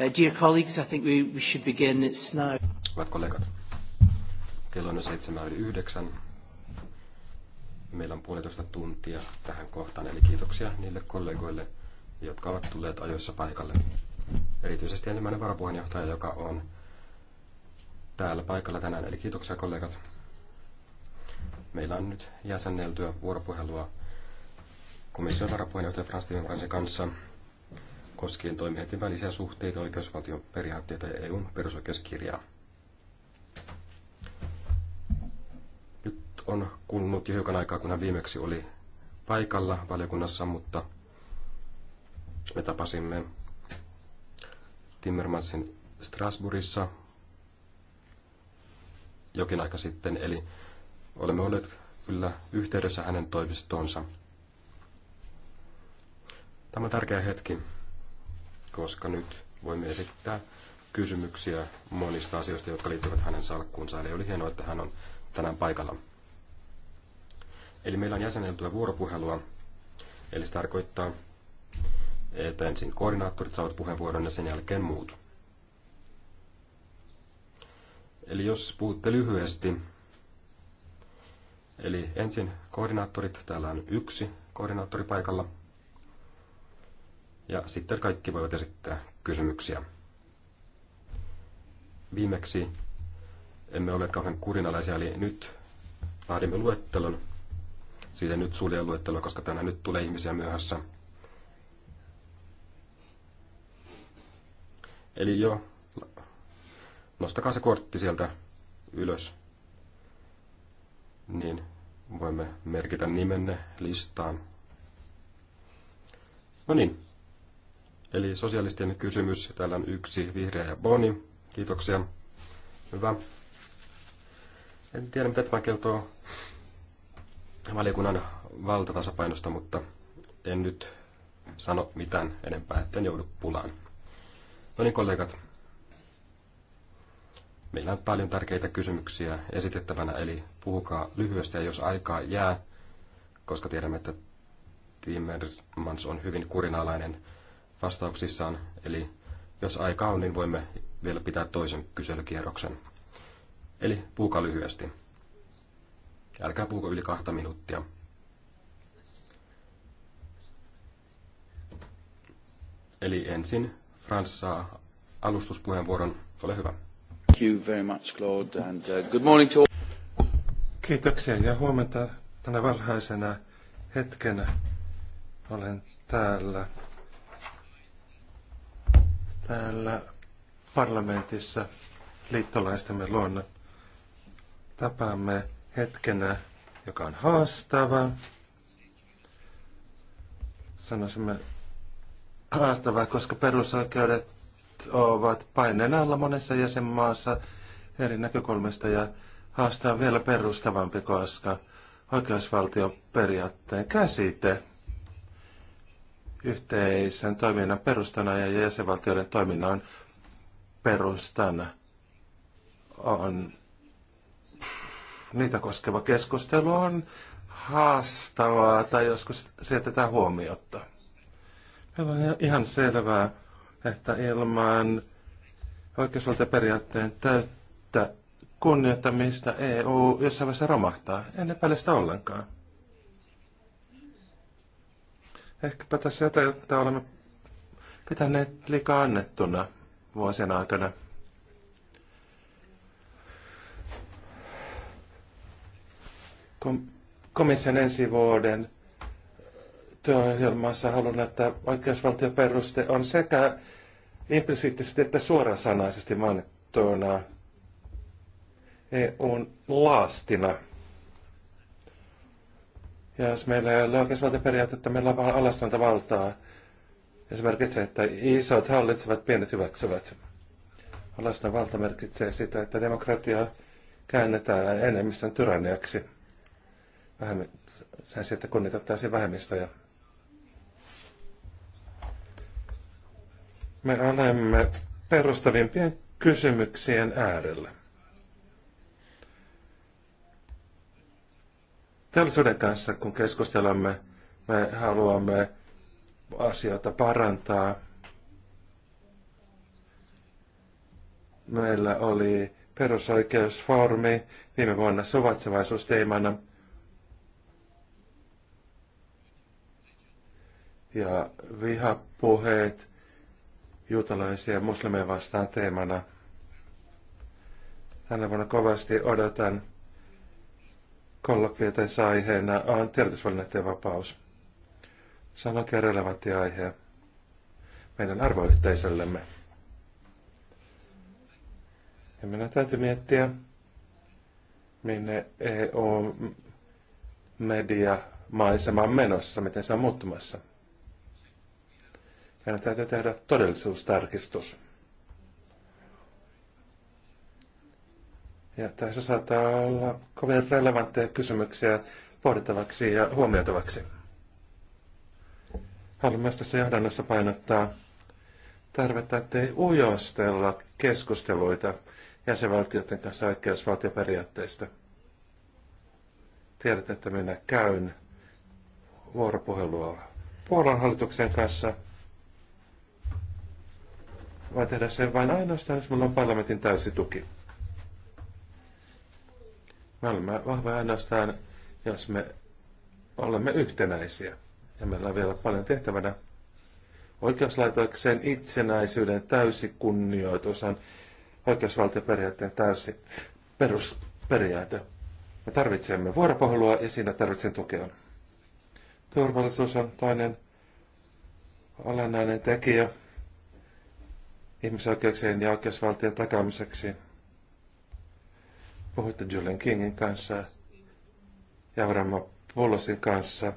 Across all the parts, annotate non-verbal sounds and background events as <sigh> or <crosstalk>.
Uh, dear colleagues, I think we, we should begin. It's now. Hyvät kollegat, kello on jo seitsemän yli yhdeksän. Meillä on puolitoista tuntia tähän kohtaan, eli kiitoksia niille kollegoille, jotka ovat tulleet ajoissa paikalle. Erityisesti ensimmäinen varapuheenjohtaja, joka on täällä paikalla tänään, eli kiitoksia kollegat. Meillä on nyt jäsenneltyä vuoropuhelua komission varapuheenjohtaja Frans Timmermansin kanssa koskien toimijoiden välisiä suhteita, oikeusvaltioperiaatteita ja EUn perusoikeuskirjaa. Nyt on kulunut jo hiukan aikaa, kun hän viimeksi oli paikalla valiokunnassa, mutta me tapasimme Timmermansin Strasbourgissa jokin aika sitten, eli olemme olleet kyllä yhteydessä hänen toimistonsa. Tämä on tärkeä hetki koska nyt voimme esittää kysymyksiä monista asioista, jotka liittyvät hänen salkkuunsa. Eli oli hienoa, että hän on tänään paikalla. Eli meillä on jäseneltyä vuoropuhelua, eli se tarkoittaa, että ensin koordinaattorit saavat puheenvuoron ja sen jälkeen muut. Eli jos puhutte lyhyesti, eli ensin koordinaattorit, täällä on yksi koordinaattori paikalla – ja sitten kaikki voivat esittää kysymyksiä. Viimeksi emme ole kauhean kurinalaisia, eli nyt laadimme luettelon. Siitä nyt suljen luettelo, koska tänään nyt tulee ihmisiä myöhässä. Eli jo, nostakaa se kortti sieltä ylös, niin voimme merkitä nimenne listaan. No niin, Eli sosialistien kysymys. Täällä on yksi vihreä ja Boni. Kiitoksia. Hyvä. En tiedä, mitä tämä kertoo valiokunnan valtatasapainosta, mutta en nyt sano mitään enempää, etten joudu pulaan. No niin, kollegat. Meillä on paljon tärkeitä kysymyksiä esitettävänä, eli puhukaa lyhyesti ja jos aikaa jää, koska tiedämme, että Timmermans on hyvin kurinalainen vastauksissaan. Eli jos aika on, niin voimme vielä pitää toisen kyselykierroksen. Eli puuka lyhyesti. Älkää puuko yli kahta minuuttia. Eli ensin Frans saa alustuspuheenvuoron. Ole hyvä. Thank you very much, Claude, and uh, good morning to all. Kiitoksia ja huomenta tänä varhaisena hetkenä. Olen täällä täällä parlamentissa liittolaistemme luonna. Tapaamme hetkenä, joka on haastava. Sanoisimme haastavaa, koska perusoikeudet ovat paineen alla monessa jäsenmaassa eri näkökulmista ja haastaa vielä perustavampi, koska oikeusvaltion periaatteen käsite yhteisen toiminnan perustana ja jäsenvaltioiden toiminnan perustana on niitä koskeva keskustelu on haastavaa tai joskus se jätetään huomiota. Meillä on ihan selvää, että ilman oikeusvaltioperiaatteen täyttä kunnioittamista EU jossain vaiheessa romahtaa. En epäile sitä ollenkaan. Ehkäpä tässä jotain, jota olemme pitäneet liikaa annettuna vuosien aikana. Kom- komission ensi vuoden työohjelmassa haluan, että oikeusvaltioperuste on sekä implisiittisesti että suorasanaisesti mainittuna EUn laastina – ja jos meillä ei ole oikeusvaltioperiaatetta, meillä on alastonta valtaa. Ja se merkitsee, että isot hallitsevat, pienet hyväksyvät. Alaston valta merkitsee sitä, että demokratia käännetään enemmistön tyranniaksi. Vähemmän, sen sijaan, että kunnitettaisiin vähemmistöjä. Me olemme perustavimpien kysymyksien äärellä. teollisuuden kanssa, kun keskustelemme, me haluamme asioita parantaa. Meillä oli perusoikeusfoorumi viime vuonna suvatsevaisuusteemana. Ja vihapuheet juutalaisia ja muslimeja vastaan teemana. Tänä vuonna kovasti odotan kollokkeetensa aiheena on tiedotusvälineiden vapaus. Se on oikein relevantti aihe meidän arvoyhteisöllemme. Ja meidän täytyy miettiä, minne eu maisema on menossa, miten se on muuttumassa. Meidän täytyy tehdä todellisuustarkistus. Ja tässä saattaa olla kovin relevantteja kysymyksiä pohdittavaksi ja huomioitavaksi. Haluan myös tässä johdannossa painottaa tarvetta, ettei ujostella keskusteluita jäsenvaltioiden kanssa oikeusvaltioperiaatteista. Tiedät, että minä käyn vuoropuhelua Puolan hallituksen kanssa. Voin tehdä sen vain ainoastaan, jos minulla on parlamentin täysi tuki. Me olemme vahvoja ainoastaan, jos me olemme yhtenäisiä. Ja meillä on vielä paljon tehtävänä. Oikeuslaitoksen itsenäisyyden täysi kunnioitus on oikeusvaltioperiaatteen täysi perusperiaate. Me tarvitsemme vuoropuhelua ja siinä tarvitsen tukea. Turvallisuus on toinen olennainen tekijä ihmisoikeuksien ja oikeusvaltion takaamiseksi. Puhuitte Julian Kingin kanssa ja Avrama Pullosin kanssa.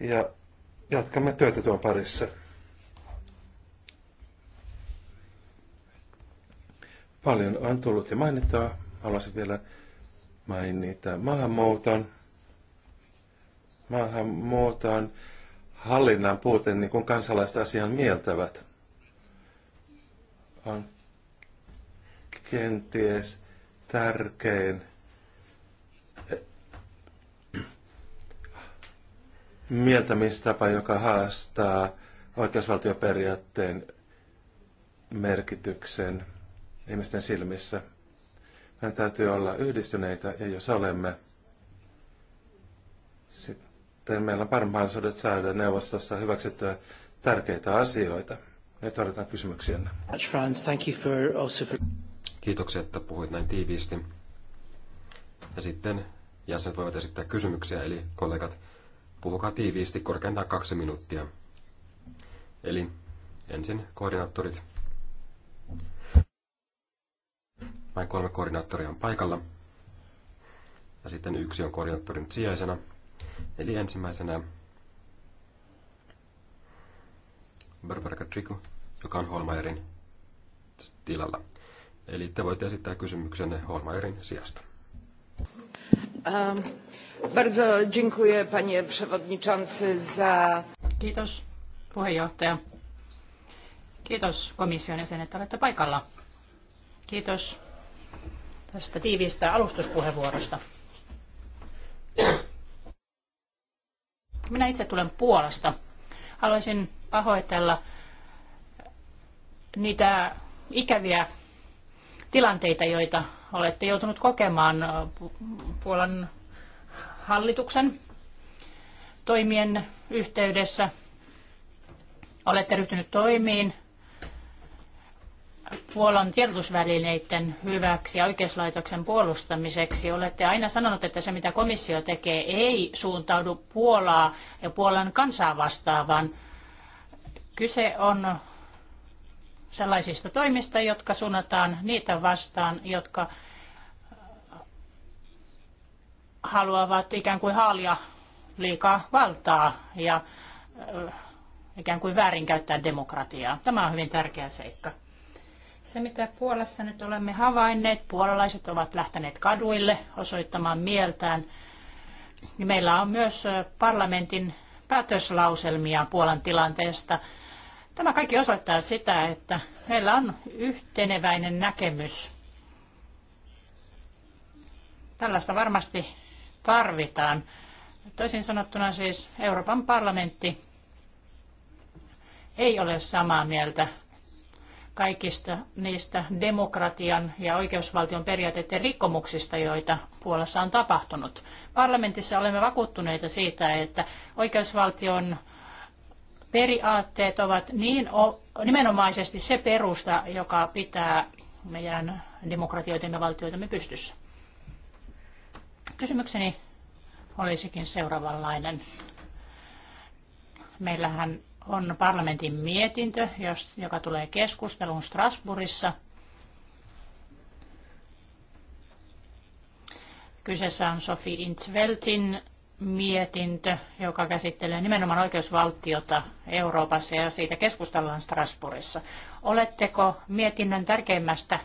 Ja jatkamme työtä tuon parissa. Paljon on tullut ja mainittaa. Haluaisin vielä mainita maahanmuuton. Maahanmuuton hallinnan puute, niin kuin kansalaiset asian mieltävät. On kenties tärkein mieltämistapa, joka haastaa oikeusvaltioperiaatteen merkityksen ihmisten silmissä. Meidän täytyy olla yhdistyneitä, ja jos olemme, sitten meillä on parhaan sodat saada neuvostossa hyväksyttyä tärkeitä asioita. Nyt odotan kysymyksiä. Thank you for also for... Kiitoksia, että puhuit näin tiiviisti. Ja sitten jäsenet voivat esittää kysymyksiä, eli kollegat, puhukaa tiiviisti korkeintaan kaksi minuuttia. Eli ensin koordinaattorit. Vain kolme koordinaattoria on paikalla. Ja sitten yksi on koordinaattorin sijaisena. Eli ensimmäisenä Barbara Katriku, joka on Holmeierin tilalla. Eli te voitte esittää kysymyksenne Holmaerin sijasta. Ähm, bardzo dziękuję, panie przewodniczący, za... Kiitos, puheenjohtaja. Kiitos komission jäsen, että olette paikalla. Kiitos tästä tiiviistä alustuspuheenvuorosta. Minä itse tulen Puolasta. Haluaisin pahoitella niitä ikäviä tilanteita, joita olette joutunut kokemaan Puolan hallituksen toimien yhteydessä. Olette ryhtynyt toimiin Puolan tiedotusvälineiden hyväksi ja oikeuslaitoksen puolustamiseksi. Olette aina sanonut, että se mitä komissio tekee ei suuntaudu Puolaa ja Puolan kansaa vastaan, vaan kyse on sellaisista toimista, jotka suunnataan niitä vastaan, jotka haluavat ikään kuin haalia liikaa valtaa ja ikään kuin väärinkäyttää demokratiaa. Tämä on hyvin tärkeä seikka. Se, mitä Puolassa nyt olemme havainneet, puolalaiset ovat lähteneet kaduille osoittamaan mieltään. Meillä on myös parlamentin päätöslauselmia Puolan tilanteesta – Tämä kaikki osoittaa sitä, että meillä on yhteneväinen näkemys. Tällaista varmasti tarvitaan. Toisin sanottuna siis Euroopan parlamentti ei ole samaa mieltä kaikista niistä demokratian ja oikeusvaltion periaatteiden rikkomuksista, joita Puolassa on tapahtunut. Parlamentissa olemme vakuuttuneita siitä, että oikeusvaltion periaatteet ovat niin nimenomaisesti se perusta, joka pitää meidän demokratioitemme valtioitamme pystyssä. Kysymykseni olisikin seuraavanlainen. Meillähän on parlamentin mietintö, joka tulee keskusteluun Strasbourgissa. Kyseessä on Sofi Intveltin mietintö, joka käsittelee nimenomaan oikeusvaltiota Euroopassa ja siitä keskustellaan Strasbourgissa. Oletteko mietinnön tärkeimmästä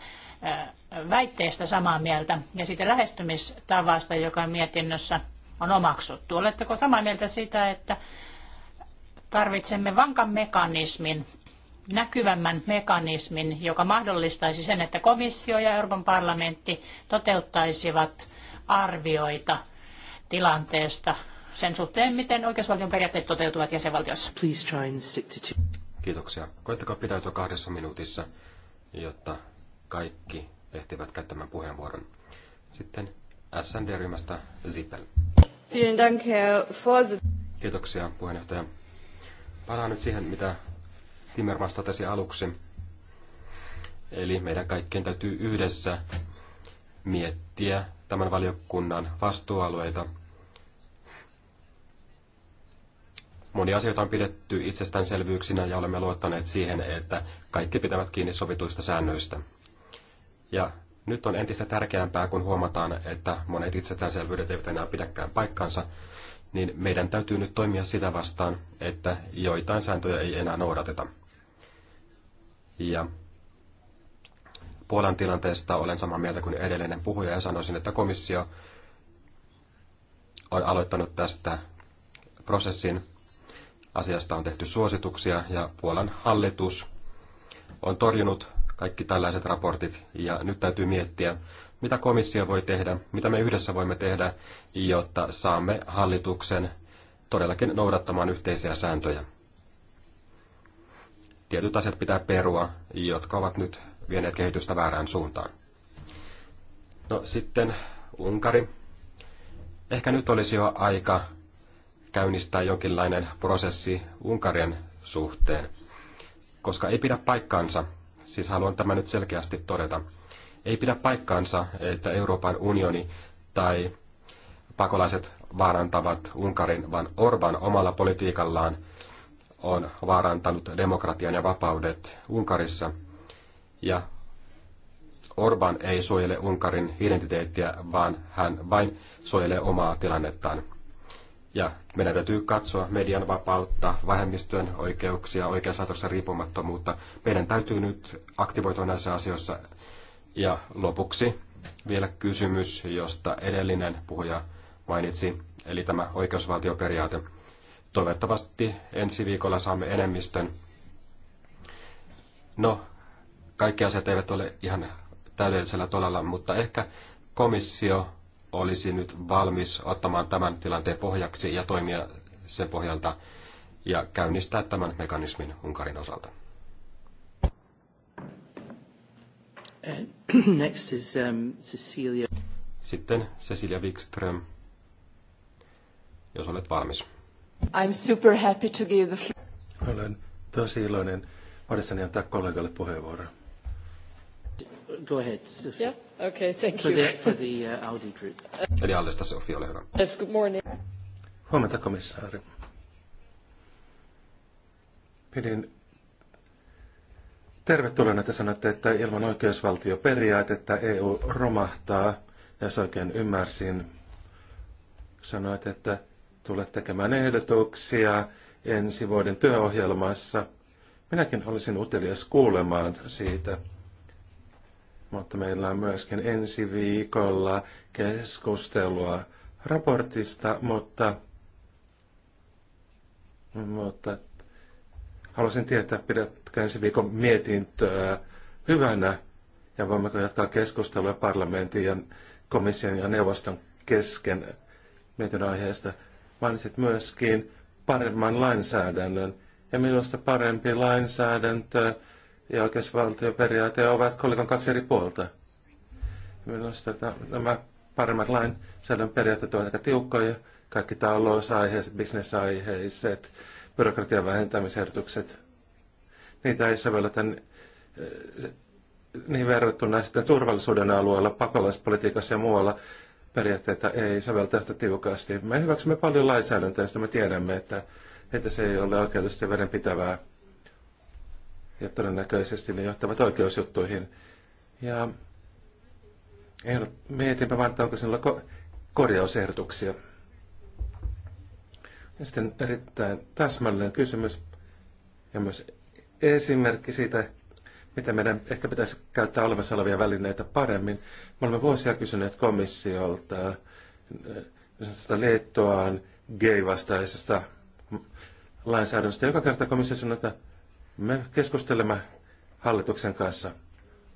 väitteestä samaa mieltä ja siitä lähestymistavasta, joka mietinnössä on omaksuttu? Oletteko samaa mieltä siitä, että tarvitsemme vankan mekanismin, näkyvämmän mekanismin, joka mahdollistaisi sen, että komissio ja Euroopan parlamentti toteuttaisivat arvioita – tilanteesta sen suhteen, miten oikeusvaltion periaatteet toteutuvat jäsenvaltiossa. Please try and stick to two. Kiitoksia. Koittakaa pitäytyä kahdessa minuutissa, jotta kaikki ehtivät käyttämään puheenvuoron. Sitten SND-ryhmästä Zippel. Kiitoksia puheenjohtaja. Palaan nyt siihen, mitä Timmermans totesi aluksi. Eli meidän kaikkien täytyy yhdessä miettiä tämän valiokunnan vastuualueita Moni asioita on pidetty itsestäänselvyyksinä ja olemme luottaneet siihen, että kaikki pitävät kiinni sovituista säännöistä. Ja nyt on entistä tärkeämpää, kun huomataan, että monet itsestäänselvyydet eivät enää pidäkään paikkansa, niin meidän täytyy nyt toimia sitä vastaan, että joitain sääntöjä ei enää noudateta. Ja Puolan tilanteesta olen samaa mieltä kuin edellinen puhuja ja sanoisin, että komissio on aloittanut tästä prosessin Asiasta on tehty suosituksia ja Puolan hallitus on torjunut kaikki tällaiset raportit ja nyt täytyy miettiä, mitä komissio voi tehdä, mitä me yhdessä voimme tehdä, jotta saamme hallituksen todellakin noudattamaan yhteisiä sääntöjä. Tietyt asiat pitää perua, jotka ovat nyt vieneet kehitystä väärään suuntaan. No sitten Unkari. Ehkä nyt olisi jo aika käynnistää jonkinlainen prosessi Unkarin suhteen, koska ei pidä paikkaansa, siis haluan tämä nyt selkeästi todeta, ei pidä paikkaansa, että Euroopan unioni tai pakolaiset vaarantavat Unkarin, vaan Orban omalla politiikallaan on vaarantanut demokratian ja vapaudet Unkarissa. Ja Orban ei suojele Unkarin identiteettiä, vaan hän vain suojelee omaa tilannettaan. Ja meidän täytyy katsoa median vapautta, vähemmistön oikeuksia, oikeuslaitosten riippumattomuutta. Meidän täytyy nyt aktivoitua näissä asioissa. Ja lopuksi vielä kysymys, josta edellinen puhuja mainitsi, eli tämä oikeusvaltioperiaate. Toivottavasti ensi viikolla saamme enemmistön. No, kaikki asiat eivät ole ihan täydellisellä tolalla, mutta ehkä komissio olisi nyt valmis ottamaan tämän tilanteen pohjaksi ja toimia sen pohjalta ja käynnistää tämän mekanismin Unkarin osalta. Uh, <clears throat> next is, um, Cecilia. Sitten Cecilia Wikström, jos olet valmis. I'm super happy to give the floor. Olen tosi iloinen voidessani antaa kollegalle puheenvuoron. Go ahead, Sophie. Yeah? Okay, thank for you. The, for the uh, Audi Group. Eli Allesta, Sophie, ole hyvä. Yes, good morning. Huomenta, komissaari. Pidin tervetulleena, että sanotte, että ilman oikeusvaltioperiaatetta EU romahtaa. Ja jos oikein ymmärsin, sanoit, että tulet tekemään ehdotuksia ensi vuoden työohjelmassa. Minäkin olisin utelias kuulemaan siitä mutta meillä on myöskin ensi viikolla keskustelua raportista, mutta, mutta haluaisin tietää, pidätkö ensi viikon mietintöä hyvänä ja voimmeko jatkaa keskustelua parlamentin ja komission ja neuvoston kesken mietinnön aiheesta. Mainitsit myöskin paremman lainsäädännön ja minusta parempi lainsäädäntö ja oikeusvaltioperiaate ovat kolikon kaksi eri puolta. Minusta nämä paremmat lainsäädännön periaatteet ovat aika tiukkoja. Kaikki talousaiheiset, bisnesaiheiset, byrokratian vähentämisehdotukset. Niitä ei sovelleta niin verrattuna sitten turvallisuuden alueella, pakolaispolitiikassa ja muualla periaatteita ei sovelleta yhtä tiukasti. Me hyväksymme paljon lainsäädäntöä, josta me tiedämme, että, että se ei ole oikeudellisesti vedenpitävää. pitävää ja todennäköisesti ne johtavat oikeusjuttuihin. Ja mietinpä vaan, että onko sinulla ko- korjausehdotuksia. Ja sitten erittäin täsmällinen kysymys ja myös esimerkki siitä, mitä meidän ehkä pitäisi käyttää olemassa olevia välineitä paremmin. Me olemme vuosia kysyneet komissiolta äh, Liettuaan gay-vastaisesta lainsäädännöstä. Joka kerta komissio sanoo, että me keskustelemme hallituksen kanssa.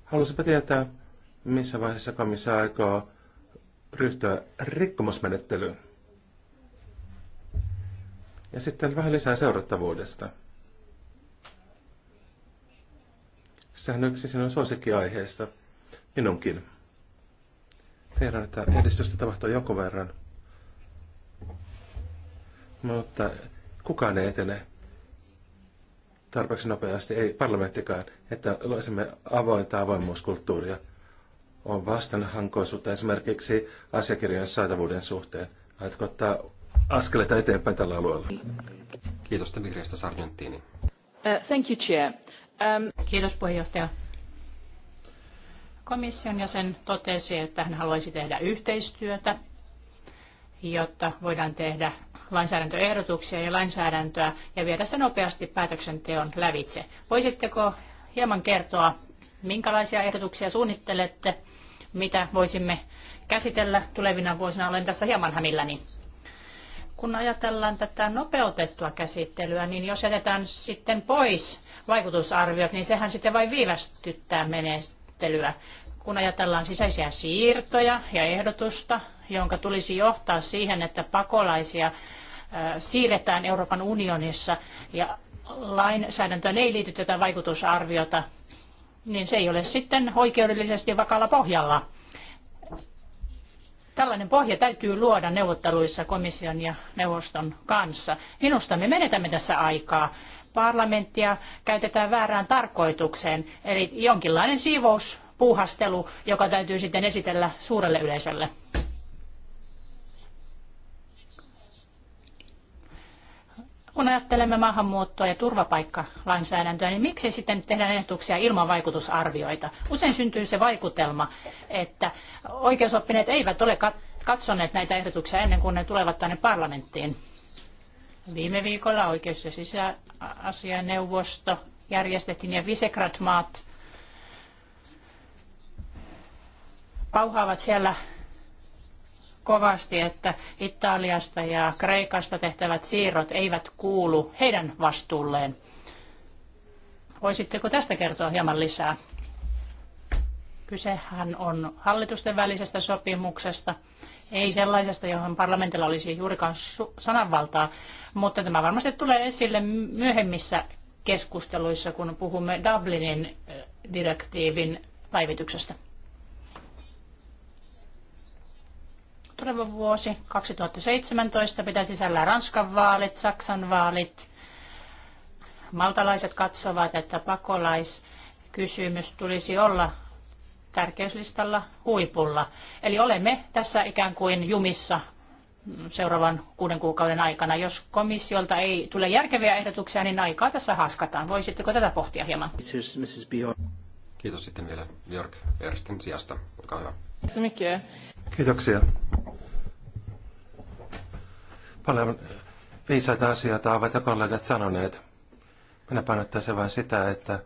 Haluaisinpä tietää, missä vaiheessa komissio aikoo ryhtyä rikkomusmenettelyyn. Ja sitten vähän lisää seurattavuudesta. Sehän on yksi sinun suosikkiaiheesta. Minunkin. Tiedän, että edistystä tapahtuu jonkun verran. Mutta kukaan ei etene tarpeeksi nopeasti, ei parlamenttikaan, että loisimme avointa avoimuuskulttuuria. On vastanhankoisuutta esimerkiksi asiakirjojen saatavuuden suhteen. Aiotko ottaa askeleita eteenpäin tällä alueella? Kiitos te vihreästä Sargentini. Uh, thank you, Chair. Um... Kiitos puheenjohtaja. Komission jäsen totesi, että hän haluaisi tehdä yhteistyötä, jotta voidaan tehdä lainsäädäntöehdotuksia ja lainsäädäntöä ja viedä se nopeasti päätöksenteon lävitse. Voisitteko hieman kertoa, minkälaisia ehdotuksia suunnittelette, mitä voisimme käsitellä tulevina vuosina? Olen tässä hieman hämilläni. Kun ajatellaan tätä nopeutettua käsittelyä, niin jos jätetään sitten pois vaikutusarviot, niin sehän sitten vain viivästyttää menettelyä. Kun ajatellaan sisäisiä siirtoja ja ehdotusta, jonka tulisi johtaa siihen, että pakolaisia siirretään Euroopan unionissa ja lainsäädäntöön ei liity tätä vaikutusarviota, niin se ei ole sitten oikeudellisesti vakalla pohjalla. Tällainen pohja täytyy luoda neuvotteluissa komission ja neuvoston kanssa. Minusta me menetämme tässä aikaa. Parlamenttia käytetään väärään tarkoitukseen, eli jonkinlainen siivouspuuhastelu, joka täytyy sitten esitellä suurelle yleisölle. Kun ajattelemme maahanmuuttoa ja turvapaikkalainsäädäntöä, niin miksi sitten tehdään ehdotuksia ilman vaikutusarvioita? Usein syntyy se vaikutelma, että oikeusoppineet eivät ole katsoneet näitä ehdotuksia ennen kuin ne tulevat tänne parlamenttiin. Viime viikolla oikeus- ja sisäasianeuvosto järjestettiin ja Visegrad-maat pauhaavat siellä kovasti, että Italiasta ja Kreikasta tehtävät siirrot eivät kuulu heidän vastuulleen. Voisitteko tästä kertoa hieman lisää? Kysehän on hallitusten välisestä sopimuksesta, ei sellaisesta, johon parlamentilla olisi juurikaan sananvaltaa, mutta tämä varmasti tulee esille myöhemmissä keskusteluissa, kun puhumme Dublinin eh, direktiivin päivityksestä. tuleva vuosi 2017 pitää sisällä Ranskan vaalit, Saksan vaalit. Maltalaiset katsovat, että pakolaiskysymys tulisi olla tärkeyslistalla huipulla. Eli olemme tässä ikään kuin jumissa seuraavan kuuden kuukauden aikana. Jos komissiolta ei tule järkeviä ehdotuksia, niin aikaa tässä haskataan. Voisitteko tätä pohtia hieman? Kiitos sitten vielä Björk Ersten sijasta. Olkaa hyvä. Kiitoksia. Paljon viisaita asioita ovat jo kollegat sanoneet. Minä painottaisin vain sitä, että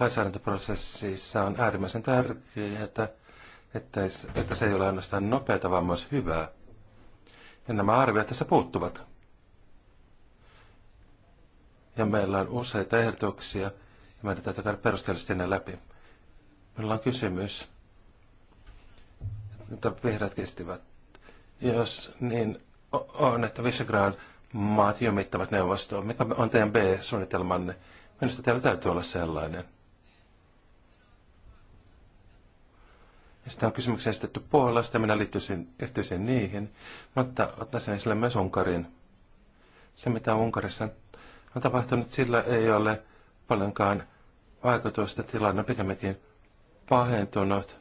lainsäädäntöprosessissa on äärimmäisen tärkeää, että, että se ei ole ainoastaan nopeata, vaan myös hyvää. Ja nämä arviot tässä puuttuvat. Ja meillä on useita ehdotuksia, ja meidän täytyy käydä perusteellisesti ne läpi. Meillä on kysymys, että vihreät kestivät. Jos niin on, että Visegrad maat jomittavat neuvostoa. Mikä on teidän B-suunnitelmanne? Minusta teillä täytyy olla sellainen. Ja sitten on kysymyksiä esitetty Puolasta, minä liittyisin, liittyisin niihin, mutta ottaisin esille myös Unkarin. Se, mitä Unkarissa on tapahtunut, sillä ei ole paljonkaan vaikutusta. Tilanne pikemminkin pahentunut.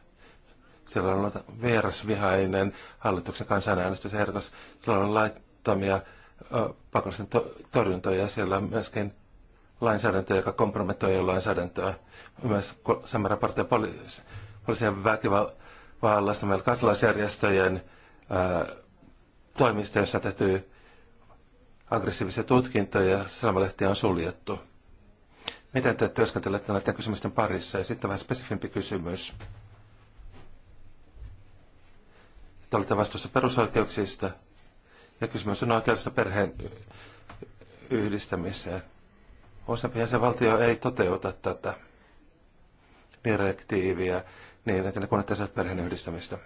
Siellä on VRS-vihainen hallituksen kansanäänestysehdokas. Siellä on laittomia pakollisten to- torjuntoja. Siellä on myöskin lainsäädäntöä, joka kompromettoi lainsäädäntöä. Myös sama raportti poli- poliisien väkivallasta meillä kansalaisjärjestöjen ää, toimista, jossa tehty aggressiivisia tutkintoja, sanomalehtiä on suljettu. Miten te työskentelette näiden kysymysten parissa? Ja sitten vähän spesifimpi kysymys. te olette vastuussa perusoikeuksista ja kysymys on oikeudesta perheen yhdistämiseen. Useampi jäsenvaltio ei toteuta tätä direktiiviä niin, että ne kunnattaisivat perheen yhdistämistä.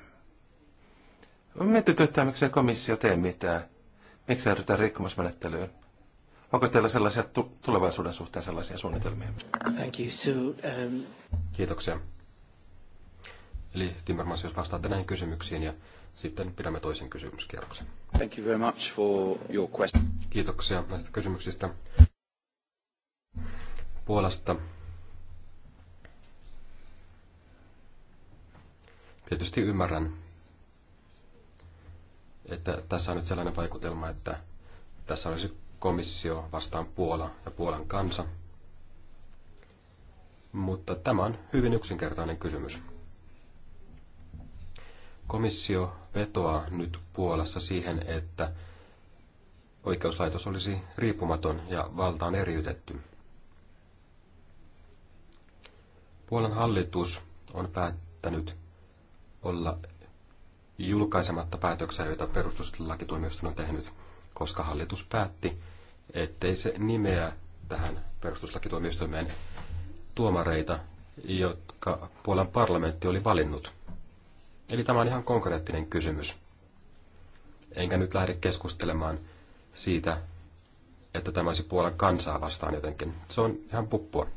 Mietityttää, miksei komissio tee mitään. Miksi ryhdytä rikkomusmenettelyyn? Onko teillä sellaisia tu- tulevaisuuden suhteen sellaisia suunnitelmia? Thank you. So, um... Kiitoksia. Eli Timmermans, jos vastaatte näihin kysymyksiin ja sitten pidämme toisen kysymyskierroksen. Thank you very much for your question. Kiitoksia näistä kysymyksistä. Puolasta tietysti ymmärrän, että tässä on nyt sellainen vaikutelma, että tässä olisi komissio vastaan Puola ja Puolan kansa. Mutta tämä on hyvin yksinkertainen kysymys. Komissio vetoaa nyt Puolassa siihen, että oikeuslaitos olisi riippumaton ja valtaan eriytetty. Puolan hallitus on päättänyt olla julkaisematta päätöksiä, joita perustuslakituomioistuin on tehnyt, koska hallitus päätti, ettei se nimeä tähän perustuslakituomioistuimeen tuomareita, jotka Puolan parlamentti oli valinnut. Eli tämä on ihan konkreettinen kysymys. Enkä nyt lähde keskustelemaan siitä, että tämä olisi puolen kansaa vastaan jotenkin. Se on ihan puppua.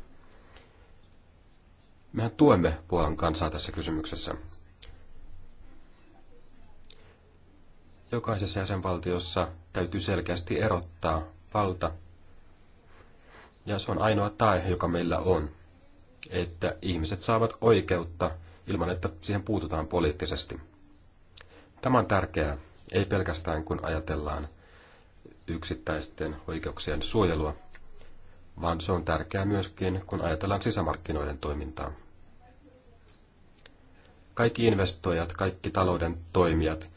Mehän tuemme puolen kansaa tässä kysymyksessä. Jokaisessa jäsenvaltiossa täytyy selkeästi erottaa valta. Ja se on ainoa tae, joka meillä on, että ihmiset saavat oikeutta ilman, että siihen puututaan poliittisesti. Tämä on tärkeää, ei pelkästään kun ajatellaan yksittäisten oikeuksien suojelua, vaan se on tärkeää myöskin, kun ajatellaan sisämarkkinoiden toimintaa. Kaikki investoijat, kaikki talouden toimijat,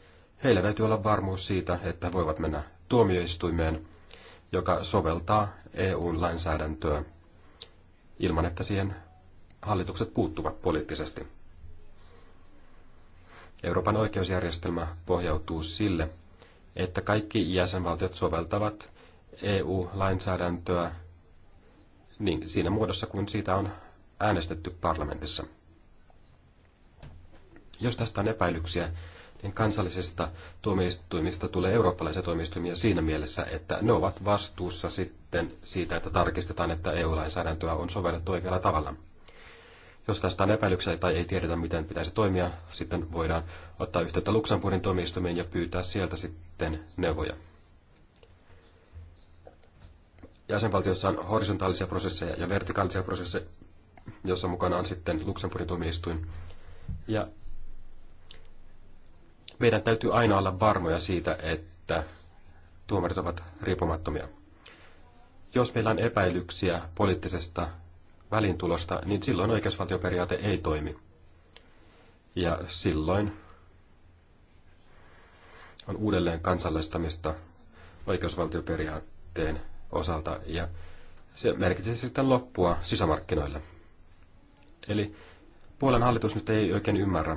heillä täytyy olla varmuus siitä, että voivat mennä tuomioistuimeen, joka soveltaa EUn lainsäädäntöä ilman, että siihen hallitukset puuttuvat poliittisesti. Euroopan oikeusjärjestelmä pohjautuu sille, että kaikki jäsenvaltiot soveltavat EU-lainsäädäntöä niin siinä muodossa kuin siitä on äänestetty parlamentissa. Jos tästä on epäilyksiä, niin kansallisista tuomioistuimista tulee eurooppalaisia tuomioistuimia siinä mielessä, että ne ovat vastuussa sitten siitä, että tarkistetaan, että EU-lainsäädäntöä on sovellettu oikealla tavalla. Jos tästä on epäilyksiä tai ei tiedetä, miten pitäisi toimia, sitten voidaan ottaa yhteyttä Luxemburgin tuomioistuimeen ja pyytää sieltä sitten neuvoja. Jäsenvaltiossa on horisontaalisia prosesseja ja vertikaalisia prosesseja, jossa mukana on sitten Luxemburgin tuomioistuin. Ja meidän täytyy aina olla varmoja siitä, että tuomarit ovat riippumattomia. Jos meillä on epäilyksiä poliittisesta välintulosta, niin silloin oikeusvaltioperiaate ei toimi. Ja silloin on uudelleen kansallistamista oikeusvaltioperiaatteen osalta, ja se merkitsee sitten loppua sisämarkkinoille. Eli Puolen hallitus nyt ei oikein ymmärrä,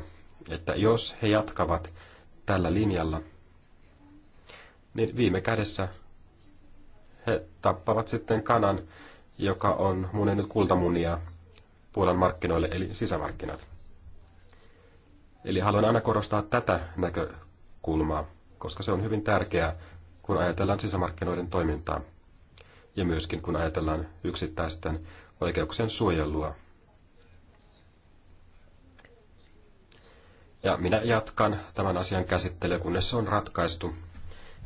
että jos he jatkavat tällä linjalla, niin viime kädessä he tappavat sitten kanan joka on munennut kultamunia Puolan markkinoille, eli sisämarkkinat. Eli haluan aina korostaa tätä näkökulmaa, koska se on hyvin tärkeää, kun ajatellaan sisämarkkinoiden toimintaa ja myöskin kun ajatellaan yksittäisten oikeuksien suojelua. Ja minä jatkan tämän asian käsittelyä, kunnes se on ratkaistu,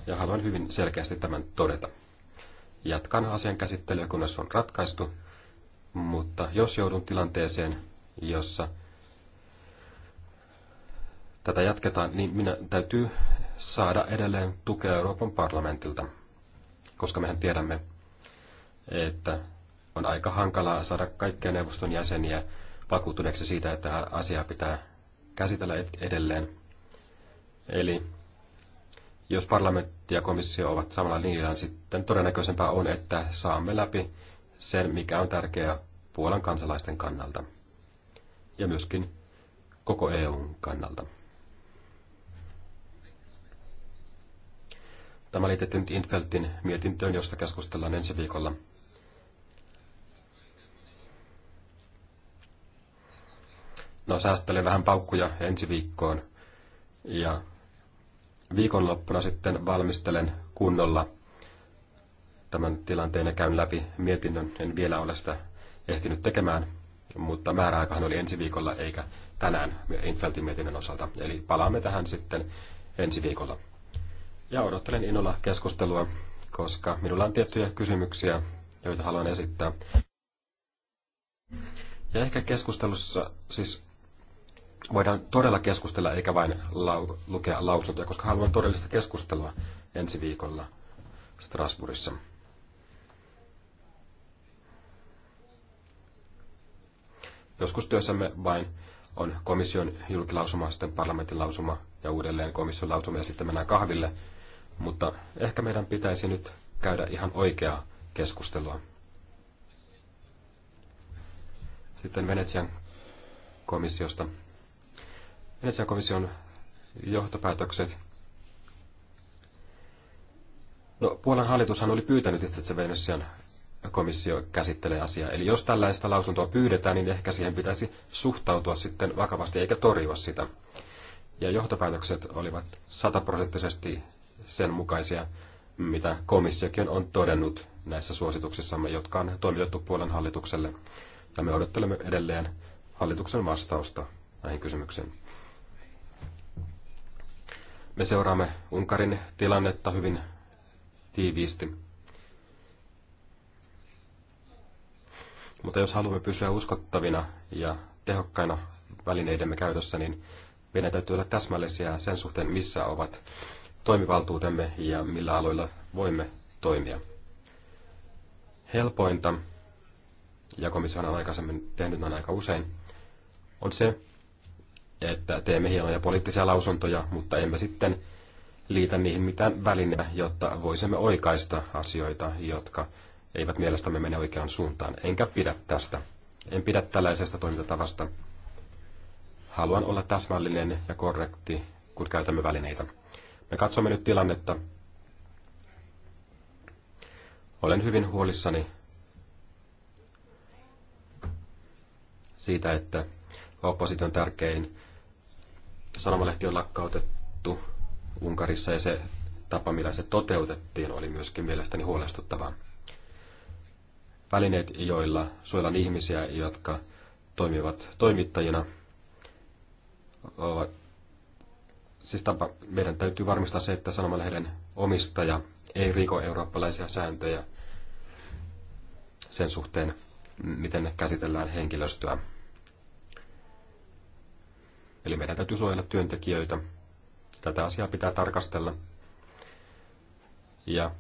ja haluan hyvin selkeästi tämän todeta jatkan asian käsittelyä, kunnes on ratkaistu. Mutta jos joudun tilanteeseen, jossa tätä jatketaan, niin minä täytyy saada edelleen tukea Euroopan parlamentilta, koska mehän tiedämme, että on aika hankalaa saada kaikkia neuvoston jäseniä vakuuttuneeksi siitä, että asiaa pitää käsitellä edelleen. Eli jos parlamentti ja komissio ovat samalla linjalla, niin sitten todennäköisempää on, että saamme läpi sen, mikä on tärkeää Puolan kansalaisten kannalta ja myöskin koko EUn kannalta. Tämä liitetty nyt Intfeltin mietintöön, josta keskustellaan ensi viikolla. No säästelen vähän paukkuja ensi viikkoon ja viikonloppuna sitten valmistelen kunnolla tämän tilanteen ja käyn läpi mietinnön. En vielä ole sitä ehtinyt tekemään, mutta määräaikahan oli ensi viikolla eikä tänään Infeltin mietinnön osalta. Eli palaamme tähän sitten ensi viikolla. Ja odottelen innolla keskustelua, koska minulla on tiettyjä kysymyksiä, joita haluan esittää. Ja ehkä keskustelussa siis voidaan todella keskustella eikä vain lau- lukea lausuntoja, koska haluan todellista keskustelua ensi viikolla Strasbourgissa. Joskus työssämme vain on komission julkilausuma, sitten parlamentin lausuma ja uudelleen komission lausuma ja sitten mennään kahville. Mutta ehkä meidän pitäisi nyt käydä ihan oikeaa keskustelua. Sitten Venetsian komissiosta energiakomission johtopäätökset. No, Puolan hallitushan oli pyytänyt itse, että se Venetsian komissio käsittelee asiaa. Eli jos tällaista lausuntoa pyydetään, niin ehkä siihen pitäisi suhtautua sitten vakavasti eikä torjua sitä. Ja johtopäätökset olivat sataprosenttisesti sen mukaisia, mitä komissiokin on todennut näissä suosituksissamme, jotka on toimitettu Puolan hallitukselle. Ja me odottelemme edelleen hallituksen vastausta näihin kysymyksiin. Me seuraamme Unkarin tilannetta hyvin tiiviisti. Mutta jos haluamme pysyä uskottavina ja tehokkaina välineidemme käytössä, niin meidän täytyy olla täsmällisiä sen suhteen, missä ovat toimivaltuutemme ja millä aloilla voimme toimia. Helpointa, ja komissio on aikaisemmin tehnyt näin aika usein, on se, että teemme hienoja poliittisia lausuntoja, mutta emme sitten liitä niihin mitään välineitä, jotta voisimme oikaista asioita, jotka eivät mielestämme mene oikeaan suuntaan. Enkä pidä tästä. En pidä tällaisesta toimintatavasta. Haluan olla täsmällinen ja korrekti, kun käytämme välineitä. Me katsomme nyt tilannetta. Olen hyvin huolissani siitä, että opposition tärkein sanomalehti on lakkautettu Unkarissa ja se tapa, millä se toteutettiin, oli myöskin mielestäni huolestuttavaa. Välineet, joilla suojellaan ihmisiä, jotka toimivat toimittajina, ovat siis tapa, meidän täytyy varmistaa se, että sanomalehden omistaja ei riko eurooppalaisia sääntöjä sen suhteen, miten käsitellään henkilöstöä. Eli meidän täytyy suojella työntekijöitä. Tätä asiaa pitää tarkastella. Ja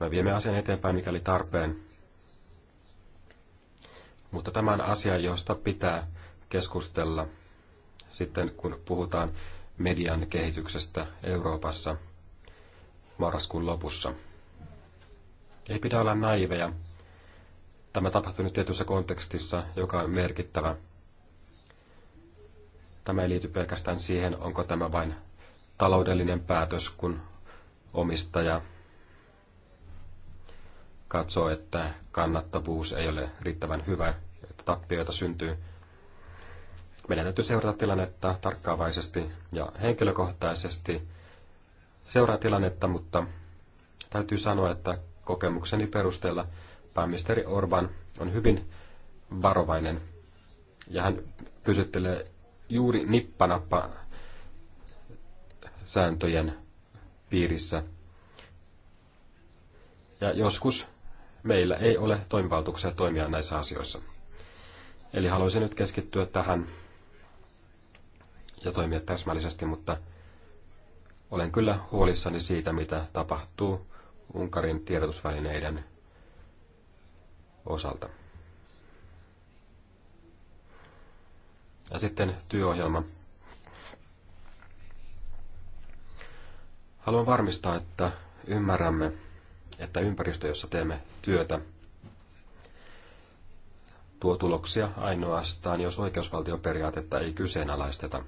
me viemme asian eteenpäin, mikäli tarpeen. Mutta tämän asian, josta pitää keskustella sitten, kun puhutaan median kehityksestä Euroopassa marraskuun lopussa. Ei pidä olla naiveja Tämä tapahtui nyt tietyssä kontekstissa, joka on merkittävä. Tämä ei liity pelkästään siihen, onko tämä vain taloudellinen päätös, kun omistaja katsoo, että kannattavuus ei ole riittävän hyvä, että tappioita syntyy. Meidän täytyy seurata tilannetta tarkkaavaisesti ja henkilökohtaisesti seuraa tilannetta, mutta täytyy sanoa, että kokemukseni perusteella – pääministeri Orban on hyvin varovainen ja hän pysyttelee juuri nippanappa sääntöjen piirissä. Ja joskus meillä ei ole toimivaltuuksia toimia näissä asioissa. Eli haluaisin nyt keskittyä tähän ja toimia täsmällisesti, mutta olen kyllä huolissani siitä, mitä tapahtuu Unkarin tiedotusvälineiden osalta. Ja sitten työohjelma. Haluan varmistaa, että ymmärrämme, että ympäristö, jossa teemme työtä, tuo tuloksia ainoastaan, jos oikeusvaltioperiaatetta ei kyseenalaisteta.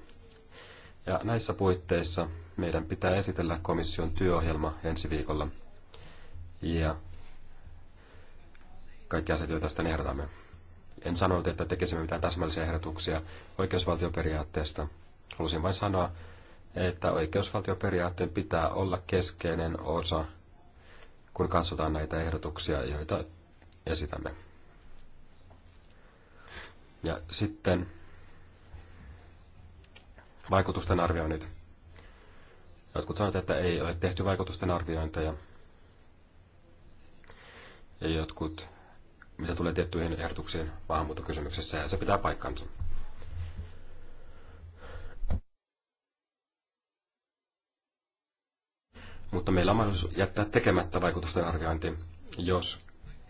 Ja näissä puitteissa meidän pitää esitellä komission työohjelma ensi viikolla. Ja kaikki asiat, joita tästä ehdotamme. En sanonut, että tekisimme mitään täsmällisiä ehdotuksia oikeusvaltioperiaatteesta. Halusin vain sanoa, että oikeusvaltioperiaatteen pitää olla keskeinen osa, kun katsotaan näitä ehdotuksia, joita esitämme. Ja sitten vaikutusten arvioinnit. Jotkut sanovat, että ei ole tehty vaikutusten arviointeja. Ja jotkut mitä tulee tiettyihin ehdotuksiin maahanmuuttokysymyksessä, ja se pitää paikkansa. Mutta meillä on mahdollisuus jättää tekemättä vaikutusten arviointi, jos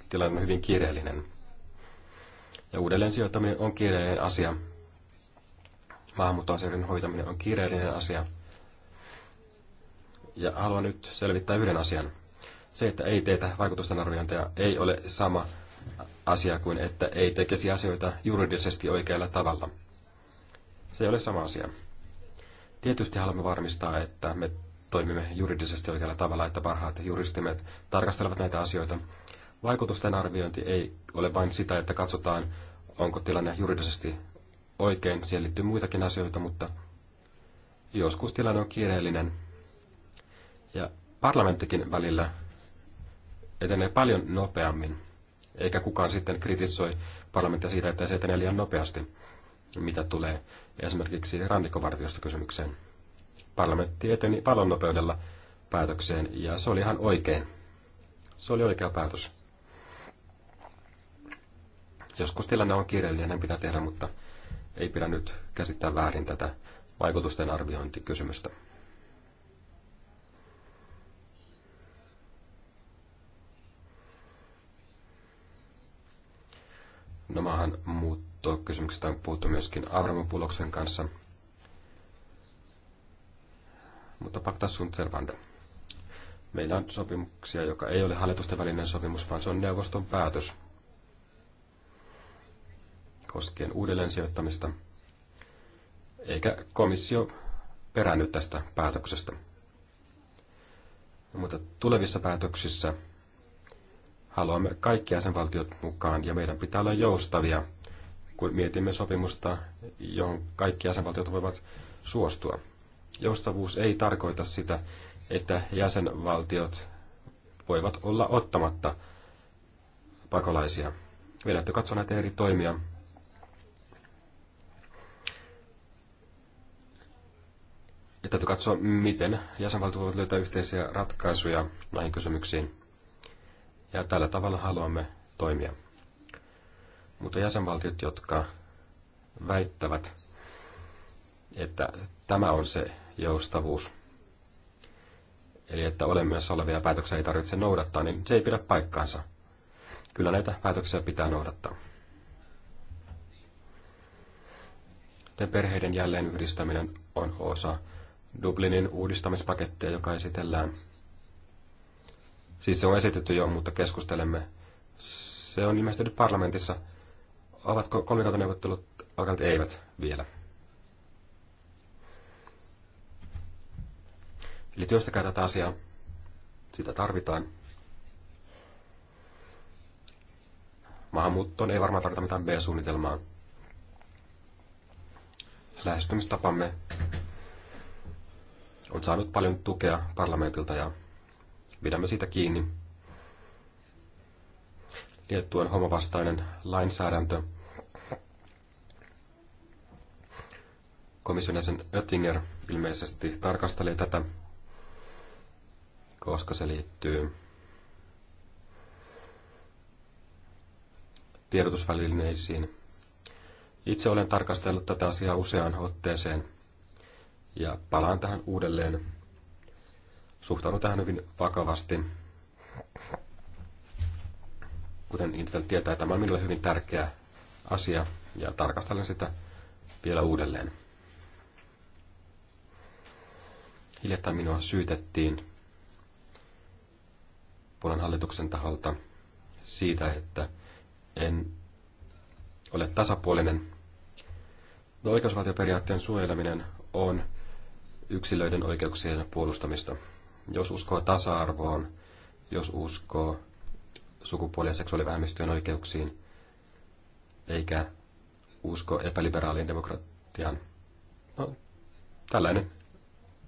tilanne on hyvin kiireellinen. Ja uudelleen sijoittaminen on kiireellinen asia. Maahanmuuttoasioiden hoitaminen on kiireellinen asia. Ja haluan nyt selvittää yhden asian. Se, että ei teitä vaikutusten arviointia, ei ole sama asia kuin että ei tekisi asioita juridisesti oikealla tavalla. Se ei ole sama asia. Tietysti haluamme varmistaa, että me toimimme juridisesti oikealla tavalla, että parhaat juristimme tarkastelevat näitä asioita. Vaikutusten arviointi ei ole vain sitä, että katsotaan, onko tilanne juridisesti oikein. Siihen liittyy muitakin asioita, mutta joskus tilanne on kiireellinen. Ja parlamenttikin välillä etenee paljon nopeammin eikä kukaan sitten kritisoi parlamenttia siitä, että se etenee liian nopeasti, mitä tulee esimerkiksi rannikkovartiosta kysymykseen. Parlamentti eteni nopeudella päätökseen ja se oli ihan oikein. Se oli oikea päätös. Joskus tilanne on kiireellinen, näin pitää tehdä, mutta ei pidä nyt käsittää väärin tätä vaikutusten arviointikysymystä. No kysymyksestä on puhuttu myöskin Avramopuloksen kanssa. Mutta pakta sunt servande. Meillä on sopimuksia, joka ei ole hallitusten välinen sopimus, vaan se on neuvoston päätös koskien uudelleen sijoittamista. Eikä komissio perännyt tästä päätöksestä. Mutta tulevissa päätöksissä – haluamme kaikki jäsenvaltiot mukaan ja meidän pitää olla joustavia, kun mietimme sopimusta, johon kaikki jäsenvaltiot voivat suostua. Joustavuus ei tarkoita sitä, että jäsenvaltiot voivat olla ottamatta pakolaisia. Meidän täytyy katsoa näitä eri toimia. Ja täytyy katsoa, miten jäsenvaltiot voivat löytää yhteisiä ratkaisuja näihin kysymyksiin ja tällä tavalla haluamme toimia. Mutta jäsenvaltiot, jotka väittävät, että tämä on se joustavuus, eli että olemassa olevia päätöksiä ei tarvitse noudattaa, niin se ei pidä paikkaansa. Kyllä näitä päätöksiä pitää noudattaa. Te perheiden jälleen yhdistäminen on osa Dublinin uudistamispakettia, joka esitellään – Siis se on esitetty jo, mutta keskustelemme. Se on ilmeisesti nyt parlamentissa. Ovatko kolmikantaneuvottelut alkaneet? Eivät vielä. Eli työstäkää tätä asiaa. Sitä tarvitaan. Maahanmuuttoon ei varmaan tarvita mitään B-suunnitelmaa. Lähestymistapamme on saanut paljon tukea parlamentilta ja Pidämme siitä kiinni. Liettuan homovastainen lainsäädäntö. Komission jäsen Oettinger ilmeisesti tarkasteli tätä, koska se liittyy tiedotusvälineisiin. Itse olen tarkastellut tätä asiaa useaan otteeseen ja palaan tähän uudelleen Suhtaudun tähän hyvin vakavasti. Kuten Intel tietää, tämä on minulle hyvin tärkeä asia ja tarkastelen sitä vielä uudelleen. Hiljattain minua syytettiin puolen hallituksen taholta siitä, että en ole tasapuolinen. No, oikeusvaltioperiaatteen suojeleminen on yksilöiden oikeuksien puolustamista. Jos uskoo tasa-arvoon, jos uskoo sukupuoli- ja seksuaalivähemmistöjen oikeuksiin, eikä usko epäliberaaliin demokratiaan. No, tällainen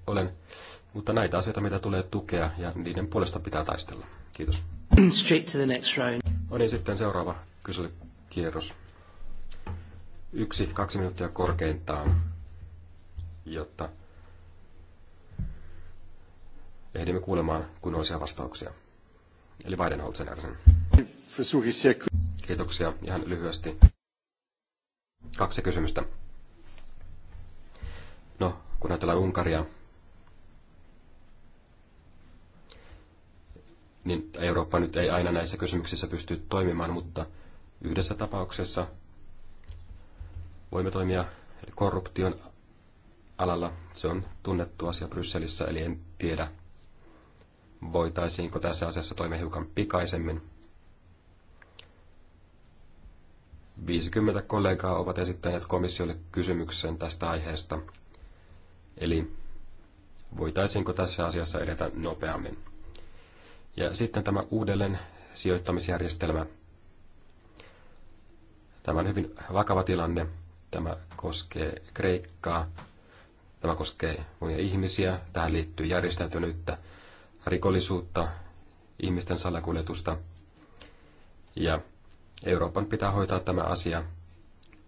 olen. Mutta näitä asioita, mitä tulee tukea, ja niiden puolesta pitää taistella. Kiitos. Straight to the next round. No niin, sitten seuraava kyselykierros. Yksi, kaksi minuuttia korkeintaan, jotta ehdimme kuulemaan kunnollisia vastauksia. Eli Weidenholzenersen. Kiitoksia ihan lyhyesti. Kaksi kysymystä. No, kun ajatellaan Unkaria, niin Eurooppa nyt ei aina näissä kysymyksissä pysty toimimaan, mutta yhdessä tapauksessa voimme toimia korruption alalla. Se on tunnettu asia Brysselissä, eli en tiedä, voitaisiinko tässä asiassa toimia hiukan pikaisemmin. 50 kollegaa ovat esittäneet komissiolle kysymyksen tästä aiheesta. Eli voitaisiinko tässä asiassa edetä nopeammin. Ja sitten tämä uudelleen sijoittamisjärjestelmä. Tämä on hyvin vakava tilanne. Tämä koskee Kreikkaa, tämä koskee monia ihmisiä, tähän liittyy järjestäytynyttä rikollisuutta, ihmisten salakuljetusta. Ja Euroopan pitää hoitaa tämä asia,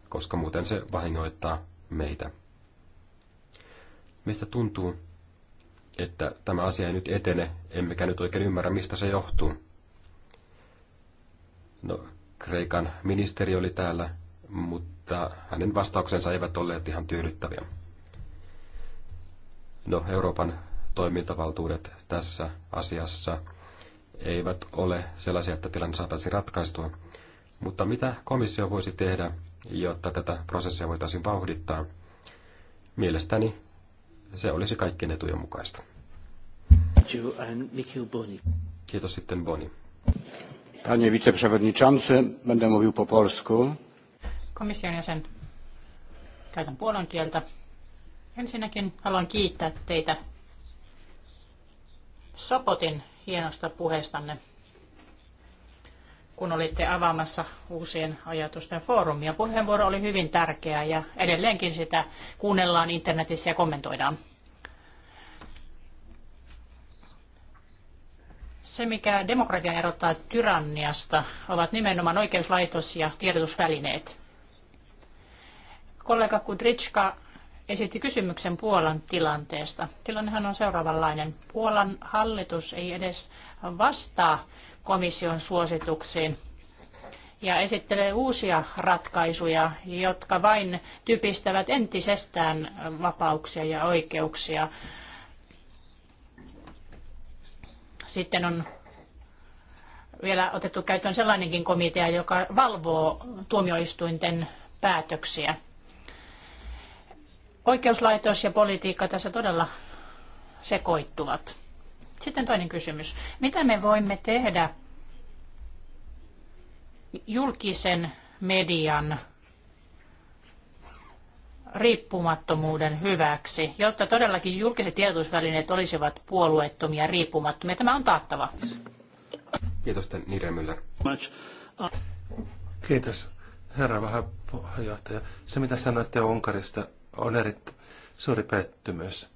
koska muuten se vahingoittaa meitä. Mistä tuntuu, että tämä asia ei nyt etene, emmekä nyt oikein ymmärrä, mistä se johtuu. No, Kreikan ministeri oli täällä, mutta hänen vastauksensa eivät olleet ihan tyydyttäviä. No, Euroopan toimintavaltuudet tässä asiassa eivät ole sellaisia, että tilanne saataisiin ratkaistua. Mutta mitä komissio voisi tehdä, jotta tätä prosessia voitaisiin vauhdittaa? Mielestäni se olisi kaikkien etujen mukaista. Kiitos sitten Boni. Panie viceprzewodniczący, będę mówił po polsku. Komission jäsen, käytän puolan kieltä. Ensinnäkin haluan kiittää teitä Sopotin hienosta puheestanne, kun olitte avaamassa uusien ajatusten foorumia. Puheenvuoro oli hyvin tärkeä ja edelleenkin sitä kuunnellaan internetissä ja kommentoidaan. Se, mikä demokratian erottaa tyranniasta, ovat nimenomaan oikeuslaitos ja tiedotusvälineet. Kollega Kudritska esitti kysymyksen Puolan tilanteesta. Tilannehan on seuraavanlainen. Puolan hallitus ei edes vastaa komission suosituksiin ja esittelee uusia ratkaisuja, jotka vain typistävät entisestään vapauksia ja oikeuksia. Sitten on vielä otettu käyttöön sellainenkin komitea, joka valvoo tuomioistuinten päätöksiä. Oikeuslaitos ja politiikka tässä todella sekoittuvat. Sitten toinen kysymys. Mitä me voimme tehdä julkisen median riippumattomuuden hyväksi, jotta todellakin julkiset tiedotusvälineet olisivat puolueettomia riippumattomia. Tämä on taattava. Kiitos, Nire Müller. Kiitos, herra vähän puheenjohtaja. Se, mitä sanoitte Unkarista, on erittäin suuri pettymys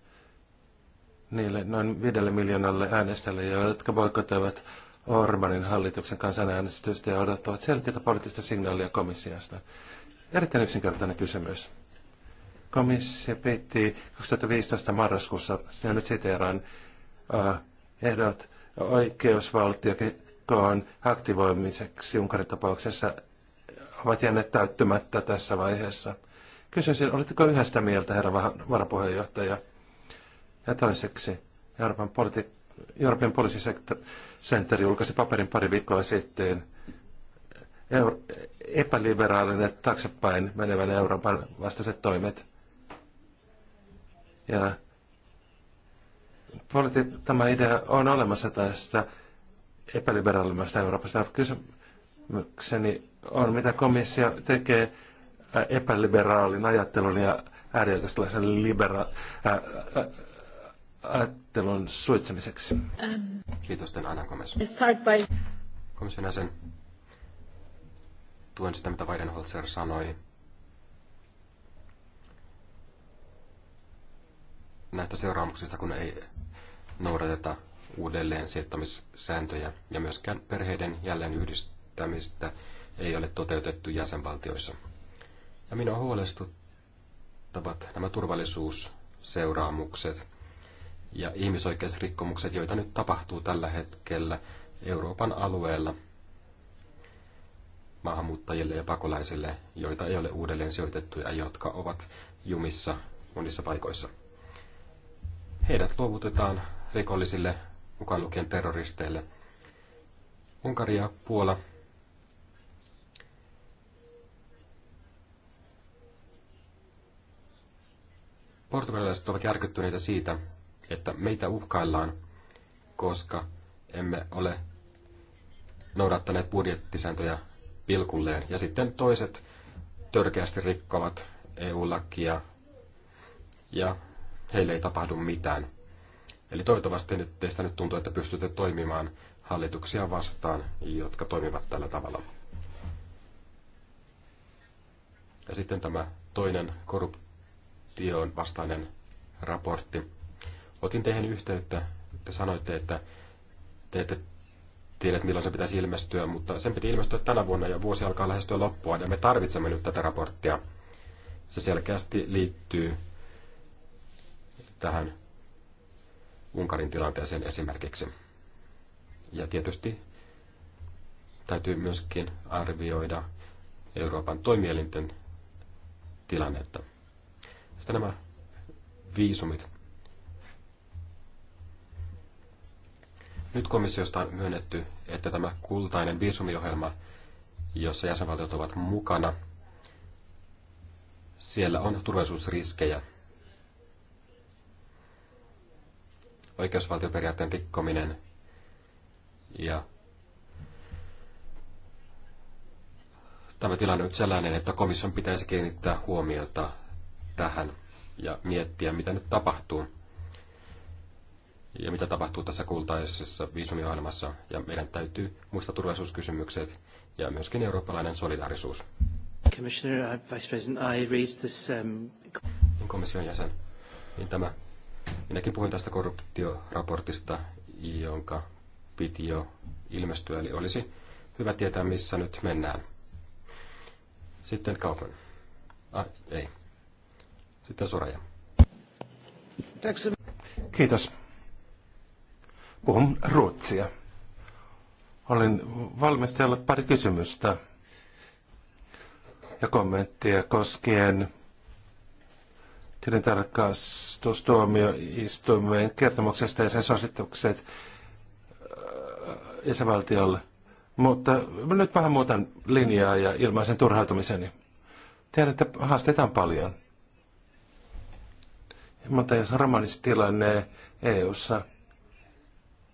niille noin viidelle miljoonalle äänestäjälle, jotka boikotoivat Orbanin hallituksen kansanäänestystä ja odottavat selkeitä poliittista signaalia komissiasta. Erittäin yksinkertainen kysymys. Komissio piti 2015 marraskuussa, sinä nyt siteeraan, äh, ehdot oikeusvaltiokoon aktivoimiseksi Unkarin tapauksessa ovat jääneet täyttymättä tässä vaiheessa – Kysyisin, olitteko yhdestä mieltä, herra varapuheenjohtaja? Ja toiseksi, Euroopan, politi- European Policy Center julkaisi paperin pari viikkoa sitten Euro- epäliberaalinen taaksepäin menevän Euroopan vastaiset toimet. Ja politi- tämä idea on olemassa tästä epäliberaalimasta Euroopasta. Kysymykseni on, mitä komissio tekee epäliberaalin ajattelun ja äärioikeistolaisen libera- ää, ää, ajattelun suitsemiseksi. Kiitos teille Anna Gomes. By... sen jäsen. Tuen sitä, mitä Weidenholzer sanoi. Näistä seuraamuksista, kun ei noudateta uudelleen sijoittamissääntöjä ja myöskään perheiden jälleen yhdistämistä ei ole toteutettu jäsenvaltioissa. Ja minua huolestuttavat nämä turvallisuusseuraamukset ja ihmisoikeusrikkomukset, joita nyt tapahtuu tällä hetkellä Euroopan alueella maahanmuuttajille ja pakolaisille, joita ei ole uudelleen sijoitettu ja jotka ovat jumissa monissa paikoissa. Heidät luovutetaan rikollisille, mukaan lukien terroristeille. Unkaria, Puola Portugalilaiset ovat järkyttyneitä siitä, että meitä uhkaillaan, koska emme ole noudattaneet budjettisääntöjä pilkulleen. Ja sitten toiset törkeästi rikkovat EU-lakia ja heille ei tapahdu mitään. Eli toivottavasti nyt teistä nyt tuntuu, että pystytte toimimaan hallituksia vastaan, jotka toimivat tällä tavalla. Ja sitten tämä toinen korruptio korruption vastainen raportti. Otin teihin yhteyttä, että sanoitte, että te ette tiedä, milloin se pitäisi ilmestyä, mutta sen piti ilmestyä tänä vuonna ja vuosi alkaa lähestyä loppua ja me tarvitsemme nyt tätä raporttia. Se selkeästi liittyy tähän Unkarin tilanteeseen esimerkiksi. Ja tietysti täytyy myöskin arvioida Euroopan toimielinten tilannetta. Sitten nämä viisumit. Nyt komissiosta on myönnetty, että tämä kultainen viisumiohjelma, jossa jäsenvaltiot ovat mukana, siellä on turvallisuusriskejä. Oikeusvaltioperiaatteen rikkominen ja tämä tilanne on nyt sellainen, että komission pitäisi kiinnittää huomiota tähän ja miettiä, mitä nyt tapahtuu. Ja mitä tapahtuu tässä kultaisessa viisumiohjelmassa. Ja meidän täytyy muistaa turvallisuuskysymykset ja myöskin eurooppalainen solidaarisuus. Commissioner, uh, Vice President, I raised this, um... Niin, komission jäsen, niin tämä. Minäkin puhuin tästä korruptioraportista, jonka piti jo ilmestyä, eli olisi hyvä tietää, missä nyt mennään. Sitten Kaufman. Ah, ei. Sitten Suraja. Kiitos. Puhun ruotsia. Olen valmistellut pari kysymystä ja kommenttia koskien tilintarkastustuomioistuimen kertomuksesta ja sen suositukset äh, isävaltiolle. Mutta nyt vähän muutan linjaa ja ilmaisen turhautumiseni. Tiedän, että haasteita on paljon. Mutta jos romanisi tilanne EU-ssa,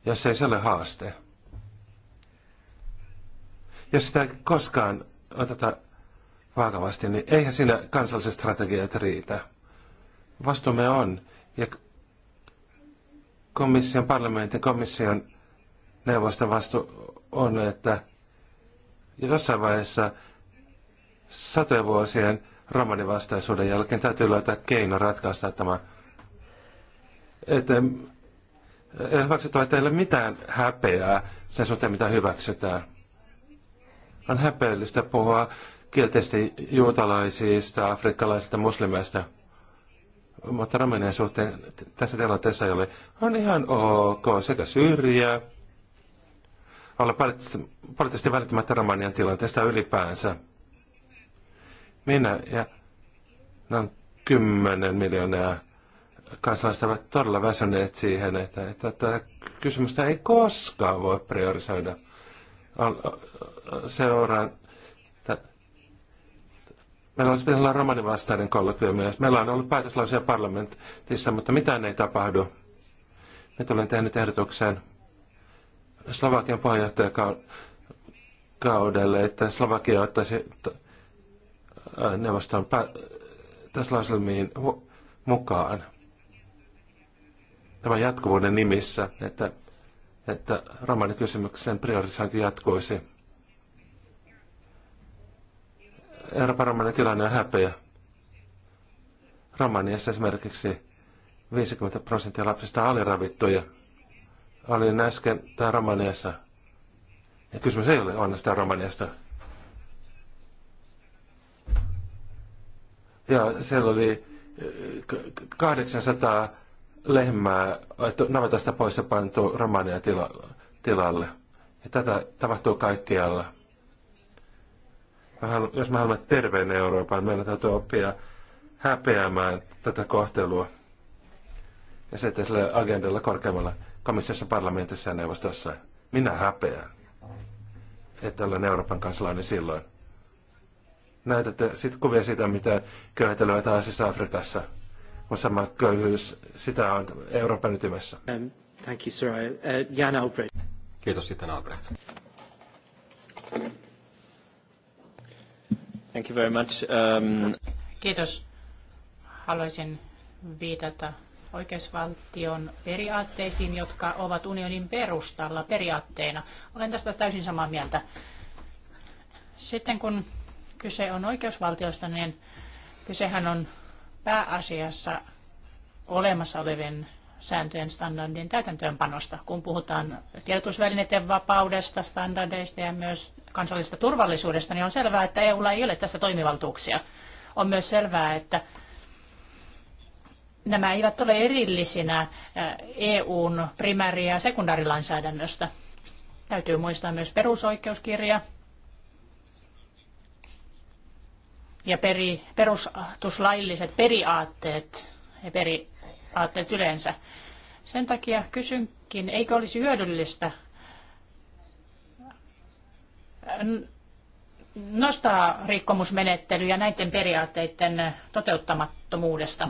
jos ei se ole haaste. Jos sitä ei koskaan oteta vakavasti, niin eihän siinä kansalliset strategiat riitä. Vastuumme on, ja komission, parlamentin, komission neuvoston vastu on, että jossain vaiheessa satojen vuosien romanivastaisuuden jälkeen täytyy löytää keino ratkaista tämä että hyväksyttävä teille mitään häpeää sen suhteen, mitä hyväksytään. On häpeällistä puhua kielteisesti juutalaisista, afrikkalaisista, muslimeista. Mutta romanien suhteen tässä tilanteessa ei ole. On ihan ok sekä syrjiä, olla poliittisesti välittämättä romanian tilanteesta ylipäänsä. Minä ja noin kymmenen miljoonaa kansalaiset ovat todella väsyneet siihen, että, että tätä kysymystä ei koskaan voi priorisoida seuraan. Meillä olisi pitänyt olla romanivastainen kollegio myös. Meillä on ollut päätöslausia parlamentissa, mutta mitään ei tapahdu. Nyt olen tehnyt ehdotuksen Slovakian puheenjohtajakaudelle, että Slovakia ottaisi neuvoston päätöslauselmiin mukaan tämän jatkuvuuden nimissä, että, että kysymyksen priorisointi jatkuisi. Euroopan romanin tilanne on häpeä. Romaniassa esimerkiksi 50 prosenttia lapsista on aliravittuja. Olin äsken tämä Romaniassa. Ja kysymys ei ole onnesta Romaniasta. Ja siellä oli 800 eh, lehmää navetasta pois ja pantu romania tila, tilalle. Ja tätä tapahtuu kaikkialla. Mä halu, jos me haluamme terveen Euroopan, meillä täytyy oppia häpeämään tätä kohtelua. Ja se sillä agendalla korkeammalla komissiossa, parlamentissa ja neuvostossa. Minä häpeän, että olen Euroopan kansalainen silloin. Näytätte sitten kuvia siitä, mitä köyhätelevät Aasissa Afrikassa – sama köyhyys, sitä on Euroopan ytimessä. Um, thank you, sir. Uh, Jan Albrecht. Kiitos sitten Albrecht. Thank you very much. Um... Kiitos. Haluaisin viitata oikeusvaltion periaatteisiin, jotka ovat unionin perustalla periaatteena. Olen tästä täysin samaa mieltä. Sitten kun kyse on oikeusvaltiosta, niin kysehän on pääasiassa olemassa olevien sääntöjen standardien täytäntöönpanosta, kun puhutaan tiedotusvälineiden vapaudesta, standardeista ja myös kansallisesta turvallisuudesta, niin on selvää, että EUlla ei ole tässä toimivaltuuksia. On myös selvää, että nämä eivät ole erillisinä EUn primääri- ja sekundaarilainsäädännöstä. Täytyy muistaa myös perusoikeuskirja, ja peri, perustuslailliset periaatteet ja periaatteet yleensä. Sen takia kysynkin, eikö olisi hyödyllistä nostaa rikkomusmenettelyjä näiden periaatteiden toteuttamattomuudesta.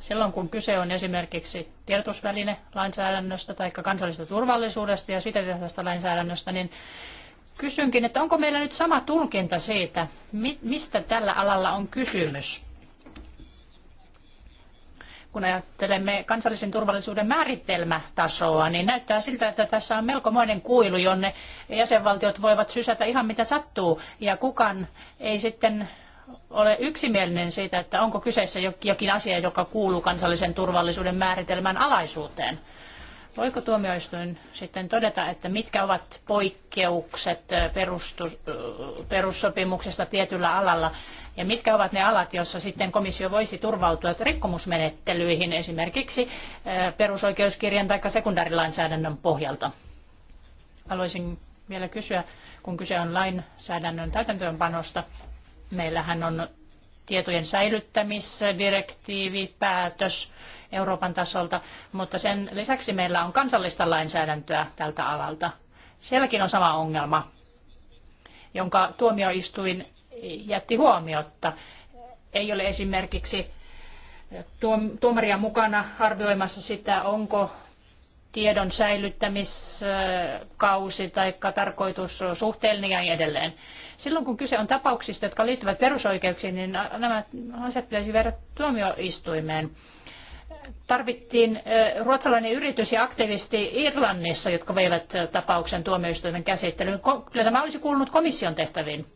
Silloin kun kyse on esimerkiksi tiedotusväline lainsäädännöstä tai kansallisesta turvallisuudesta ja sitä tästä lainsäädännöstä, niin Kysynkin, että onko meillä nyt sama tulkinta siitä, mistä tällä alalla on kysymys? Kun ajattelemme kansallisen turvallisuuden määritelmätasoa, niin näyttää siltä, että tässä on melkomoinen kuilu, jonne jäsenvaltiot voivat sysätä ihan mitä sattuu, ja kukaan ei sitten ole yksimielinen siitä, että onko kyseessä jokin asia, joka kuuluu kansallisen turvallisuuden määritelmän alaisuuteen. Voiko tuomioistuin sitten todeta, että mitkä ovat poikkeukset perustus, perussopimuksesta tietyllä alalla ja mitkä ovat ne alat, joissa sitten komissio voisi turvautua rikkomusmenettelyihin esimerkiksi perusoikeuskirjan tai sekundaarilainsäädännön pohjalta? Haluaisin vielä kysyä, kun kyse on lainsäädännön täytäntöönpanosta. Meillähän on tietojen säilyttämisdirektiivi, päätös Euroopan tasolta, mutta sen lisäksi meillä on kansallista lainsäädäntöä tältä alalta. Sielläkin on sama ongelma, jonka tuomioistuin jätti huomiotta. Ei ole esimerkiksi tuomaria mukana arvioimassa sitä, onko tiedon säilyttämiskausi tai tarkoitus suhteellinen ja niin edelleen. Silloin kun kyse on tapauksista, jotka liittyvät perusoikeuksiin, niin nämä asiat pitäisi viedä tuomioistuimeen. Tarvittiin ruotsalainen yritys ja aktivisti Irlannissa, jotka veivät tapauksen tuomioistuimen käsittelyyn. Kyllä tämä olisi kuulunut komission tehtäviin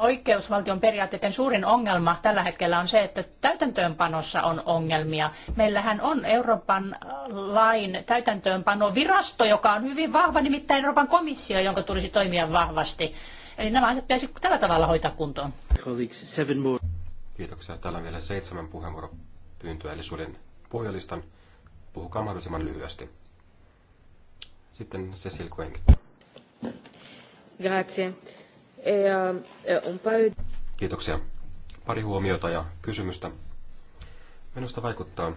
oikeusvaltion periaatteiden suurin ongelma tällä hetkellä on se, että täytäntöönpanossa on ongelmia. Meillähän on Euroopan lain täytäntöönpanovirasto, joka on hyvin vahva, nimittäin Euroopan komissio, jonka tulisi toimia vahvasti. Eli nämä asiat pitäisi tällä tavalla hoitaa kuntoon. Kiitoksia. Täällä on vielä seitsemän puheenvuoropyyntöä, eli suljen puhujalistan. Puhukaa mahdollisimman lyhyesti. Sitten Cecil Kuenk. Grazie. Eh, eh, Kiitoksia. Pari huomiota ja kysymystä. Minusta vaikuttaa,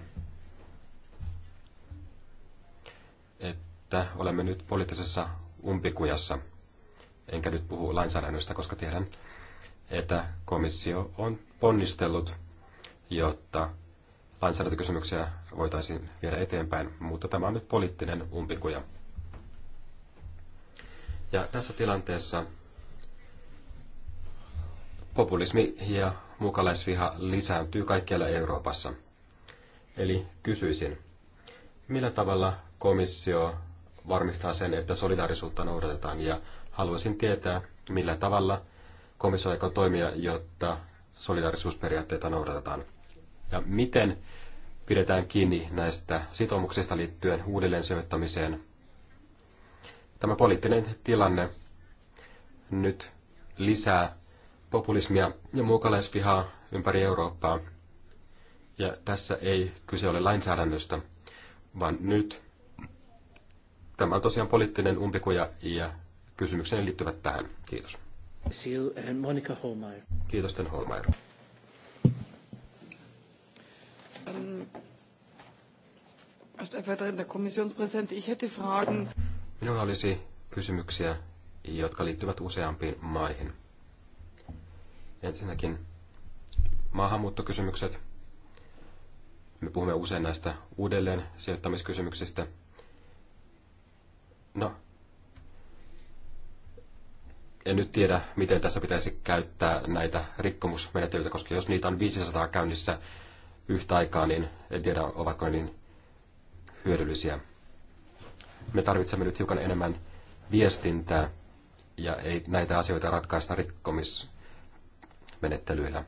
että olemme nyt poliittisessa umpikujassa. Enkä nyt puhu lainsäädännöstä, koska tiedän, että komissio on ponnistellut, jotta lainsäädäntökysymyksiä voitaisiin viedä eteenpäin, mutta tämä on nyt poliittinen umpikuja. Ja tässä tilanteessa populismi ja mukalaisviha lisääntyy kaikkialla Euroopassa. Eli kysyisin, millä tavalla komissio varmistaa sen, että solidaarisuutta noudatetaan ja haluaisin tietää, millä tavalla komissio aikoo toimia, jotta solidaarisuusperiaatteita noudatetaan. Ja miten pidetään kiinni näistä sitoumuksista liittyen uudelleen sijoittamiseen. Tämä poliittinen tilanne nyt lisää populismia ja muukalaisvihaa ympäri Eurooppaa. Ja tässä ei kyse ole lainsäädännöstä, vaan nyt tämä on tosiaan poliittinen umpikuja ja kysymykseen liittyvät tähän. Kiitos. Monika Holmeier. Kiitos, Ten Holmeier. Ähm, Minulla olisi kysymyksiä, jotka liittyvät useampiin maihin. Ensinnäkin maahanmuuttokysymykset. Me puhumme usein näistä uudelleen sijoittamiskysymyksistä. No, en nyt tiedä, miten tässä pitäisi käyttää näitä rikkomusmenettelyitä, koska jos niitä on 500 käynnissä yhtä aikaa, niin en tiedä, ovatko ne niin hyödyllisiä. Me tarvitsemme nyt hiukan enemmän viestintää ja ei näitä asioita ratkaista rikkomis, menettelyillä.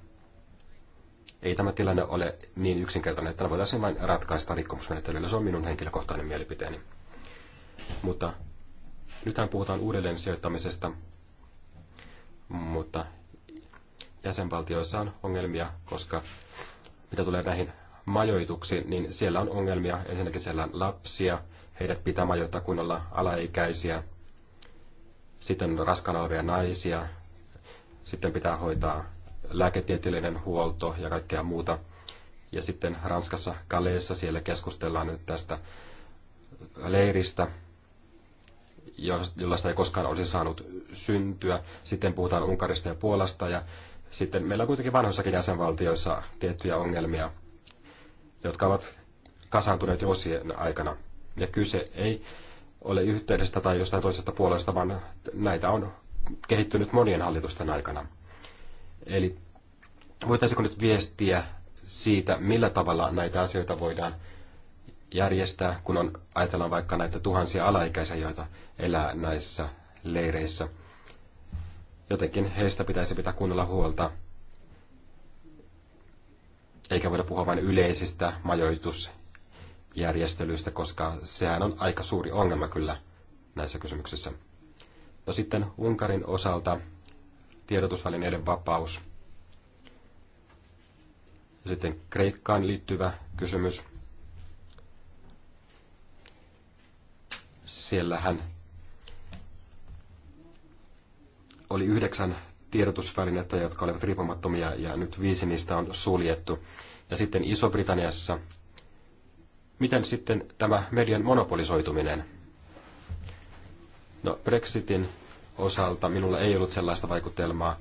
Ei tämä tilanne ole niin yksinkertainen, että voitaisiin vain ratkaista rikkomusmenettelyllä. Se on minun henkilökohtainen mielipiteeni. Mutta nythän puhutaan uudelleen sijoittamisesta, mutta jäsenvaltioissa on ongelmia, koska mitä tulee näihin majoituksiin, niin siellä on ongelmia. Ensinnäkin siellä on lapsia, heidät pitää majoittaa kun olla alaikäisiä. Sitten on raskaana olevia naisia. Sitten pitää hoitaa lääketieteellinen huolto ja kaikkea muuta. Ja sitten Ranskassa Kaleessa siellä keskustellaan nyt tästä leiristä, jollaista ei koskaan olisi saanut syntyä. Sitten puhutaan Unkarista ja Puolasta ja sitten meillä on kuitenkin vanhoissakin jäsenvaltioissa tiettyjä ongelmia, jotka ovat kasaantuneet osien aikana. Ja kyse ei ole yhteydestä tai jostain toisesta puolesta, vaan näitä on kehittynyt monien hallitusten aikana. Eli voitaisiinko nyt viestiä siitä, millä tavalla näitä asioita voidaan järjestää, kun on, ajatellaan vaikka näitä tuhansia alaikäisiä, joita elää näissä leireissä. Jotenkin heistä pitäisi pitää kunnolla huolta. Eikä voida puhua vain yleisistä majoitusjärjestelyistä, koska sehän on aika suuri ongelma kyllä näissä kysymyksissä. No sitten Unkarin osalta tiedotusvälineiden vapaus. Sitten Kreikkaan liittyvä kysymys. Siellähän oli yhdeksän tiedotusvälinettä, jotka olivat riippumattomia, ja nyt viisi niistä on suljettu. Ja sitten Iso-Britanniassa, miten sitten tämä median monopolisoituminen? No, Brexitin osalta minulla ei ollut sellaista vaikutelmaa,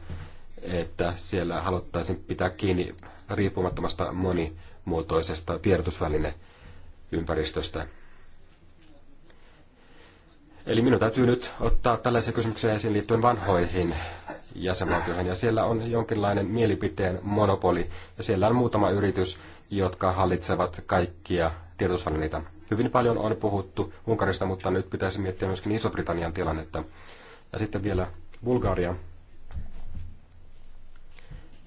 että siellä haluttaisiin pitää kiinni riippumattomasta monimuotoisesta tiedotusvälineympäristöstä. Eli minun täytyy nyt ottaa tällaisia kysymyksiä esiin liittyen vanhoihin jäsenvaltioihin. Ja siellä on jonkinlainen mielipiteen monopoli. Ja siellä on muutama yritys, jotka hallitsevat kaikkia tiedotusvälineitä. Hyvin paljon on puhuttu Unkarista, mutta nyt pitäisi miettiä myöskin Iso-Britannian tilannetta. Ja sitten vielä Bulgaria.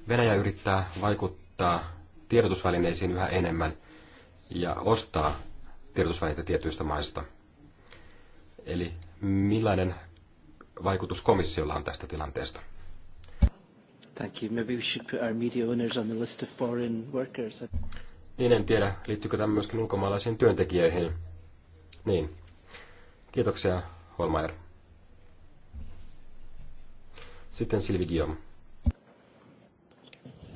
Venäjä yrittää vaikuttaa tiedotusvälineisiin yhä enemmän ja ostaa tiedotusvälineitä tietyistä maista. Eli millainen vaikutus komissiolla on tästä tilanteesta? Thank you. Maybe we should put our media owners on the list of foreign workers. Niin en tiedä, liittyykö tämä myöskin ulkomaalaisiin työntekijöihin. Niin. Kiitoksia, Holmeier.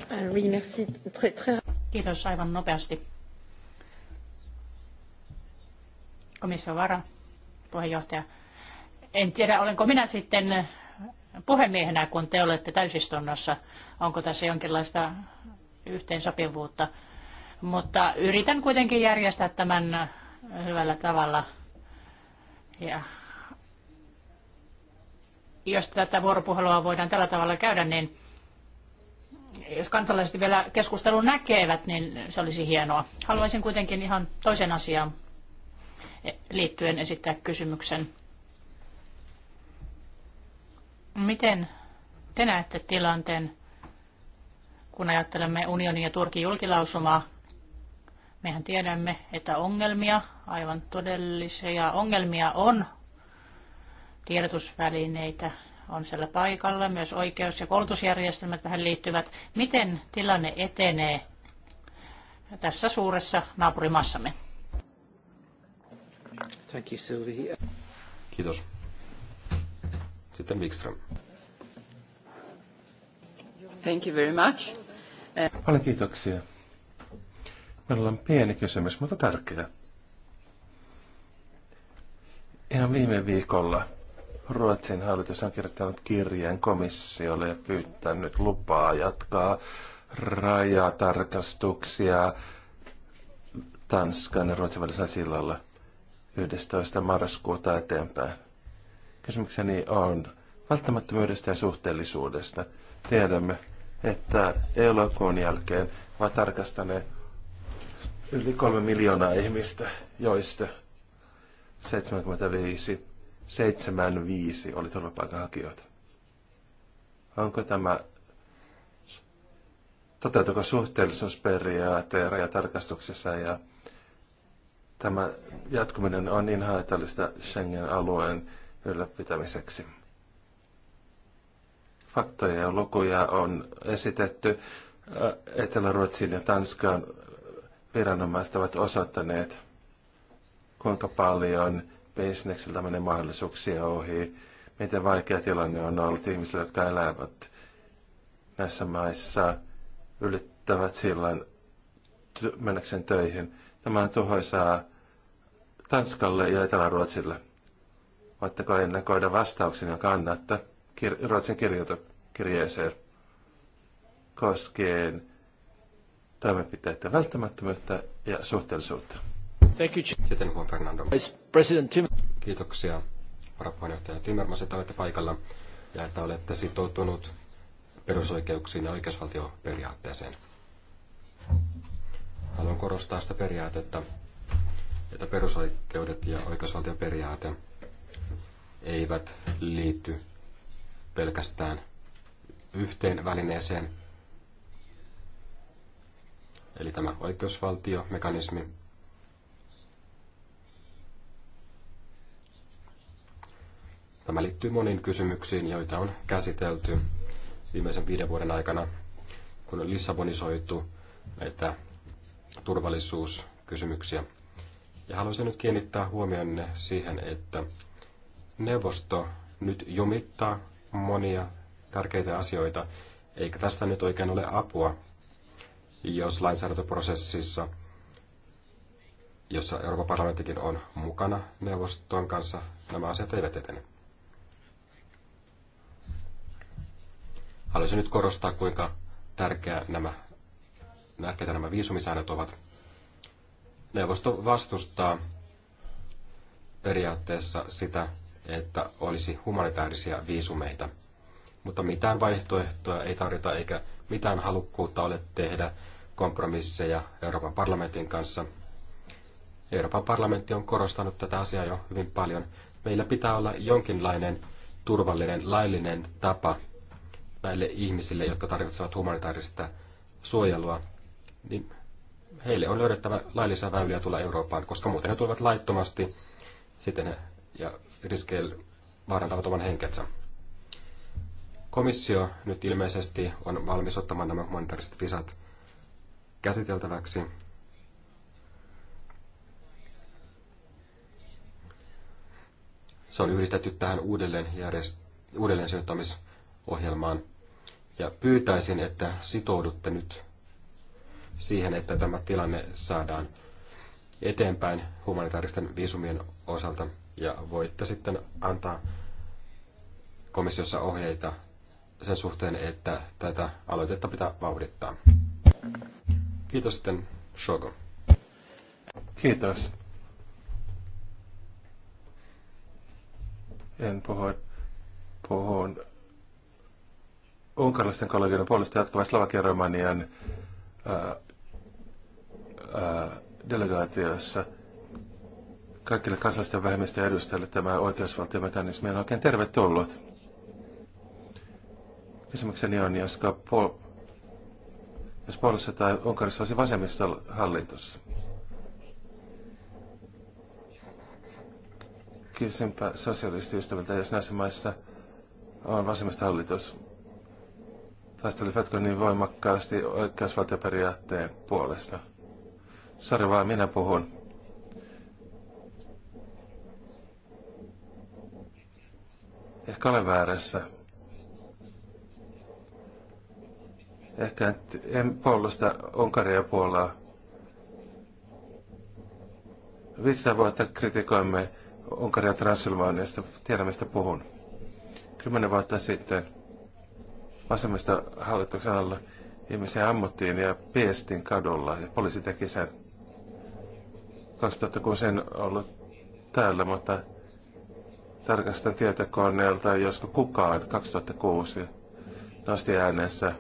Ah oui, merci. Très, très... Kiitos aivan nopeasti. Komission vara, puheenjohtaja. En tiedä, olenko minä sitten puhemiehenä, kun te olette täysistunnossa. Onko tässä jonkinlaista yhteensopivuutta? Mutta yritän kuitenkin järjestää tämän hyvällä tavalla. Ja jos tätä vuoropuhelua voidaan tällä tavalla käydä, niin jos kansalaiset vielä keskustelun näkevät, niin se olisi hienoa. Haluaisin kuitenkin ihan toisen asiaan liittyen esittää kysymyksen. Miten te näette tilanteen, kun ajattelemme unionin ja Turkin julkilausumaa? Mehän tiedämme, että ongelmia, aivan todellisia ongelmia on tiedotusvälineitä on siellä paikalla, myös oikeus- ja koulutusjärjestelmät tähän liittyvät. Miten tilanne etenee tässä suuressa naapurimaassamme? Thank you, Sylvie. Kiitos. Sitten Wikström. Thank you very much. Paljon kiitoksia. Meillä on pieni kysymys, mutta tärkeä. Ihan viime viikolla Ruotsin hallitus on kirjoittanut kirjeen komissiolle ja pyytänyt lupaa jatkaa rajatarkastuksia Tanskan ja Ruotsin välisellä sillalla 11. marraskuuta eteenpäin. Kysymykseni on välttämättömyydestä ja suhteellisuudesta. Tiedämme, että elokuun jälkeen ovat tarkastaneet yli kolme miljoonaa ihmistä, joista 75 75 oli turvapaikanhakijoita. Onko tämä, toteutuko suhteellisuusperiaate rajatarkastuksessa ja tämä jatkuminen on niin haitallista Schengen-alueen ylläpitämiseksi? Faktoja ja lukuja on esitetty. etelä ruotsin ja Tanskaan viranomaiset ovat osoittaneet, kuinka paljon – bisnekseltä menee mahdollisuuksia ohi. Miten vaikea tilanne on ollut ihmisillä, jotka elävät näissä maissa, ylittävät silloin mennäkseen töihin. Tämä on tuhoisaa Tanskalle ja Etelä-Ruotsille. Voitteko ennakoida vastauksen, jonka annatte kir- Ruotsin kirjoitu- kirjeeseen koskien toimenpiteiden välttämättömyyttä ja suhteellisuutta? Thank you. Sitten Juan Fernando. President Tim. Kiitoksia varapuheenjohtaja Timmermans, että olette paikalla ja että olette sitoutunut perusoikeuksiin ja oikeusvaltioperiaatteeseen. Haluan korostaa sitä periaatetta, että perusoikeudet ja oikeusvaltioperiaate eivät liity pelkästään yhteen välineeseen, eli tämä oikeusvaltiomekanismi Tämä liittyy moniin kysymyksiin, joita on käsitelty viimeisen viiden vuoden aikana, kun on lissabonisoitu näitä turvallisuuskysymyksiä. Ja haluaisin nyt kiinnittää huomionne siihen, että neuvosto nyt jumittaa monia tärkeitä asioita, eikä tästä nyt oikein ole apua, jos lainsäädäntöprosessissa, jossa Euroopan parlamenttikin on mukana neuvoston kanssa, nämä asiat eivät etene. Haluaisin nyt korostaa, kuinka tärkeä nämä, tärkeitä nämä viisumisäännöt ovat. Neuvosto vastustaa periaatteessa sitä, että olisi humanitaarisia viisumeita. Mutta mitään vaihtoehtoa ei tarvita eikä mitään halukkuutta ole tehdä kompromisseja Euroopan parlamentin kanssa. Euroopan parlamentti on korostanut tätä asiaa jo hyvin paljon. Meillä pitää olla jonkinlainen turvallinen, laillinen tapa näille ihmisille, jotka tarvitsevat humanitaarista suojelua, niin heille on löydettävä laillisia väyliä tulla Eurooppaan, koska muuten he tulevat laittomasti sitten he, ja riskeillä vaarantavat oman henkensä. Komissio nyt ilmeisesti on valmis ottamaan nämä humanitaariset visat käsiteltäväksi. Se on yhdistetty tähän uudelleen, järjest- uudelleen sijoittamis- ohjelmaan. Ja pyytäisin, että sitoudutte nyt siihen, että tämä tilanne saadaan eteenpäin humanitaaristen viisumien osalta. Ja voitte sitten antaa komissiossa ohjeita sen suhteen, että tätä aloitetta pitää vauhdittaa. Kiitos sitten Shogo. Kiitos. En puhu, puhun unkarilaisten kollegioiden puolesta jatkavan Slovakian Romanian delegaatiossa kaikille kansallisten vähemmistöjen edustajille tämä oikeusvaltiomekanismi on oikein tervetullut. Kysymykseni on, josko pol- jos Puolassa tai Unkarissa olisi vasemmista hallitus. Kysynpä sosialistiystäviltä, jos näissä maissa on vasemmista hallitus taistelivatko niin voimakkaasti oikeusvaltioperiaatteen puolesta. Sari vaan minä puhun. Ehkä olen väärässä. Ehkä en puolusta Unkaria puolaa. Viittä vuotta kritikoimme Unkaria Transylvaaniasta. Tiedän, mistä puhun. Kymmenen vuotta sitten vasemmista hallituksen alla ihmisiä ammuttiin ja piestin kadulla ja poliisi teki sen 2006 en ollut täällä, mutta tarkastan tietokoneelta, josko kukaan 2006 nosti äänessä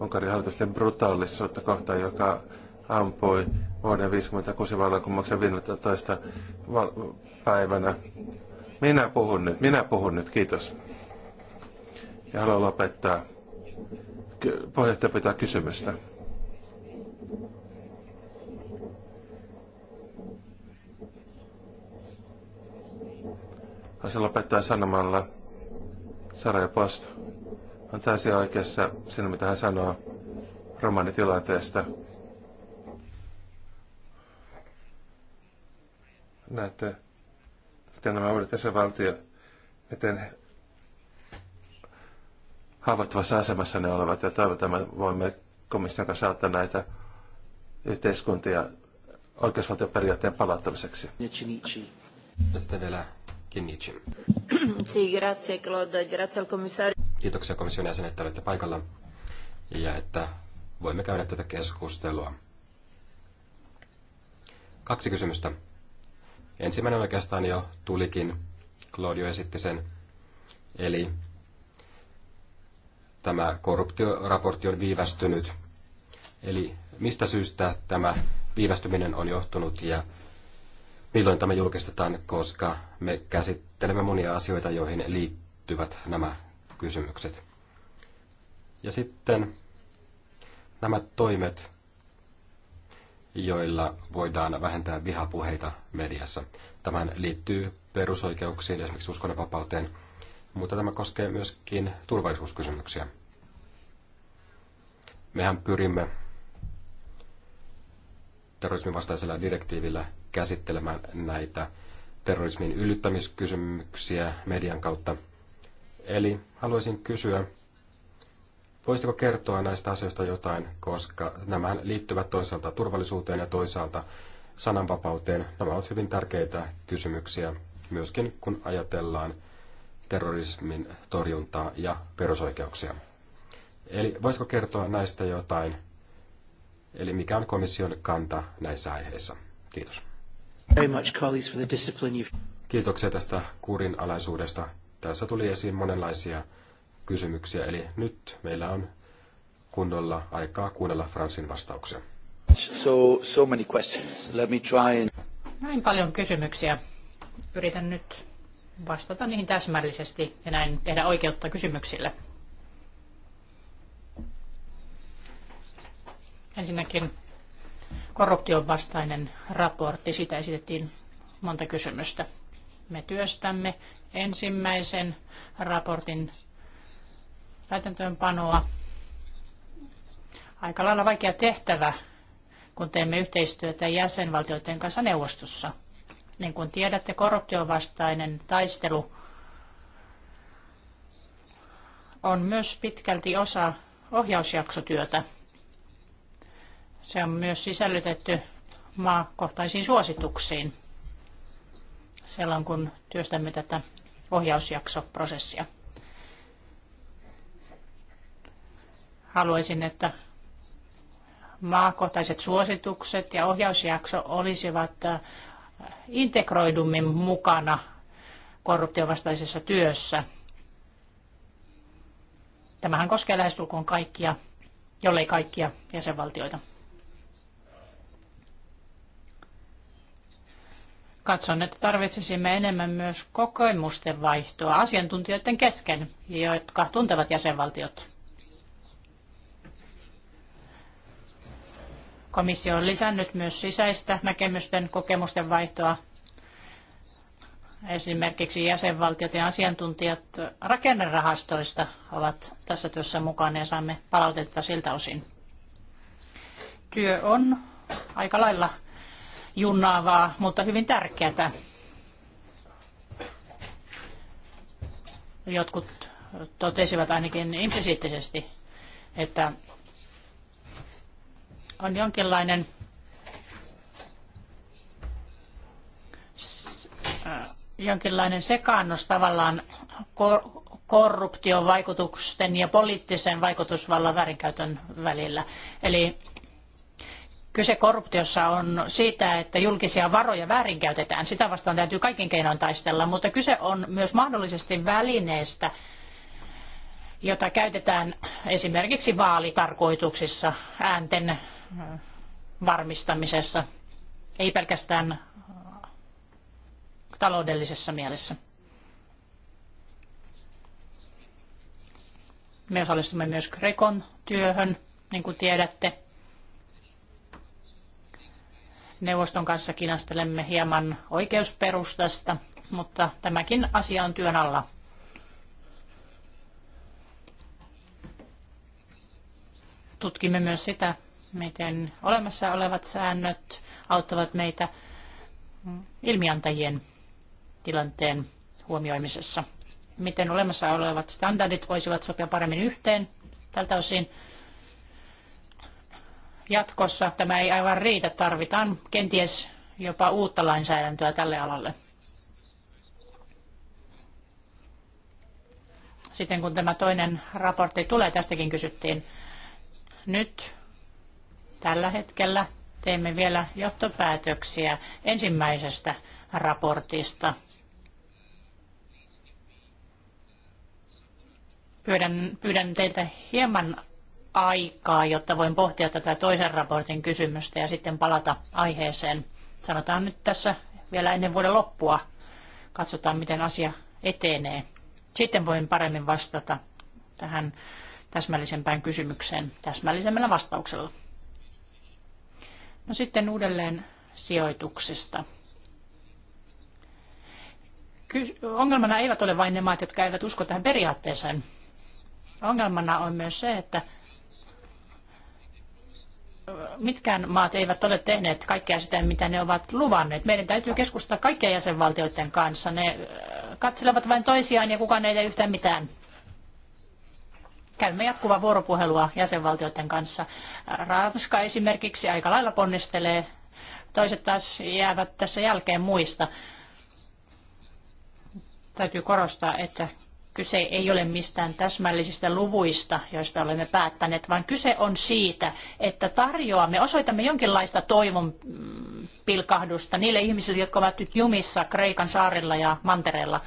Unkarin hallitusten brutaalisuutta kohtaan, joka ampui vuoden 56 vallankumouksen 15. päivänä. Minä puhun nyt, minä puhun nyt, kiitos ja haluan lopettaa. Puheenjohtaja pitää kysymystä. Hän lopettaa sanomalla, Sara ja Post on täysin oikeassa siinä, mitä hän sanoo romanitilanteesta. Näette, miten nämä uudet jäsenvaltiot, miten haavoittuvassa asemassa ne olevat ja toivotamme voimme komission kanssa auttaa näitä yhteiskuntia oikeusvaltioperiaatteen palauttamiseksi. sitten vielä Kinnici. <clears throat> Claude, Kiitoksia komission jäsenet, että olette paikalla ja että voimme käydä tätä keskustelua. Kaksi kysymystä. Ensimmäinen oikeastaan jo tulikin, Claudio esitti sen. Eli tämä korruptioraportti on viivästynyt. Eli mistä syystä tämä viivästyminen on johtunut ja milloin tämä julkistetaan, koska me käsittelemme monia asioita, joihin liittyvät nämä kysymykset. Ja sitten nämä toimet, joilla voidaan vähentää vihapuheita mediassa. tämän liittyy perusoikeuksiin, esimerkiksi uskonnonvapauteen, mutta tämä koskee myöskin turvallisuuskysymyksiä. Mehän pyrimme terrorismin vastaisella direktiivillä käsittelemään näitä terrorismin yllyttämiskysymyksiä median kautta. Eli haluaisin kysyä, voisitko kertoa näistä asioista jotain, koska nämä liittyvät toisaalta turvallisuuteen ja toisaalta sananvapauteen. Nämä ovat hyvin tärkeitä kysymyksiä, myöskin kun ajatellaan terrorismin torjuntaa ja perusoikeuksia. Eli voisiko kertoa näistä jotain? Eli mikä on komission kanta näissä aiheissa? Kiitos. Kiitoksia tästä kurinalaisuudesta. Tässä tuli esiin monenlaisia kysymyksiä, eli nyt meillä on kunnolla aikaa kuunnella Fransin vastauksia. So, so many questions. Let me try and... Näin paljon kysymyksiä. Yritän nyt vastata niihin täsmällisesti ja näin tehdä oikeutta kysymyksille. Ensinnäkin korruption vastainen raportti, siitä esitettiin monta kysymystä. Me työstämme ensimmäisen raportin täytäntöönpanoa. Aika lailla vaikea tehtävä, kun teemme yhteistyötä jäsenvaltioiden kanssa neuvostossa – niin kuin tiedätte, korruptiovastainen taistelu on myös pitkälti osa ohjausjaksotyötä. Se on myös sisällytetty maakohtaisiin suosituksiin silloin, kun työstämme tätä ohjausjaksoprosessia. Haluaisin, että maakohtaiset suositukset ja ohjausjakso olisivat integroidummin mukana korruptiovastaisessa työssä. Tämähän koskee lähestulkoon kaikkia, jollei kaikkia jäsenvaltioita. Katson, että tarvitsisimme enemmän myös kokemusten vaihtoa asiantuntijoiden kesken, jotka tuntevat jäsenvaltiot. Komissio on lisännyt myös sisäistä näkemysten kokemusten vaihtoa. Esimerkiksi jäsenvaltiot ja asiantuntijat rakennerahastoista ovat tässä työssä mukana ja saamme palautetta siltä osin. Työ on aika lailla junnaavaa, mutta hyvin tärkeää. Jotkut totesivat ainakin implisiittisesti, että on jonkinlainen jonkinlainen sekaannus tavallaan korruption vaikutusten ja poliittisen vaikutusvallan väärinkäytön välillä. Eli kyse korruptiossa on siitä, että julkisia varoja väärinkäytetään. Sitä vastaan täytyy kaikin keinoin taistella, mutta kyse on myös mahdollisesti välineestä, jota käytetään esimerkiksi vaalitarkoituksissa äänten varmistamisessa, ei pelkästään taloudellisessa mielessä. Me osallistumme myös Grekon työhön, niin kuin tiedätte. Neuvoston kanssa kinastelemme hieman oikeusperustasta, mutta tämäkin asia on työn alla. Tutkimme myös sitä, miten olemassa olevat säännöt auttavat meitä ilmiantajien tilanteen huomioimisessa. Miten olemassa olevat standardit voisivat sopia paremmin yhteen tältä osin. Jatkossa tämä ei aivan riitä, tarvitaan kenties jopa uutta lainsäädäntöä tälle alalle. Sitten kun tämä toinen raportti tulee, tästäkin kysyttiin. Nyt Tällä hetkellä teemme vielä johtopäätöksiä ensimmäisestä raportista. Pyydän, pyydän teiltä hieman aikaa, jotta voin pohtia tätä toisen raportin kysymystä ja sitten palata aiheeseen. Sanotaan nyt tässä vielä ennen vuoden loppua. Katsotaan, miten asia etenee. Sitten voin paremmin vastata tähän täsmällisempään kysymykseen täsmällisemmällä vastauksella. No sitten uudelleen sijoituksista. Ongelmana eivät ole vain ne maat, jotka eivät usko tähän periaatteeseen. Ongelmana on myös se, että mitkään maat eivät ole tehneet kaikkea sitä, mitä ne ovat luvanneet. Meidän täytyy keskustella kaikkien jäsenvaltioiden kanssa. Ne äh, katselevat vain toisiaan ja kukaan ei tee yhtään mitään käymme jatkuvaa vuoropuhelua jäsenvaltioiden kanssa. Ranska esimerkiksi aika lailla ponnistelee, toiset taas jäävät tässä jälkeen muista. Täytyy korostaa, että kyse ei ole mistään täsmällisistä luvuista, joista olemme päättäneet, vaan kyse on siitä, että tarjoamme, osoitamme jonkinlaista toivon mm, pilkahdusta niille ihmisille, jotka ovat nyt jumissa Kreikan saarilla ja mantereella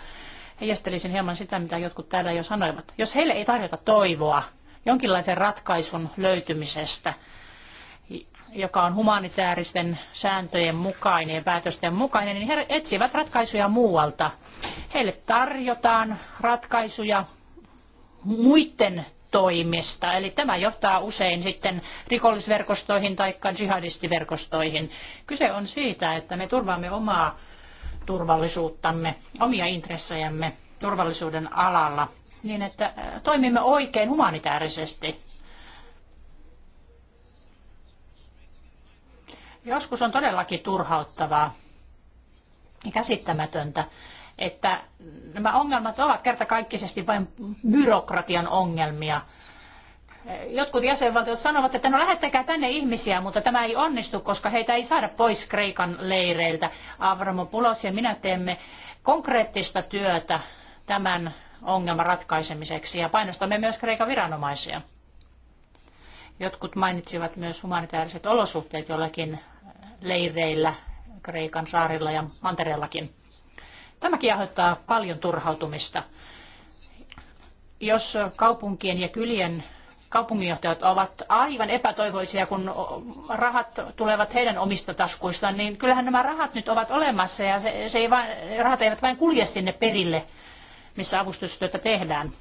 heijastelisin hieman sitä, mitä jotkut täällä jo sanoivat. Jos heille ei tarjota toivoa jonkinlaisen ratkaisun löytymisestä, joka on humanitaaristen sääntöjen mukainen ja päätösten mukainen, niin he etsivät ratkaisuja muualta. Heille tarjotaan ratkaisuja muiden toimesta. Eli tämä johtaa usein sitten rikollisverkostoihin tai jihadistiverkostoihin. Kyse on siitä, että me turvaamme omaa turvallisuuttamme, omia intressejämme turvallisuuden alalla, niin että äh, toimimme oikein humanitaarisesti. Joskus on todellakin turhauttavaa ja käsittämätöntä, että nämä ongelmat ovat kertakaikkisesti vain byrokratian ongelmia – jotkut jäsenvaltiot sanovat, että no lähettäkää tänne ihmisiä, mutta tämä ei onnistu, koska heitä ei saada pois Kreikan leireiltä. Avramopoulos ja minä teemme konkreettista työtä tämän ongelman ratkaisemiseksi ja painostamme myös Kreikan viranomaisia. Jotkut mainitsivat myös humanitaariset olosuhteet jollakin leireillä Kreikan saarilla ja mantereellakin. Tämäkin aiheuttaa paljon turhautumista. Jos kaupunkien ja kylien kaupunginjohtajat ovat aivan epätoivoisia, kun rahat tulevat heidän omista taskuistaan, niin kyllähän nämä rahat nyt ovat olemassa ja se, se ei vain, rahat eivät vain kulje sinne perille, missä avustustyötä tehdään.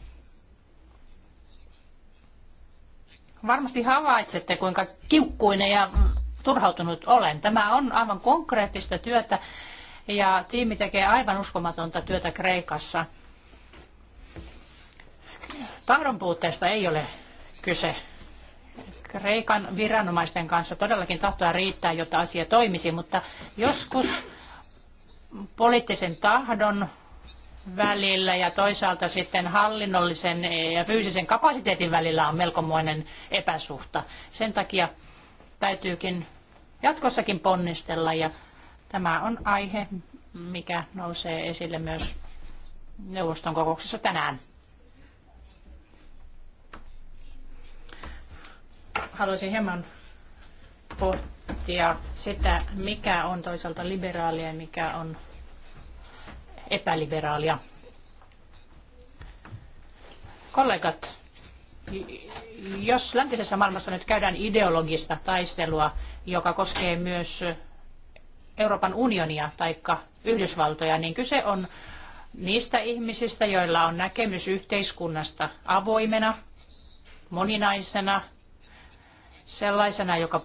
Varmasti havaitsette, kuinka kiukkuinen ja turhautunut olen. Tämä on aivan konkreettista työtä ja tiimi tekee aivan uskomatonta työtä Kreikassa. Tahdon puutteesta ei ole kyse. Kreikan viranomaisten kanssa todellakin tahtoa riittää, jotta asia toimisi, mutta joskus poliittisen tahdon välillä ja toisaalta sitten hallinnollisen ja fyysisen kapasiteetin välillä on melkomoinen epäsuhta. Sen takia täytyykin jatkossakin ponnistella ja tämä on aihe, mikä nousee esille myös neuvoston kokouksessa tänään. haluaisin hieman pohtia sitä, mikä on toisaalta liberaalia ja mikä on epäliberaalia. Kollegat, jos läntisessä maailmassa nyt käydään ideologista taistelua, joka koskee myös Euroopan unionia tai Yhdysvaltoja, niin kyse on niistä ihmisistä, joilla on näkemys yhteiskunnasta avoimena, moninaisena, sellaisena, joka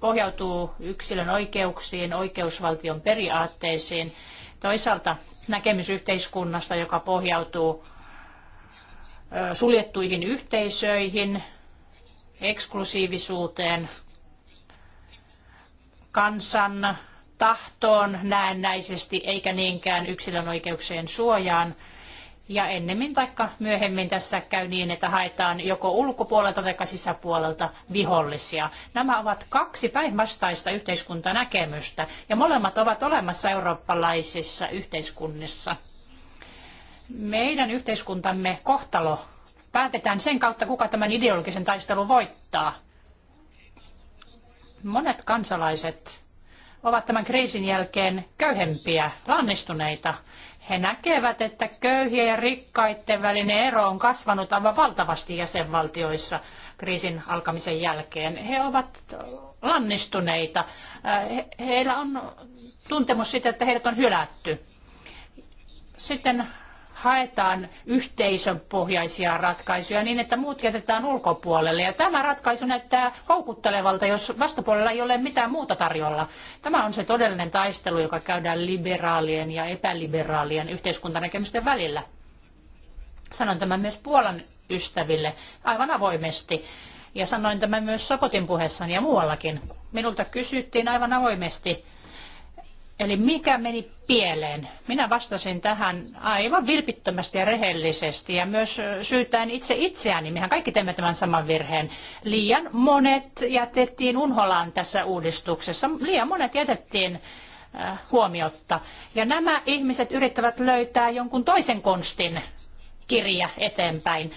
pohjautuu yksilön oikeuksiin, oikeusvaltion periaatteisiin. Toisaalta näkemys yhteiskunnasta, joka pohjautuu suljettuihin yhteisöihin, eksklusiivisuuteen, kansan tahtoon näennäisesti eikä niinkään yksilön oikeuksien suojaan – ja ennemmin tai myöhemmin tässä käy niin, että haetaan joko ulkopuolelta tai sisäpuolelta vihollisia. Nämä ovat kaksi päinvastaista yhteiskuntanäkemystä ja molemmat ovat olemassa eurooppalaisissa yhteiskunnissa. Meidän yhteiskuntamme kohtalo päätetään sen kautta, kuka tämän ideologisen taistelun voittaa. Monet kansalaiset ovat tämän kriisin jälkeen köyhempiä, lannistuneita. He näkevät, että köyhien ja rikkaiden välinen ero on kasvanut aivan valtavasti jäsenvaltioissa kriisin alkamisen jälkeen. He ovat lannistuneita. Äh, heillä on tuntemus siitä, että heidät on hylätty. Sitten haetaan yhteisön pohjaisia ratkaisuja niin, että muut jätetään ulkopuolelle. Ja tämä ratkaisu näyttää houkuttelevalta, jos vastapuolella ei ole mitään muuta tarjolla. Tämä on se todellinen taistelu, joka käydään liberaalien ja epäliberaalien yhteiskuntanäkemysten välillä. Sanon tämän myös Puolan ystäville aivan avoimesti. Ja sanoin tämän myös Sokotin puheessani ja muuallakin. Minulta kysyttiin aivan avoimesti, Eli mikä meni pieleen? Minä vastasin tähän aivan vilpittömästi ja rehellisesti ja myös syytään itse itseäni. Mehän kaikki teemme tämän saman virheen. Liian monet jätettiin unholaan tässä uudistuksessa. Liian monet jätettiin äh, huomiotta. Ja nämä ihmiset yrittävät löytää jonkun toisen konstin kirja eteenpäin.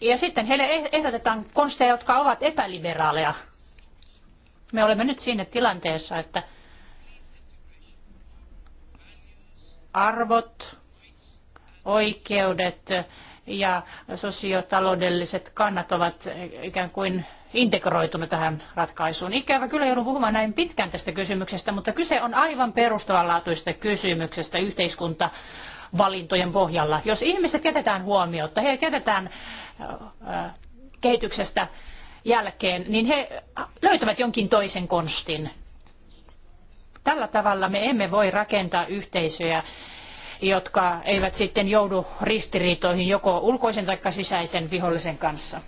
Ja sitten heille eh-, ehdotetaan konsteja, jotka ovat epäliberaaleja. Me olemme nyt siinä tilanteessa, että arvot, oikeudet ja sosiotaloudelliset kannat ovat ikään kuin integroitunut tähän ratkaisuun. Ikävä kyllä joudun puhumaan näin pitkään tästä kysymyksestä, mutta kyse on aivan perustavanlaatuista kysymyksestä yhteiskunta valintojen pohjalla. Jos ihmiset jätetään huomiota, he jätetään kehityksestä jälkeen, niin he löytävät jonkin toisen konstin. Tällä tavalla me emme voi rakentaa yhteisöjä, jotka eivät sitten joudu ristiriitoihin joko ulkoisen tai sisäisen vihollisen kanssa.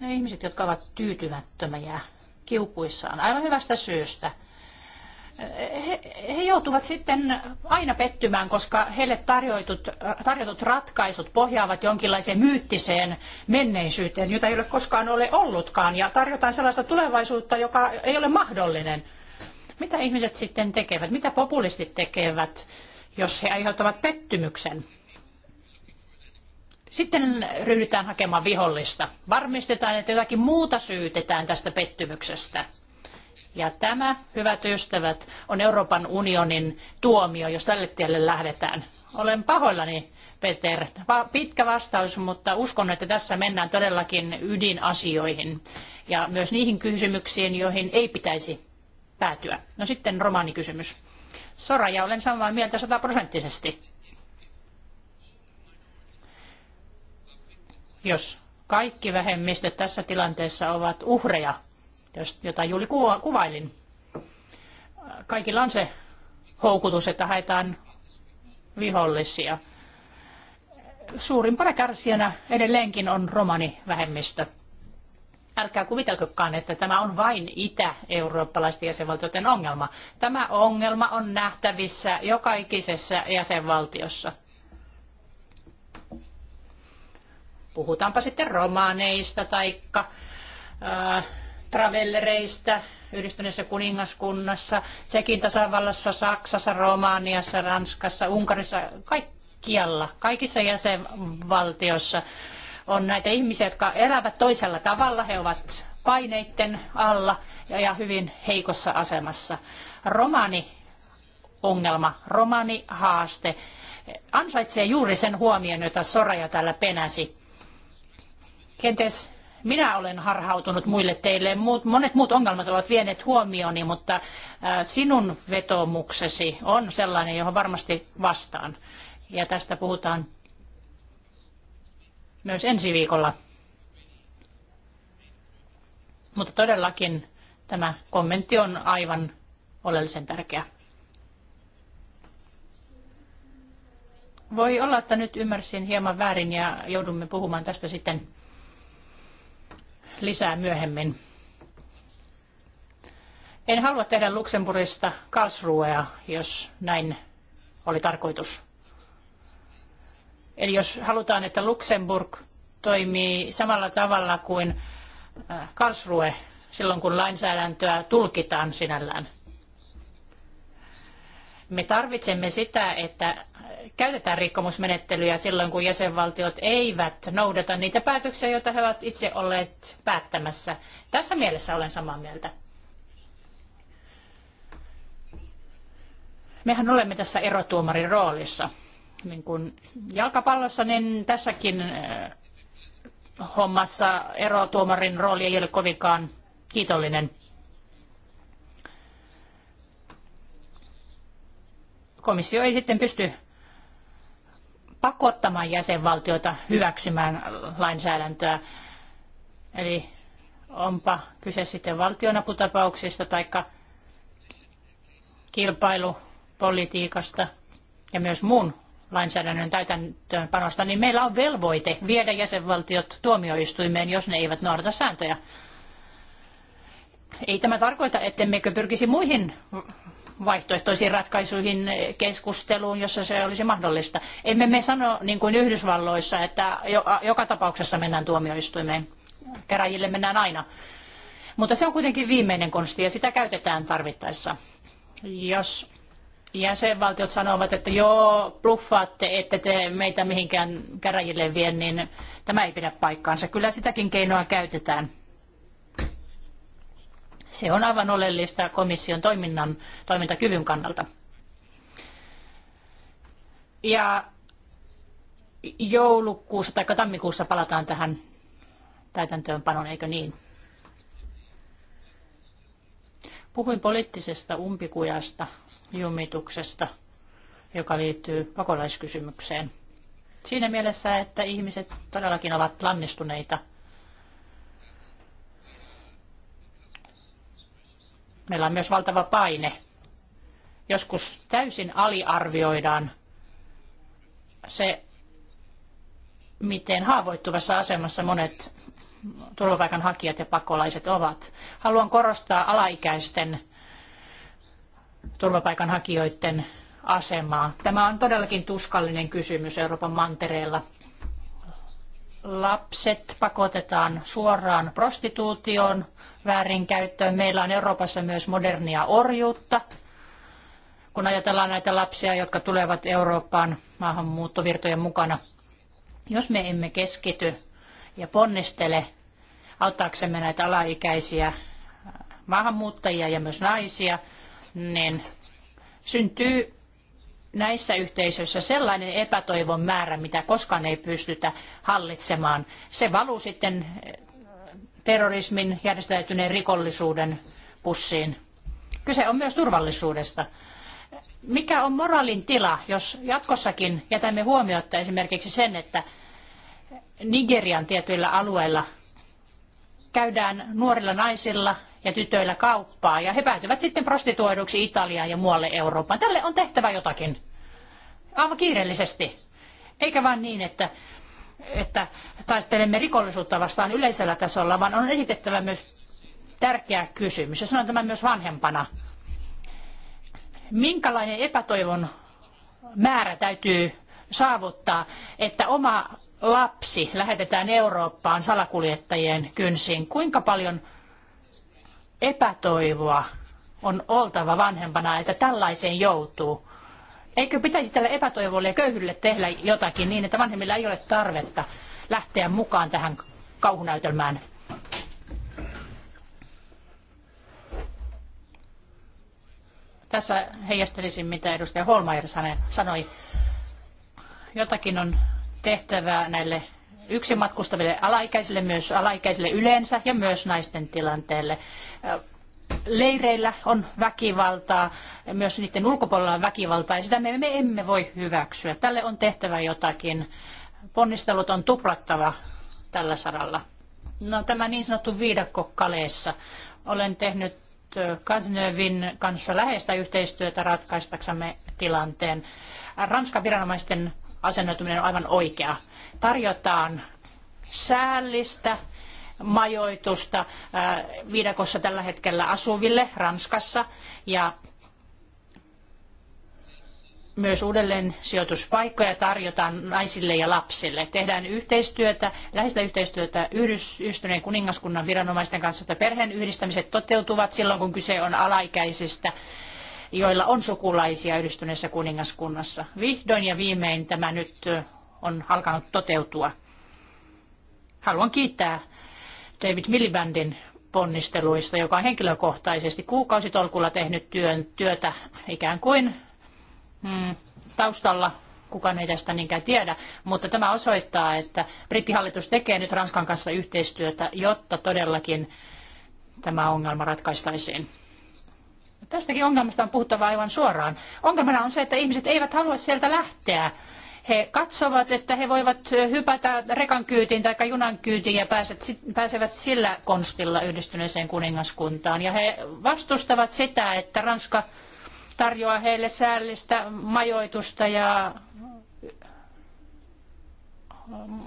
Ne ihmiset, jotka ovat tyytymättömiä kiukuissaan, aivan hyvästä syystä – he, he joutuvat sitten aina pettymään, koska heille tarjotut, tarjotut ratkaisut pohjaavat jonkinlaiseen myyttiseen menneisyyteen, jota ei ole koskaan ole ollutkaan, ja tarjotaan sellaista tulevaisuutta, joka ei ole mahdollinen. Mitä ihmiset sitten tekevät? Mitä populistit tekevät, jos he aiheuttavat pettymyksen? Sitten ryhdytään hakemaan vihollista. Varmistetaan, että jotakin muuta syytetään tästä pettymyksestä ja tämä, hyvät ystävät, on Euroopan unionin tuomio, jos tälle tielle lähdetään. Olen pahoillani, Peter. Pitkä vastaus, mutta uskon, että tässä mennään todellakin ydinasioihin ja myös niihin kysymyksiin, joihin ei pitäisi päätyä. No sitten romaanikysymys. Sora, ja olen samaa mieltä sataprosenttisesti. Jos kaikki vähemmistöt tässä tilanteessa ovat uhreja, jota juuri kuvailin. Kaikilla on se houkutus, että haetaan vihollisia. Suurimpana kärsijänä edelleenkin on romanivähemmistö. Älkää kuvitelkokaan, että tämä on vain itä-eurooppalaisten jäsenvaltioiden ongelma. Tämä ongelma on nähtävissä joka ikisessä jäsenvaltiossa. Puhutaanpa sitten romaaneista tai äh, travellereista yhdistyneessä kuningaskunnassa, Tsekin tasavallassa, Saksassa, Romaniassa, Ranskassa, Unkarissa, kaikkialla, kaikissa jäsenvaltioissa on näitä ihmisiä, jotka elävät toisella tavalla. He ovat paineiden alla ja hyvin heikossa asemassa. Romani ongelma, romani haaste ansaitsee juuri sen huomion, jota Soraja täällä penäsi. Kenties minä olen harhautunut muille teille. Muut, monet muut ongelmat ovat vieneet huomioni, mutta äh, sinun vetomuksesi on sellainen, johon varmasti vastaan. Ja tästä puhutaan myös ensi viikolla. Mutta todellakin tämä kommentti on aivan oleellisen tärkeä. Voi olla, että nyt ymmärsin hieman väärin ja joudumme puhumaan tästä sitten lisää myöhemmin. En halua tehdä Luxemburgista Karlsruhea, jos näin oli tarkoitus. Eli jos halutaan, että Luxemburg toimii samalla tavalla kuin äh, Karlsruhe silloin, kun lainsäädäntöä tulkitaan sinällään. Me tarvitsemme sitä, että käytetään rikkomusmenettelyjä silloin, kun jäsenvaltiot eivät noudata niitä päätöksiä, joita he ovat itse olleet päättämässä. Tässä mielessä olen samaa mieltä. Mehän olemme tässä erotuomarin roolissa. Niin kuin jalkapallossa, niin tässäkin hommassa erotuomarin rooli ei ole kovinkaan kiitollinen. komissio ei sitten pysty pakottamaan jäsenvaltioita hyväksymään lainsäädäntöä. Eli onpa kyse sitten valtionaputapauksista tai kilpailupolitiikasta ja myös muun lainsäädännön täytäntöönpanosta, niin meillä on velvoite viedä jäsenvaltiot tuomioistuimeen, jos ne eivät noudata sääntöjä. Ei tämä tarkoita, ettemmekö pyrkisi muihin vaihtoehtoisiin ratkaisuihin eh, keskusteluun, jossa se olisi mahdollista. Emme me sano niin kuin Yhdysvalloissa, että joka tapauksessa mennään tuomioistuimeen. Käräjille mennään aina. Mutta se on kuitenkin viimeinen konsti ja sitä käytetään tarvittaessa. Jos jäsenvaltiot sanovat, että joo, bluffaatte, ette te meitä mihinkään käräjille vie, niin tämä ei pidä paikkaansa. Kyllä sitäkin keinoa käytetään se on aivan oleellista komission toiminnan, toimintakyvyn kannalta. Ja joulukuussa tai tammikuussa palataan tähän täytäntöönpanoon eikö niin? Puhuin poliittisesta umpikujasta, jumituksesta, joka liittyy pakolaiskysymykseen. Siinä mielessä, että ihmiset todellakin ovat lannistuneita – Meillä on myös valtava paine. Joskus täysin aliarvioidaan se, miten haavoittuvassa asemassa monet turvapaikanhakijat ja pakolaiset ovat. Haluan korostaa alaikäisten turvapaikanhakijoiden asemaa. Tämä on todellakin tuskallinen kysymys Euroopan mantereella lapset pakotetaan suoraan prostituutioon, väärinkäyttöön. Meillä on Euroopassa myös modernia orjuutta. Kun ajatellaan näitä lapsia, jotka tulevat Eurooppaan maahanmuuttovirtojen mukana, jos me emme keskity ja ponnistele auttaaksemme näitä alaikäisiä maahanmuuttajia ja myös naisia, niin syntyy näissä yhteisöissä sellainen epätoivon määrä, mitä koskaan ei pystytä hallitsemaan. Se valuu sitten eh, terrorismin, järjestäytyneen rikollisuuden pussiin. Kyse on myös turvallisuudesta. Mikä on moraalin tila, jos jatkossakin jätämme huomiota esimerkiksi sen, että Nigerian tietyillä alueilla käydään nuorilla naisilla, ja tytöillä kauppaa ja he päätyvät sitten prostituoiduksi Italiaan ja muualle Eurooppaan. Tälle on tehtävä jotakin. Aivan kiireellisesti. Eikä vain niin, että, että taistelemme rikollisuutta vastaan yleisellä tasolla, vaan on esitettävä myös tärkeä kysymys. Ja sanon tämän myös vanhempana. Minkälainen epätoivon määrä täytyy saavuttaa, että oma lapsi lähetetään Eurooppaan salakuljettajien kynsiin? Kuinka paljon epätoivoa on oltava vanhempana, että tällaiseen joutuu. Eikö pitäisi tälle epätoivolle ja köyhyydelle tehdä jotakin niin, että vanhemmilla ei ole tarvetta lähteä mukaan tähän kauhunäytelmään? Tässä heijastelisin, mitä edustaja Holmeier sanoi. Jotakin on tehtävää näille yksin matkustaville alaikäisille, myös alaikäisille yleensä ja myös naisten tilanteelle. Leireillä on väkivaltaa, myös niiden ulkopuolella on väkivaltaa ja sitä me, me emme voi hyväksyä. Tälle on tehtävä jotakin. Ponnistelut on tuplattava tällä saralla. No, tämä niin sanottu viidakko Kaleessa. Olen tehnyt Kaznövin kanssa läheistä yhteistyötä ratkaistaksemme tilanteen. Ranskan viranomaisten asennoituminen on aivan oikea. Tarjotaan säällistä majoitusta äh, viidakossa tällä hetkellä asuville Ranskassa ja myös uudelleen sijoituspaikkoja tarjotaan naisille ja lapsille. Tehdään yhteistyötä, läheistä yhteistyötä Yhdistyneen kuningaskunnan viranomaisten kanssa, että perheen yhdistämiset toteutuvat silloin, kun kyse on alaikäisistä joilla on sukulaisia yhdistyneessä kuningaskunnassa. Vihdoin ja viimein tämä nyt on alkanut toteutua. Haluan kiittää David Milibandin ponnisteluista, joka on henkilökohtaisesti kuukausitolkulla tehnyt työn, työtä ikään kuin mm, taustalla. Kukaan ei tästä niinkään tiedä, mutta tämä osoittaa, että brittihallitus tekee nyt Ranskan kanssa yhteistyötä, jotta todellakin tämä ongelma ratkaistaisiin. Tästäkin ongelmasta on puhuttava aivan suoraan. Ongelmana on se, että ihmiset eivät halua sieltä lähteä. He katsovat, että he voivat hypätä rekan kyytiin tai junan kyytiin ja pääsevät sillä konstilla yhdistyneeseen kuningaskuntaan. Ja he vastustavat sitä, että Ranska tarjoaa heille säällistä majoitusta ja mm,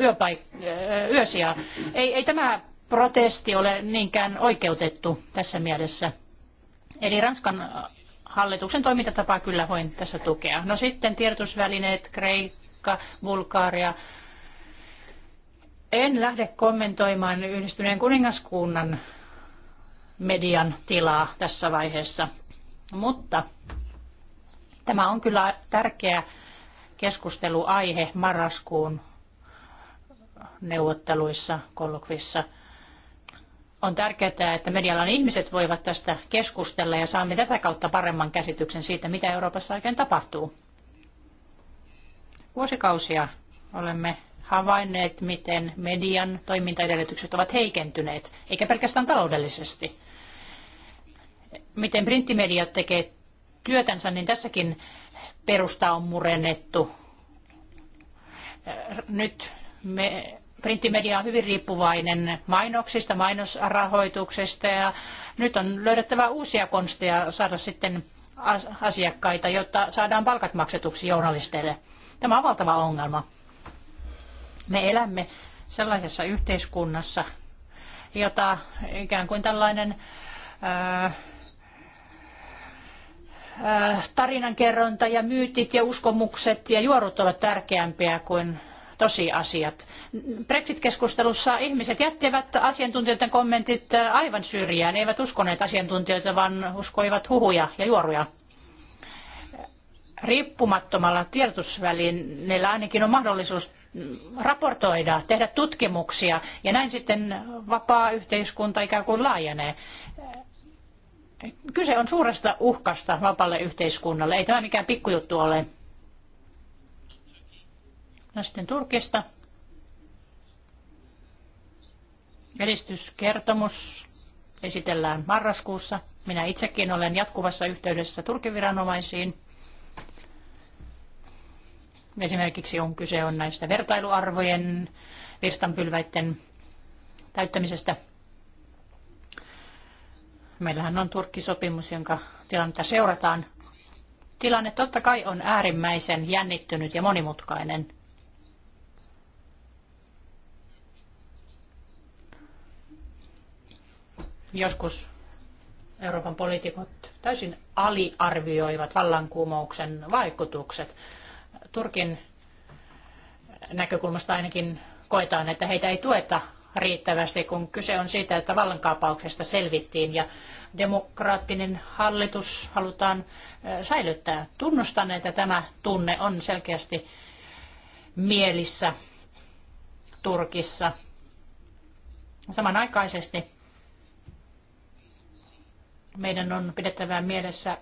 yöpaik- yösiä. Ei, ei tämä protesti ole niinkään oikeutettu tässä mielessä. Eli Ranskan äh, hallituksen toimintatapaa kyllä voin tässä tukea. No sitten tiedotusvälineet, Kreikka, Bulgaria. En lähde kommentoimaan yhdistyneen kuningaskunnan median tilaa tässä vaiheessa, mutta tämä on kyllä tärkeä keskusteluaihe marraskuun neuvotteluissa, kolloquissa on tärkeää, että medialan ihmiset voivat tästä keskustella ja saamme tätä kautta paremman käsityksen siitä, mitä Euroopassa oikein tapahtuu. Vuosikausia olemme havainneet, miten median toimintaedellytykset ovat heikentyneet, eikä pelkästään taloudellisesti. Miten printtimedia tekee työtänsä, niin tässäkin perusta on murennettu. Nyt me printtimedia on hyvin riippuvainen mainoksista, mainosrahoituksesta ja nyt on löydettävä uusia konsteja saada sitten asiakkaita, jotta saadaan palkat maksetuksi journalisteille. Tämä on valtava ongelma. Me elämme sellaisessa yhteiskunnassa, jota ikään kuin tällainen ää, äh, ää, äh, tarinankerronta ja myytit ja uskomukset ja juorut ovat tärkeämpiä kuin tosiasiat. Brexit-keskustelussa ihmiset jättivät asiantuntijoiden kommentit aivan syrjään. Ne eivät uskoneet asiantuntijoita, vaan uskoivat huhuja ja juoruja. Riippumattomalla tiedotusvälineellä ainakin on mahdollisuus raportoida, tehdä tutkimuksia ja näin sitten vapaa yhteiskunta ikään kuin laajenee. Kyse on suuresta uhkasta vapaalle yhteiskunnalle. Ei tämä mikään pikkujuttu ole. No sitten Turkista. Edistyskertomus esitellään marraskuussa. Minä itsekin olen jatkuvassa yhteydessä Turkin viranomaisiin. Esimerkiksi on kyse on näistä vertailuarvojen, virstanpylväiden täyttämisestä. Meillähän on Turkki-sopimus, jonka tilannetta seurataan. Tilanne totta kai on äärimmäisen jännittynyt ja monimutkainen – Joskus Euroopan poliitikot täysin aliarvioivat vallankumouksen vaikutukset. Turkin näkökulmasta ainakin koetaan, että heitä ei tueta riittävästi, kun kyse on siitä, että vallankaapauksesta selvittiin ja demokraattinen hallitus halutaan säilyttää. Tunnustan, että tämä tunne on selkeästi mielissä Turkissa. Samanaikaisesti meidän on pidettävä mielessä,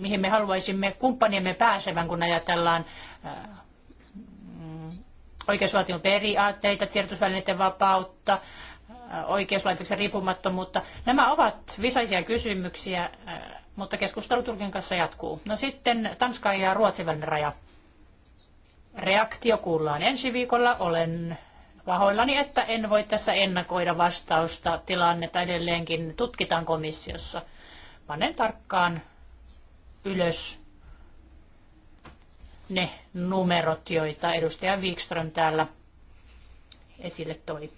mihin me haluaisimme kumppaniemme pääsevän, kun ajatellaan äh, oikeusvaltion periaatteita, tiedotusvälineiden vapautta, äh, oikeuslaitoksen riippumattomuutta. Nämä ovat visaisia kysymyksiä, äh, mutta keskustelu Turkin kanssa jatkuu. No sitten Tanskan ja Ruotsin välinen raja. Reaktio kuullaan ensi viikolla. Olen Pahoillani, että en voi tässä ennakoida vastausta tilannetta edelleenkin. Tutkitaan komissiossa. Panen tarkkaan ylös ne numerot, joita edustaja Wikström täällä esille toi.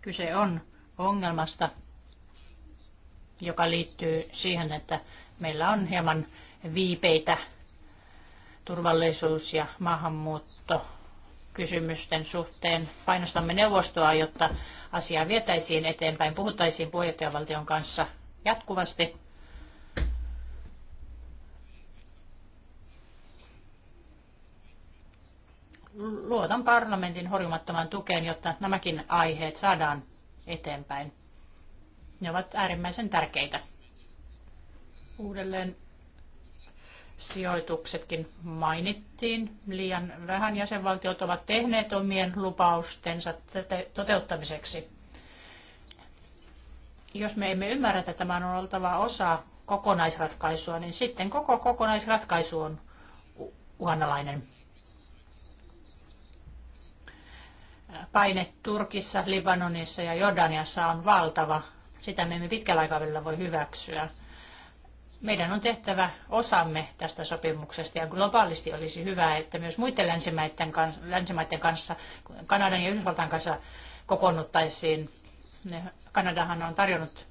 Kyse on ongelmasta, joka liittyy siihen, että meillä on hieman viipeitä turvallisuus- ja maahanmuutto kysymysten suhteen. Painostamme neuvostoa, jotta asiaa vietäisiin eteenpäin, puhuttaisiin puheenjohtajavaltion kanssa jatkuvasti. Luotan parlamentin horjumattoman tukeen, jotta nämäkin aiheet saadaan eteenpäin. Ne ovat äärimmäisen tärkeitä. Uudelleen sijoituksetkin mainittiin. Liian vähän jäsenvaltiot ovat tehneet omien lupaustensa toteuttamiseksi. Jos me emme ymmärrä, että tämä on oltava osa kokonaisratkaisua, niin sitten koko kokonaisratkaisu on uhanalainen. Paine Turkissa, Libanonissa ja Jordaniassa on valtava. Sitä me emme pitkällä aikavälillä voi hyväksyä meidän on tehtävä osamme tästä sopimuksesta ja globaalisti olisi hyvä, että myös muiden länsimaiden kanssa, länsimaiden kanssa Kanadan ja Yhdysvaltain kanssa kokoonnuttaisiin. Kanadahan on tarjonnut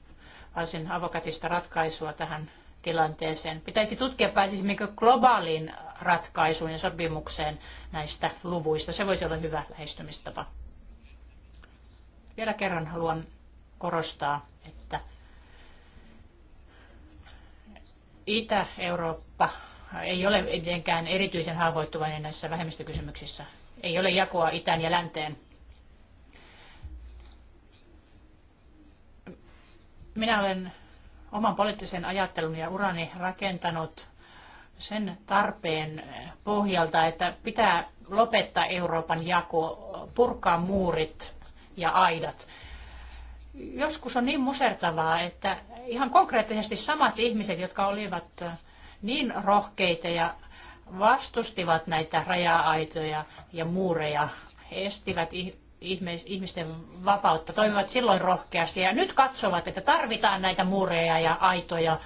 varsin avokatista ratkaisua tähän tilanteeseen. Pitäisi tutkia, pääsisimmekö globaaliin ratkaisuun ja sopimukseen näistä luvuista. Se voisi olla hyvä lähestymistapa. Vielä kerran haluan korostaa, että Itä-Eurooppa ei ole etenkään erityisen haavoittuvainen näissä vähemmistökysymyksissä. Ei ole jakoa itään ja länteen. Minä olen oman poliittisen ajattelun ja urani rakentanut sen tarpeen pohjalta, että pitää lopettaa Euroopan jako, purkaa muurit ja aidat. Joskus on niin musertavaa, että ihan konkreettisesti samat ihmiset, jotka olivat niin rohkeita ja vastustivat näitä raja-aitoja ja muureja, he estivät ihmisten vapautta, toimivat silloin rohkeasti ja nyt katsovat, että tarvitaan näitä muureja ja aitoja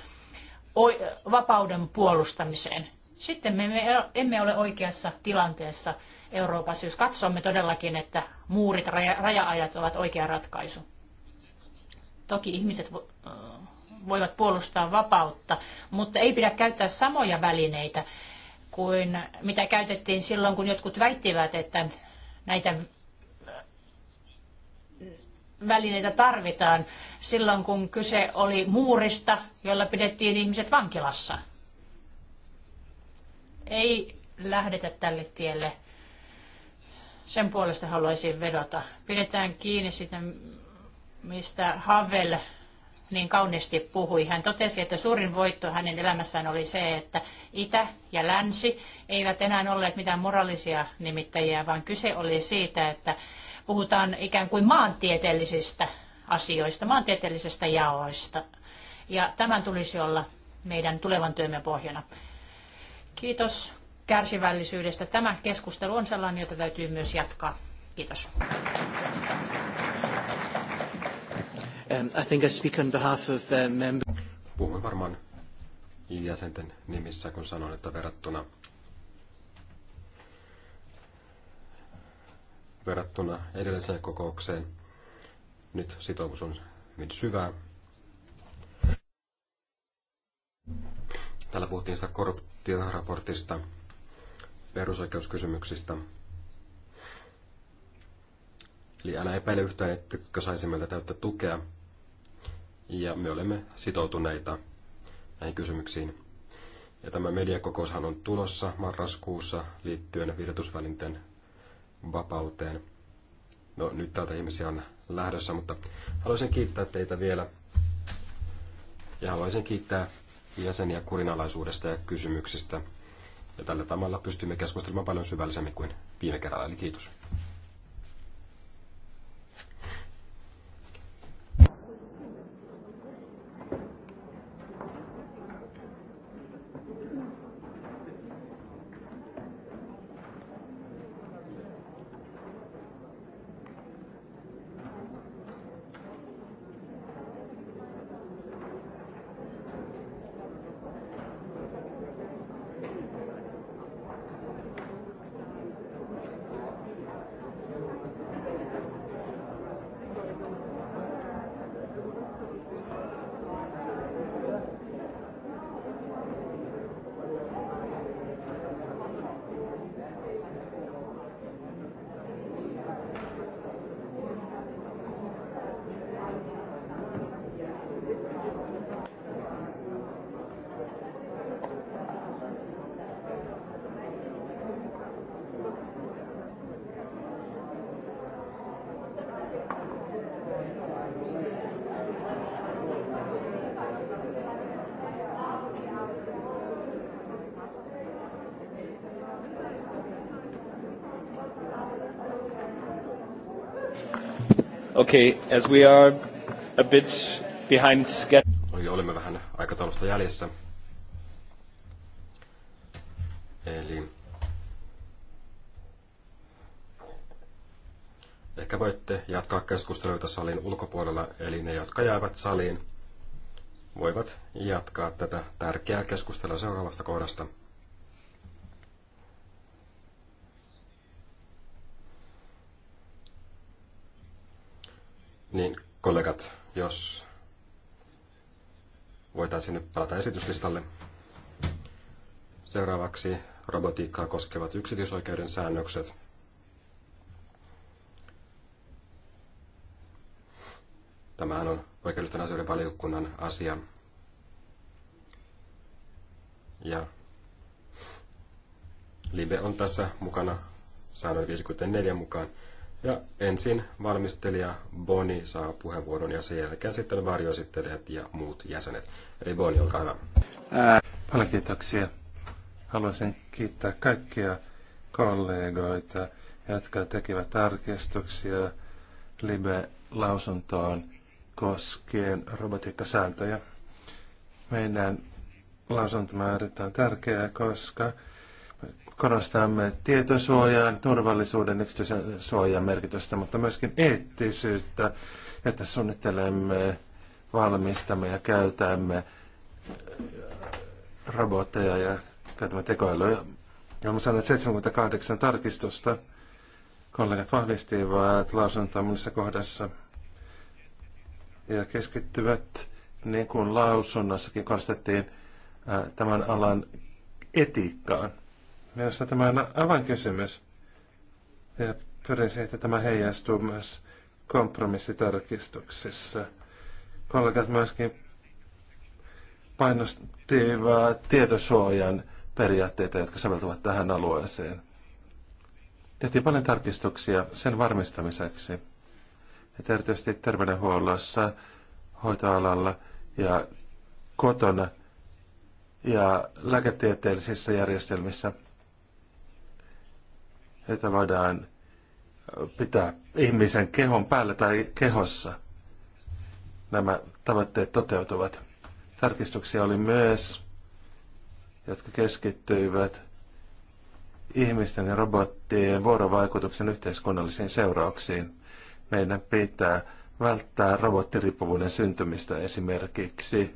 vapauden puolustamiseen. Sitten me emme ole oikeassa tilanteessa Euroopassa, jos katsomme todellakin, että muurit, raja-aidat ovat oikea ratkaisu. Toki ihmiset voivat puolustaa vapautta, mutta ei pidä käyttää samoja välineitä kuin mitä käytettiin silloin, kun jotkut väittivät, että näitä äh, välineitä tarvitaan silloin, kun kyse oli muurista, jolla pidettiin ihmiset vankilassa. Ei lähdetä tälle tielle. Sen puolesta haluaisin vedota. Pidetään kiinni sitä, mistä Havel niin kauniisti puhui. Hän totesi, että suurin voitto hänen elämässään oli se, että itä ja länsi eivät enää olleet mitään moraalisia nimittäjiä, vaan kyse oli siitä, että puhutaan ikään kuin maantieteellisistä asioista, maantieteellisistä jaoista. Ja tämän tulisi olla meidän tulevan työmme pohjana. Kiitos kärsivällisyydestä. Tämä keskustelu on sellainen, jota täytyy myös jatkaa. Kiitos. Um, I think I speak on behalf of uh, Puhuin varmaan jäsenten nimissä, kun sanon, että verrattuna verrattuna edelliseen kokoukseen nyt sitoumus on hyvin syvää. Täällä puhuttiin sitä korruptioraportista, perusoikeuskysymyksistä, Eli älä epäile yhtään, että saisi meiltä täyttä tukea. Ja me olemme sitoutuneita näihin kysymyksiin. Ja tämä mediakokoushan on tulossa marraskuussa liittyen virtusvälinten vapauteen. No nyt täältä ihmisiä on lähdössä, mutta haluaisin kiittää teitä vielä. Ja haluaisin kiittää jäseniä kurinalaisuudesta ja kysymyksistä. Ja tällä tavalla pystymme keskustelemaan paljon syvällisemmin kuin viime kerralla, eli kiitos. Okay, as we are a bit behind schedule. Olemme vähän aikataulusta jäljessä. Eli ehkä voitte jatkaa keskusteluita salin ulkopuolella, eli ne, jotka jäävät saliin, voivat jatkaa tätä tärkeää keskustelua seuraavasta kohdasta. voitaisiin nyt palata esityslistalle. Seuraavaksi robotiikkaa koskevat yksityisoikeuden säännökset. Tämähän on oikeudellisten asioiden valiokunnan asia. Ja Libe on tässä mukana säännön 54 mukaan ja ensin valmistelija Boni saa puheenvuoron ja sen jälkeen sitten varjoesittelijät ja muut jäsenet. Eli Boni, olkaa hyvä. Ää, paljon kiitoksia. Haluaisin kiittää kaikkia kollegoita, jotka tekivät tarkistuksia Libe-lausuntoon koskien robotiikkasääntöjä. Meidän lausuntomäärit on tärkeää, koska Korostamme tietosuojan, turvallisuuden, yksityisen suojan merkitystä, mutta myöskin eettisyyttä, että suunnittelemme, valmistamme ja käytämme robotteja ja käytämme tekoälyä. Olemme saaneet 78 tarkistusta. Kollegat vahvistivat lausuntoa monessa kohdassa ja keskittyvät, niin kuin lausunnossakin korostettiin, tämän alan etiikkaan – Minusta tämä on kysymys. Ja pyrin siihen, että tämä heijastuu myös kompromissitarkistuksissa. Kollegat myöskin painostivat tietosuojan periaatteita, jotka soveltuvat tähän alueeseen. Tehtiin paljon tarkistuksia sen varmistamiseksi, että erityisesti terveydenhuollossa, hoitoalalla ja kotona ja lääketieteellisissä järjestelmissä – että voidaan pitää ihmisen kehon päällä tai kehossa. Nämä tavoitteet toteutuvat. Tarkistuksia oli myös, jotka keskittyivät ihmisten ja robottien vuorovaikutuksen yhteiskunnallisiin seurauksiin. Meidän pitää välttää robottiriippuvuuden syntymistä esimerkiksi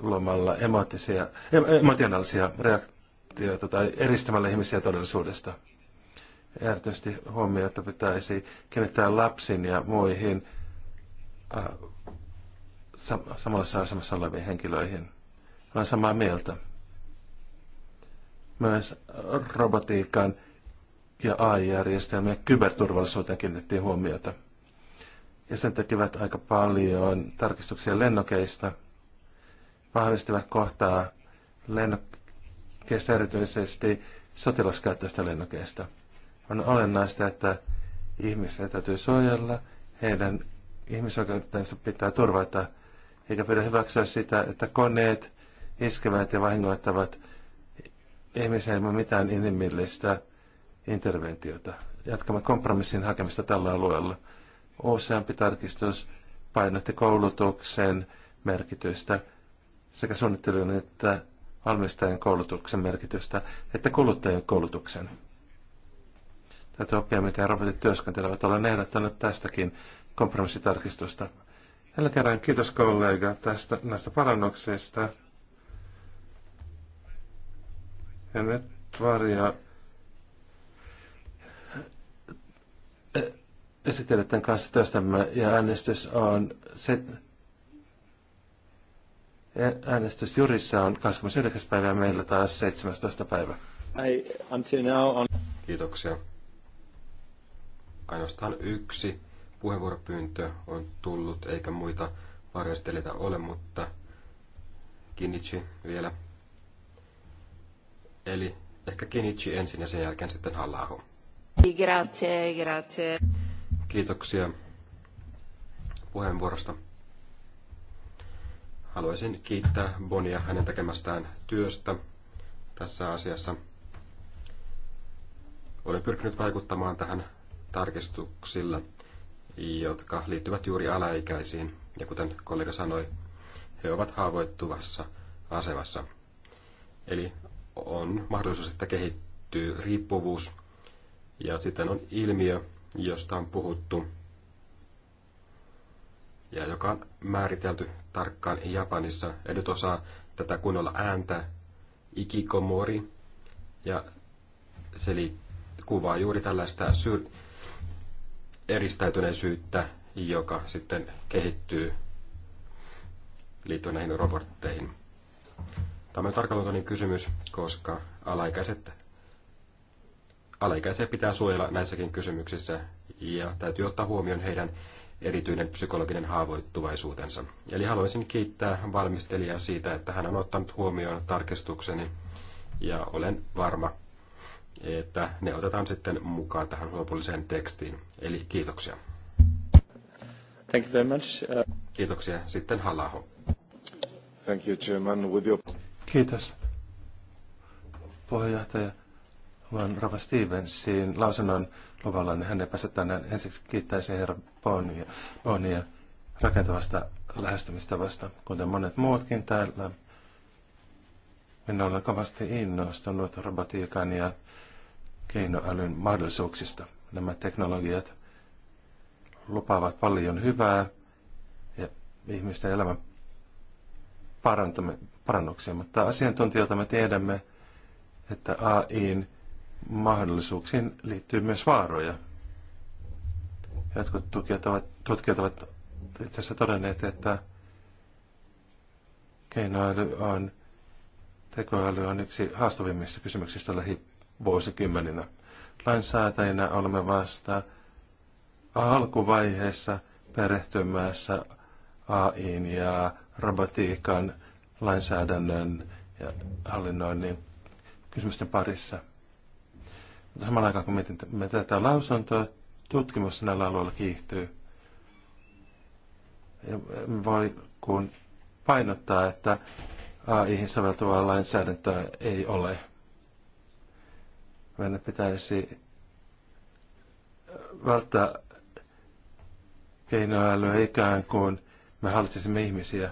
luomalla emotisia, emotionaalisia reaktioita tai eristämällä ihmisiä todellisuudesta erityisesti huomiota pitäisi kiinnittää lapsiin ja muihin äh, sam- samassa asemassa oleviin henkilöihin. Olen samaa mieltä. Myös robotiikan ja AI-järjestelmien kyberturvallisuuteen kiinnitettiin huomiota. Ja sen tekivät aika paljon tarkistuksia lennokeista. Vahvistivat kohtaa lennokeista erityisesti sotilaskäyttöistä lennokeista. On olennaista, että ihmisiä täytyy suojella, heidän ihmisoikeutensa pitää turvata, eikä pidä hyväksyä sitä, että koneet iskevät ja vahingoittavat ihmisiä ilman mitään inhimillistä interventiota. Jatkamme kompromissin hakemista tällä alueella. Useampi tarkistus painotti koulutuksen merkitystä sekä suunnittelun että valmistajan koulutuksen merkitystä että kuluttajien koulutuksen. Täytyy oppia, miten robotit työskentelevät. Olen ehdottanut tästäkin kompromissitarkistusta. Tällä kerran kiitos kollega tästä, näistä parannuksista. Ja nyt varjo e- esittelijöiden kanssa työstämme ja äänestys on se, e- äänestys jurissa on 29. päivä ja meillä taas 17. päivä. I, until now on... Kiitoksia. Ainoastaan yksi puheenvuoropyyntö on tullut, eikä muita varjostelijoita ole, mutta Kinichi vielä. Eli ehkä Kinichi ensin ja sen jälkeen sitten Hallaho. Grazie, grazie. Kiitoksia puheenvuorosta. Haluaisin kiittää Bonia hänen tekemästään työstä tässä asiassa. Olen pyrkinyt vaikuttamaan tähän tarkistuksilla, jotka liittyvät juuri alaikäisiin. Ja kuten kollega sanoi, he ovat haavoittuvassa asemassa. Eli on mahdollisuus, että kehittyy riippuvuus. Ja sitten on ilmiö, josta on puhuttu ja joka on määritelty tarkkaan Japanissa. En nyt osaa tätä kunnolla ääntä. Ikikomori. Ja se kuvaa juuri tällaista syr- eristäytyneisyyttä, joka sitten kehittyy liittyen näihin robotteihin. Tämä on tarkalleen kysymys, koska alaikäiset, alaikäisiä pitää suojella näissäkin kysymyksissä ja täytyy ottaa huomioon heidän erityinen psykologinen haavoittuvaisuutensa. Eli haluaisin kiittää valmistelijaa siitä, että hän on ottanut huomioon tarkistukseni ja olen varma, että ne otetaan sitten mukaan tähän lopulliseen tekstiin. Eli kiitoksia. Thank you very much. Uh, kiitoksia. Sitten Halaho. Thank you, Chairman. With your... Kiitos. Puheenjohtaja Juan Rova Stevensin lausunnon luvalla, niin hän ei pääse tänään. Ensiksi kiittäisin herra Bonia, Bonia rakentavasta lähestymistavasta, kuten monet muutkin täällä. Minä olen kovasti innostunut robotiikan ja keinoälyn mahdollisuuksista. Nämä teknologiat lupaavat paljon hyvää ja ihmisten elämän parannuksia, mutta asiantuntijoilta me tiedämme, että AIin mahdollisuuksiin liittyy myös vaaroja. Jotkut tutkijat ovat, tutkijat ovat itse asiassa todenneet, että keinoäly on, tekoäly on yksi haastavimmista kysymyksistä lähi vuosikymmeninä. Lainsäätäjinä olemme vasta alkuvaiheessa perehtymässä AIin ja robotiikan lainsäädännön ja hallinnoinnin kysymysten parissa. Mutta samalla aikaa kun mietimme tätä lausuntoa, tutkimus näillä alueilla kiihtyy. Ja voi kun painottaa, että AI-soveltuvaa lainsäädäntöä ei ole meidän pitäisi välttää keinoälyä ikään kuin me hallitsisimme ihmisiä.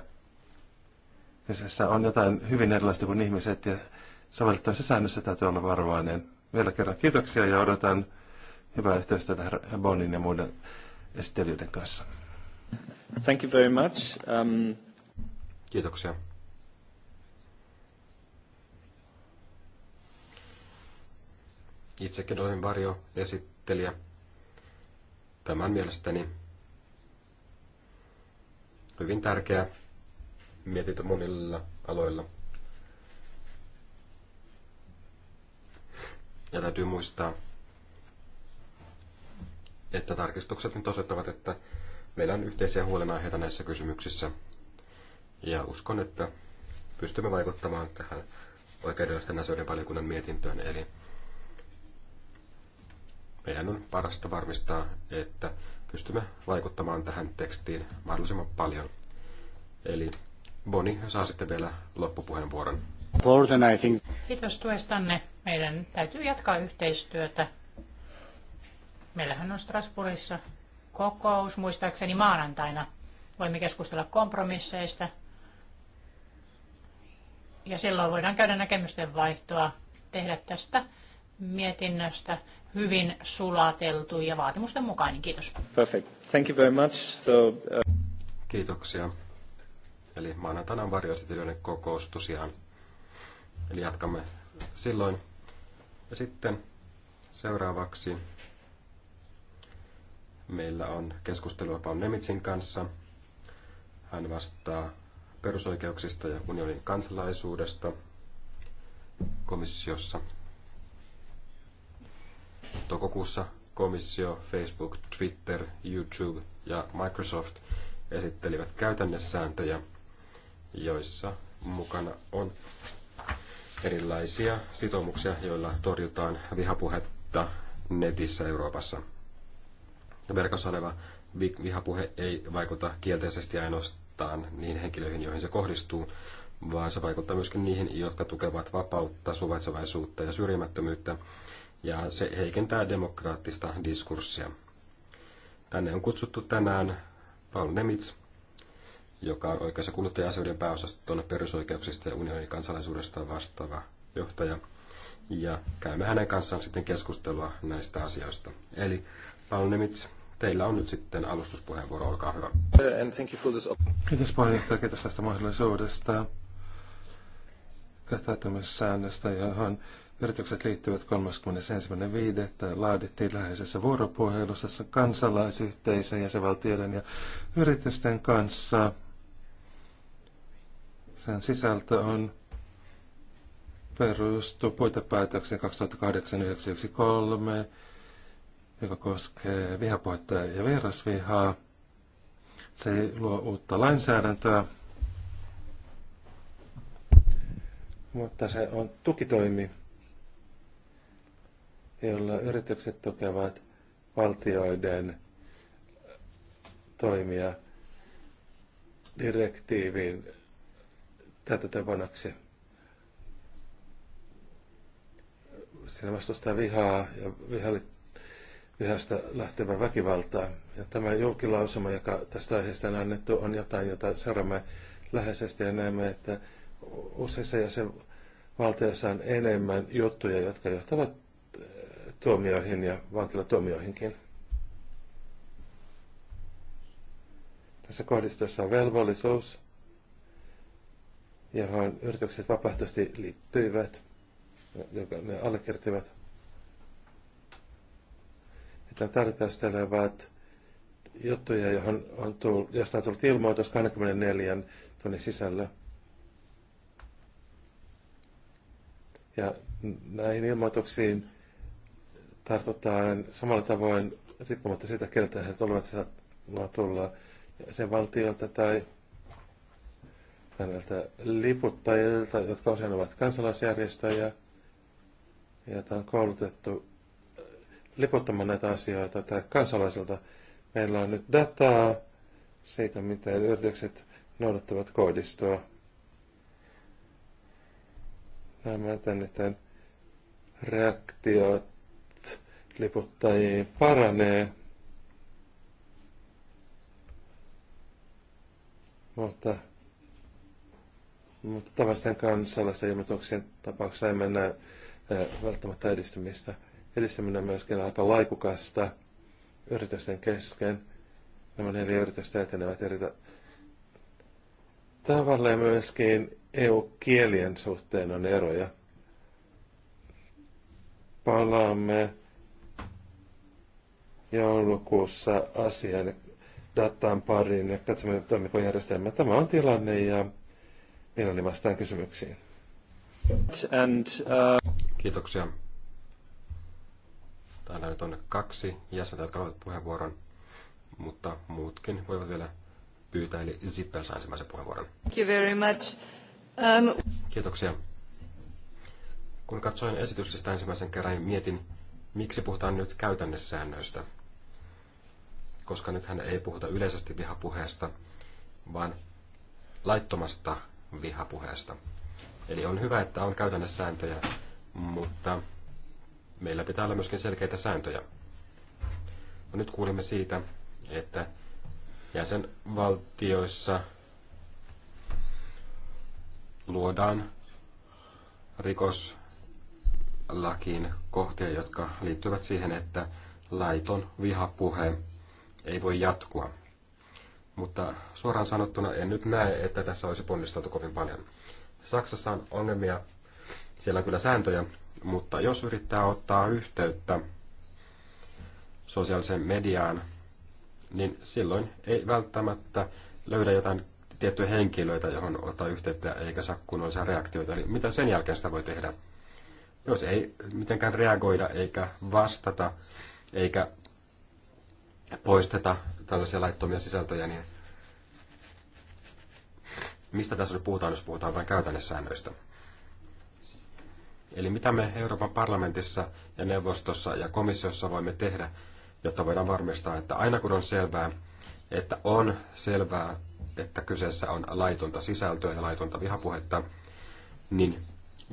Kyseessä on jotain hyvin erilaista kuin ihmiset ja sovellettavissa säännössä täytyy olla varovainen. Vielä kerran kiitoksia ja odotan hyvää yhteistyötä Bonin ja muiden esittelijöiden kanssa. Thank you very much. Um... Kiitoksia. Itsekin olin varjoesittelijä. Tämän mielestäni hyvin tärkeä mietintö monilla aloilla. Ja täytyy muistaa, että tarkistukset nyt osoittavat, että meillä on yhteisiä huolenaiheita näissä kysymyksissä. Ja uskon, että pystymme vaikuttamaan tähän oikeudellisten asioiden valiokunnan mietintöön. Eli meidän on parasta varmistaa, että pystymme vaikuttamaan tähän tekstiin mahdollisimman paljon. Eli Boni saa sitten vielä loppupuheenvuoron. Kiitos tuestanne. Meidän täytyy jatkaa yhteistyötä. Meillähän on Strasbourgissa kokous, muistaakseni maanantaina. Voimme keskustella kompromisseista. Ja silloin voidaan käydä näkemysten vaihtoa, tehdä tästä mietinnöstä hyvin sulateltu ja vaatimusten mukainen. Kiitos. Perfect. Thank you very much. So, uh... Kiitoksia. Eli maanantaina on varjoesitilöiden kokous tosiaan. Eli jatkamme silloin. Ja sitten seuraavaksi meillä on keskustelua Paul Nemitsin kanssa. Hän vastaa perusoikeuksista ja unionin kansalaisuudesta komissiossa. Tokokuussa komissio, Facebook, Twitter, YouTube ja Microsoft esittelivät käytännessääntöjä, joissa mukana on erilaisia sitoumuksia, joilla torjutaan vihapuhetta netissä Euroopassa. Verkossa oleva vihapuhe ei vaikuta kielteisesti ainoastaan niihin henkilöihin, joihin se kohdistuu, vaan se vaikuttaa myöskin niihin, jotka tukevat vapautta, suvaitsevaisuutta ja syrjimättömyyttä ja se heikentää demokraattista diskurssia. Tänne on kutsuttu tänään Paul Nemitz, joka on oikeus- ja kuluttaja-asioiden pääosaston perusoikeuksista ja unionin kansalaisuudesta vastaava johtaja. Ja käymme hänen kanssaan sitten keskustelua näistä asioista. Eli Paul Nemitz, teillä on nyt sitten alustuspuheenvuoro, olkaa hyvä. Kiitos että kiitos tästä mahdollisuudesta. Käyttäytymissäännöstä, johon Yritykset liittyvät 31.5. laadittiin läheisessä vuoropuhelussa kansalaisyhteisön, jäsenvaltioiden ja yritysten kanssa. Sen sisältö on perustu puitepäätökseen 2008-913, joka koskee vihapuhetta ja vierasvihaa. Se luo uutta lainsäädäntöä, mutta se on tukitoimi jolla yritykset tukevat valtioiden toimia tätä tavanaksi Siinä vastustaa vihaa ja vihali, vihasta lähtevää väkivaltaa. Ja tämä julkilausuma, joka tästä aiheesta on annettu, on jotain, jota seuraamme läheisesti ja näemme, että useissa jäsenvaltioissa on enemmän juttuja, jotka johtavat tuomioihin ja vankilatuomioihinkin. Tässä kohdistossa on velvollisuus, johon yritykset vapaaehtoisesti liittyivät, joka ne allekirjoittivat. Että tarkastelevat juttuja, johon on tullut, josta on tullut ilmoitus 24 tunnin sisällä. Ja näihin ilmoituksiin tartutaan samalla tavoin riippumatta siitä, keltä he tulevat, saattaa tulla sen valtiolta tai näiltä liputtajilta, jotka usein ovat kansalaisjärjestöjä, joita on koulutettu liputtamaan näitä asioita tai kansalaisilta. Meillä on nyt dataa siitä, miten yritykset noudattavat koodistoa. Nämä niiden reaktiot liputtajiin paranee. Mutta, mutta tavallisten kansalaisten ilmoituksien tapauksessa ei mennä eh, välttämättä edistymistä. Edistäminen myöskin aika laikukasta yritysten kesken. Nämä neljä yritystä etenevät eri tavalla ja myöskin EU-kielien suhteen on eroja. Palaamme joulukuussa asian datan pariin ja katsomme, toimiko järjestelmä. Tämä on tilanne ja mielelläni niin vastaan kysymyksiin. And, uh... Kiitoksia. Täällä nyt on kaksi jäsentä, jotka ovat puheenvuoron, mutta muutkin voivat vielä pyytää, eli Zippel saa ensimmäisen puheenvuoron. Thank you very much. Um... Kiitoksia. Kun katsoin esityksestä ensimmäisen kerran, niin mietin, miksi puhutaan nyt käytännössäännöistä koska nythän ei puhuta yleisesti vihapuheesta, vaan laittomasta vihapuheesta. Eli on hyvä, että on käytännössä sääntöjä, mutta meillä pitää olla myöskin selkeitä sääntöjä. No nyt kuulimme siitä, että jäsenvaltioissa luodaan rikoslakiin kohtia, jotka liittyvät siihen, että laiton vihapuhe ei voi jatkua. Mutta suoraan sanottuna en nyt näe, että tässä olisi ponnisteltu kovin paljon. Saksassa on ongelmia, siellä on kyllä sääntöjä, mutta jos yrittää ottaa yhteyttä sosiaaliseen mediaan, niin silloin ei välttämättä löydä jotain tiettyjä henkilöitä, johon ottaa yhteyttä eikä saa kunnollisia reaktioita. Eli mitä sen jälkeen sitä voi tehdä? Jos ei mitenkään reagoida eikä vastata eikä poisteta tällaisia laittomia sisältöjä, niin mistä tässä nyt puhutaan, jos puhutaan vain käytännössäännöistä? Eli mitä me Euroopan parlamentissa ja neuvostossa ja komissiossa voimme tehdä, jotta voidaan varmistaa, että aina kun on selvää, että on selvää, että kyseessä on laitonta sisältöä ja laitonta vihapuhetta, niin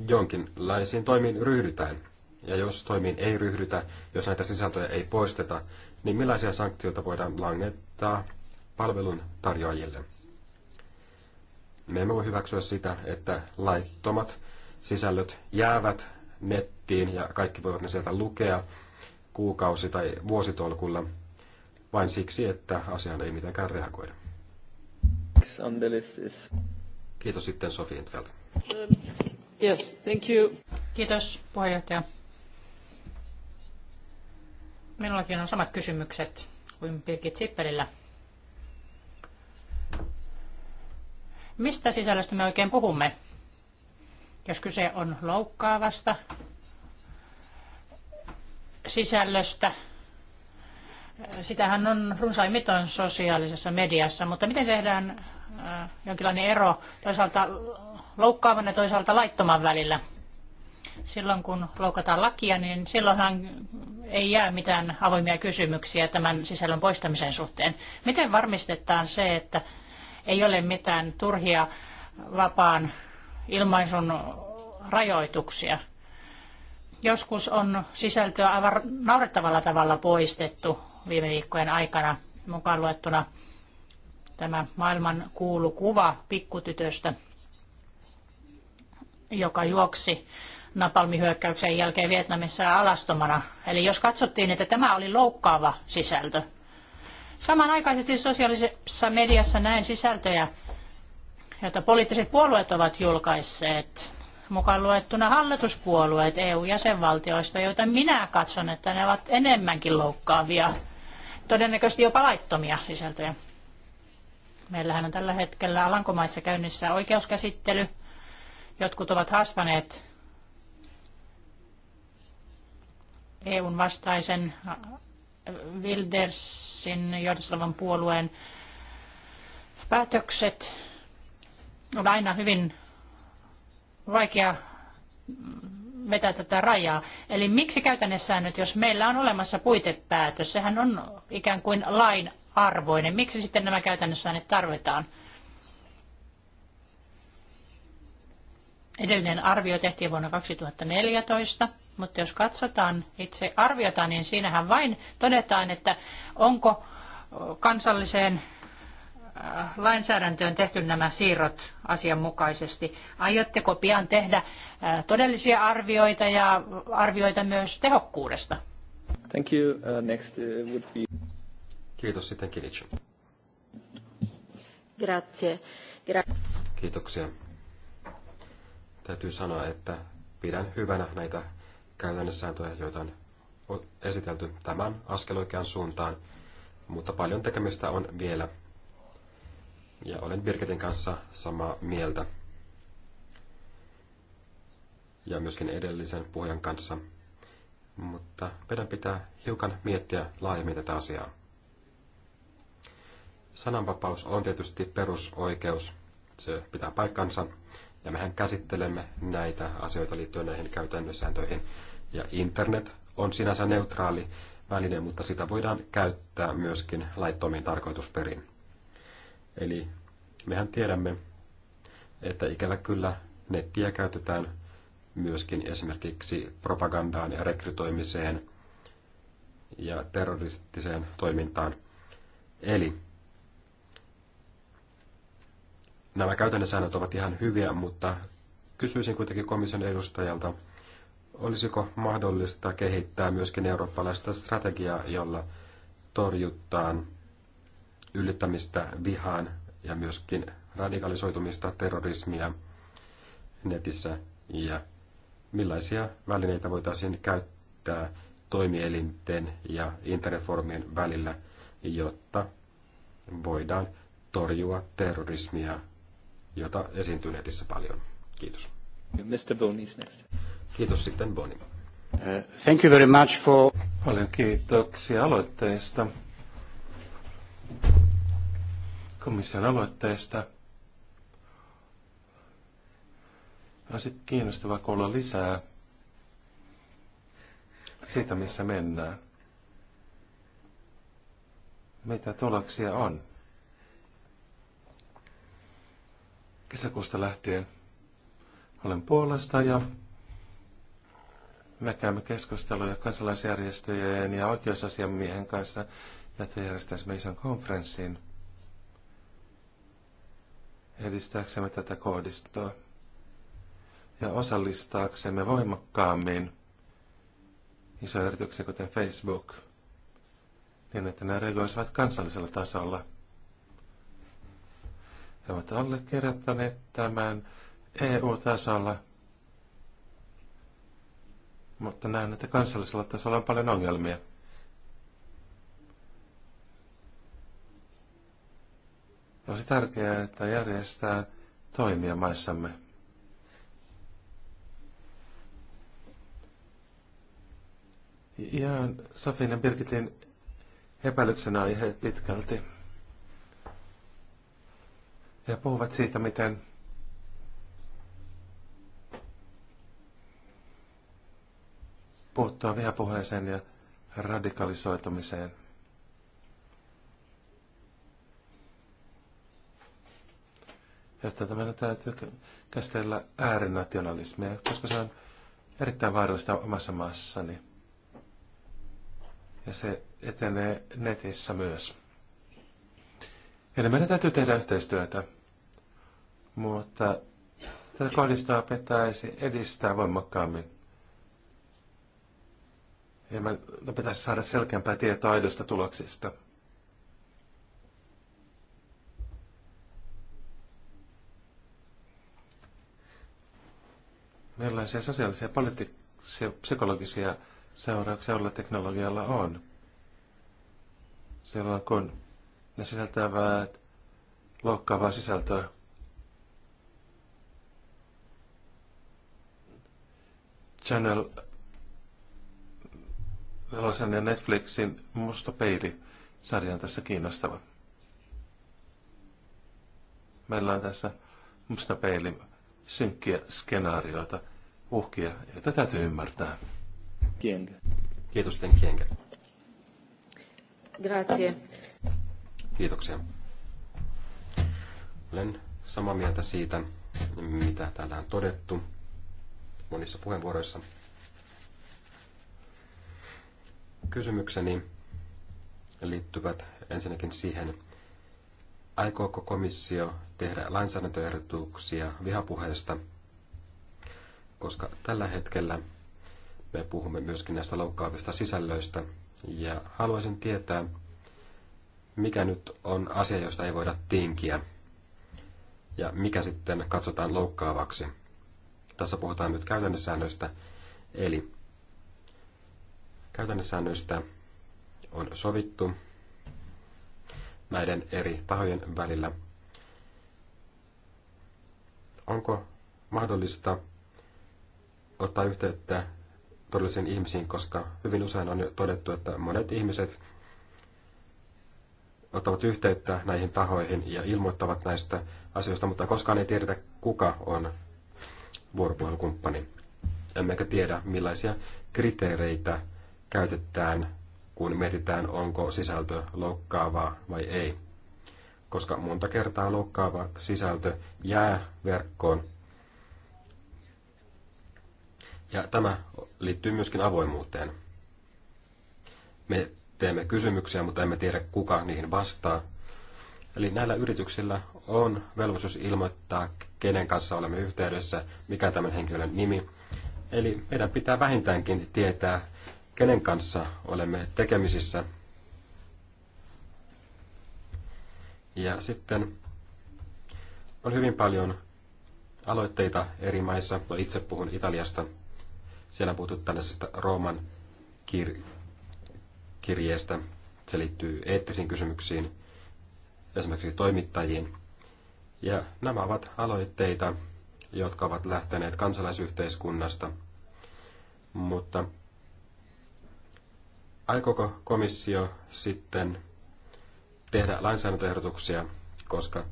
jonkinlaisiin toimiin ryhdytään. Ja jos toimiin ei ryhdytä, jos näitä sisältöjä ei poisteta, niin millaisia sanktioita voidaan langettaa palvelun tarjoajille? Me emme voi hyväksyä sitä, että laittomat sisällöt jäävät nettiin ja kaikki voivat ne sieltä lukea kuukausi- tai vuositolkulla vain siksi, että asiaan ei mitenkään reagoida. Kiitos sitten Sofi Entfeld. Yes, thank you. Kiitos puheenjohtaja. Minullakin on samat kysymykset kuin Birgit Sippelillä. Mistä sisällöstä me oikein puhumme? Jos kyse on loukkaavasta sisällöstä, sitähän on runsaimmiton sosiaalisessa mediassa, mutta miten tehdään äh, jonkinlainen ero toisaalta loukkaavan ja toisaalta laittoman välillä? Silloin kun loukataan lakia, niin silloinhan ei jää mitään avoimia kysymyksiä tämän sisällön poistamisen suhteen. Miten varmistetaan se, että ei ole mitään turhia vapaan ilmaisun rajoituksia? Joskus on sisältöä aivan naurettavalla tavalla poistettu viime viikkojen aikana, mukaan luettuna tämä maailman kuulu kuva pikkutytöstä, joka juoksi napalmihyökkäyksen jälkeen Vietnamissa alastomana. Eli jos katsottiin, että tämä oli loukkaava sisältö. Samanaikaisesti sosiaalisessa mediassa näen sisältöjä, joita poliittiset puolueet ovat julkaisseet, mukaan luettuna hallituspuolueet EU-jäsenvaltioista, joita minä katson, että ne ovat enemmänkin loukkaavia, todennäköisesti jopa laittomia sisältöjä. Meillähän on tällä hetkellä Alankomaissa käynnissä oikeuskäsittely. Jotkut ovat haastaneet EUn vastaisen äh, Wildersin johdostavan puolueen päätökset on aina hyvin vaikea vetää tätä rajaa. Eli miksi käytännössä nyt, jos meillä on olemassa puitepäätös, sehän on ikään kuin lain arvoinen. Miksi sitten nämä käytännössä nyt tarvitaan? Edellinen arvio tehtiin vuonna 2014. Mutta jos katsotaan itse arviota, niin siinähän vain todetaan, että onko kansalliseen äh, lainsäädäntöön tehty nämä siirrot asianmukaisesti. Aiotteko pian tehdä äh, todellisia arvioita ja arvioita myös tehokkuudesta? Thank you. Uh, next uh, would be... Kiitos sitten Kilic. Grazie. Gra- Kiitoksia. Täytyy sanoa, että pidän hyvänä näitä Käytännössä sääntöjä, joita on esitelty. tämän askel oikean suuntaan, mutta paljon tekemistä on vielä. Ja olen Birgitin kanssa samaa mieltä. Ja myöskin edellisen puhujan kanssa. Mutta meidän pitää hiukan miettiä laajemmin tätä asiaa. Sananvapaus on tietysti perusoikeus. Se pitää paikkansa. Ja mehän käsittelemme näitä asioita liittyen näihin käytännössääntöihin. Ja internet on sinänsä neutraali väline, mutta sitä voidaan käyttää myöskin laittomiin tarkoitusperin. Eli mehän tiedämme, että ikävä kyllä nettiä käytetään myöskin esimerkiksi propagandaan ja rekrytoimiseen ja terroristiseen toimintaan. Eli nämä käytännön säännöt ovat ihan hyviä, mutta kysyisin kuitenkin komission edustajalta, Olisiko mahdollista kehittää myöskin eurooppalaista strategiaa, jolla torjuttaan yllyttämistä vihaan ja myöskin radikalisoitumista, terrorismia netissä ja millaisia välineitä voitaisiin käyttää toimielinten ja internetfoorumien välillä, jotta voidaan torjua terrorismia, jota esiintyy netissä paljon. Kiitos. Mr. Bonis next. Kiitos sitten Boni. Uh, thank you very much for... Paljon kiitoksia aloitteesta. Komission aloitteesta. Olisi sitten kiinnostavaa kuulla lisää siitä, missä mennään. Mitä tuloksia on? Kesäkuusta lähtien olen puolesta ja me käymme keskusteluja kansalaisjärjestöjen ja oikeusasiamiehen kanssa, että järjestäisimme ison konferenssin edistääksemme tätä koodistoa ja osallistaaksemme voimakkaammin isoja yrityksiä kuten Facebook, niin että ne reagoisivat kansallisella tasolla. He ovat allekirjoittaneet tämän EU-tasolla – mutta näen, että kansallisella tasolla on paljon ongelmia. Olisi tärkeää, että järjestää toimia maissamme. Ja Safin ja Birgitin epäilyksen aiheet pitkälti. Ja puhuvat siitä, miten puuttua vihapuheeseen ja radikalisoitumiseen. Jotta meidän täytyy käsitellä äärinationalismia, koska se on erittäin vaarallista omassa maassani. Ja se etenee netissä myös. Eli meidän täytyy tehdä yhteistyötä, mutta tätä kohdistaa pitäisi edistää voimakkaammin. Ja me, me pitäisi saada selkeämpää tietoa aidosta tuloksista. Millaisia sosiaalisia, poliittisia, psykologisia seurauksia olla teknologialla on? Silloin kun ne sisältävät loukkaavaa sisältöä. Channel Nelosen ja Netflixin Musta peili sarjan tässä kiinnostava. Meillä on tässä Musta peili synkkiä skenaarioita, uhkia, joita täytyy ymmärtää. Kienge. Kiitos, Ten Kienge. Grazie. Kiitoksia. Olen samaa mieltä siitä, mitä täällä on todettu monissa puheenvuoroissa. Kysymykseni liittyvät ensinnäkin siihen, aikooko komissio tehdä lainsäädäntöehdotuksia vihapuheesta, koska tällä hetkellä me puhumme myöskin näistä loukkaavista sisällöistä, ja haluaisin tietää, mikä nyt on asia, josta ei voida tinkiä, ja mikä sitten katsotaan loukkaavaksi. Tässä puhutaan nyt käytännössäännöistä, eli Käytännössäännöistä on sovittu näiden eri tahojen välillä. Onko mahdollista ottaa yhteyttä todellisiin ihmisiin, koska hyvin usein on jo todettu, että monet ihmiset ottavat yhteyttä näihin tahoihin ja ilmoittavat näistä asioista, mutta koskaan ei tiedetä, kuka on vuoropuhelukumppani. Emmekä tiedä, millaisia kriteereitä käytetään, kun mietitään, onko sisältö loukkaavaa vai ei. Koska monta kertaa loukkaava sisältö jää verkkoon. Ja tämä liittyy myöskin avoimuuteen. Me teemme kysymyksiä, mutta emme tiedä, kuka niihin vastaa. Eli näillä yrityksillä on velvollisuus ilmoittaa, kenen kanssa olemme yhteydessä, mikä tämän henkilön nimi. Eli meidän pitää vähintäänkin tietää, kenen kanssa olemme tekemisissä. Ja sitten on hyvin paljon aloitteita eri maissa. No itse puhun Italiasta. Siellä on puhuttu tällaisesta Rooman kir- kirjeestä. Se liittyy eettisiin kysymyksiin, esimerkiksi toimittajiin. Ja nämä ovat aloitteita, jotka ovat lähteneet kansalaisyhteiskunnasta, mutta aikooko komissio sitten tehdä lainsäädäntöehdotuksia, koska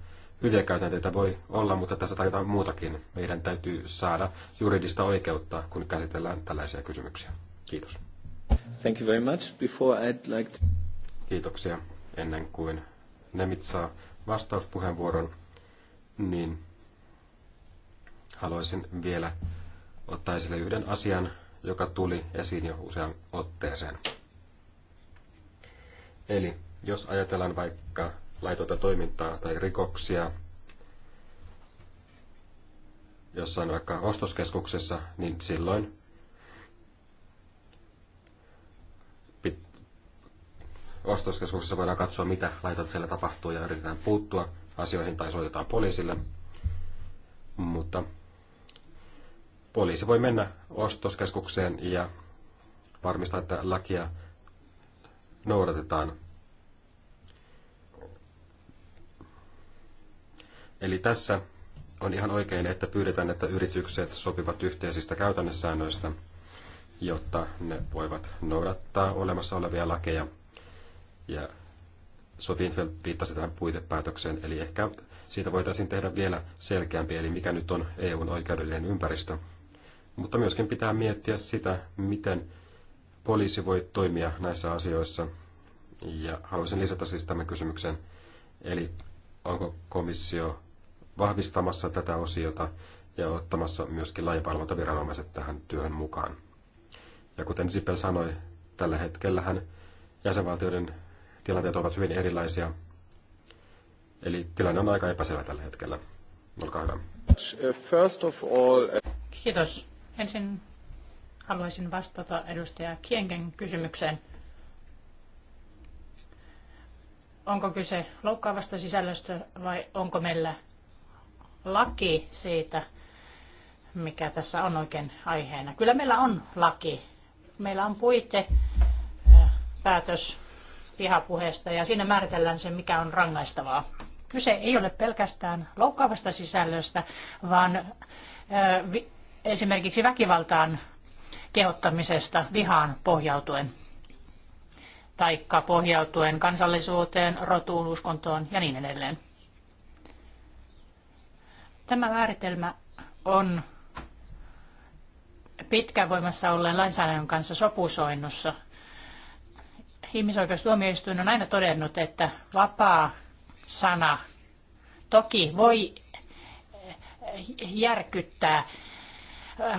hyviä käytänteitä voi olla, mutta tässä tarvitaan muutakin. Meidän täytyy saada juridista oikeutta, kun käsitellään tällaisia kysymyksiä. Kiitos. Thank you very much. Before I'd like to... Kiitoksia. Ennen kuin Nemit saa vastauspuheenvuoron, niin haluaisin vielä ottaa esille yhden asian, joka tuli esiin jo usean otteeseen. Eli jos ajatellaan vaikka laitonta toimintaa tai rikoksia jossain vaikka ostoskeskuksessa, niin silloin ostoskeskuksessa voidaan katsoa, mitä laitonta siellä tapahtuu ja yritetään puuttua asioihin tai soitetaan poliisille. Mutta poliisi voi mennä ostoskeskukseen ja varmistaa, että lakia noudatetaan. Eli tässä on ihan oikein, että pyydetään, että yritykset sopivat yhteisistä käytännössäännöistä, jotta ne voivat noudattaa olemassa olevia lakeja. Ja Sofiinfeld viittasi tähän puitepäätökseen, eli ehkä siitä voitaisiin tehdä vielä selkeämpi, eli mikä nyt on EUn oikeudellinen ympäristö. Mutta myöskin pitää miettiä sitä, miten poliisi voi toimia näissä asioissa? Ja haluaisin lisätä siis tämän kysymyksen. Eli onko komissio vahvistamassa tätä osiota ja ottamassa myöskin lainvalvontaviranomaiset tähän työhön mukaan? Ja kuten Sipel sanoi, tällä hetkellähän jäsenvaltioiden tilanteet ovat hyvin erilaisia. Eli tilanne on aika epäselvä tällä hetkellä. Olkaa hyvä. Kiitos. Ensin Haluaisin vastata edustaja Kienken kysymykseen. Onko kyse loukkaavasta sisällöstä vai onko meillä laki siitä, mikä tässä on oikein aiheena? Kyllä meillä on laki. Meillä on puite päätös vihapuheesta ja siinä määritellään se, mikä on rangaistavaa. Kyse ei ole pelkästään loukkaavasta sisällöstä, vaan esimerkiksi väkivaltaan kehottamisesta vihaan pohjautuen taikka pohjautuen kansallisuuteen, rotuun, uskontoon ja niin edelleen. Tämä määritelmä on pitkään voimassa olleen lainsäädännön kanssa sopusoinnussa. Ihmisoikeustuomioistuin on aina todennut, että vapaa sana toki voi järkyttää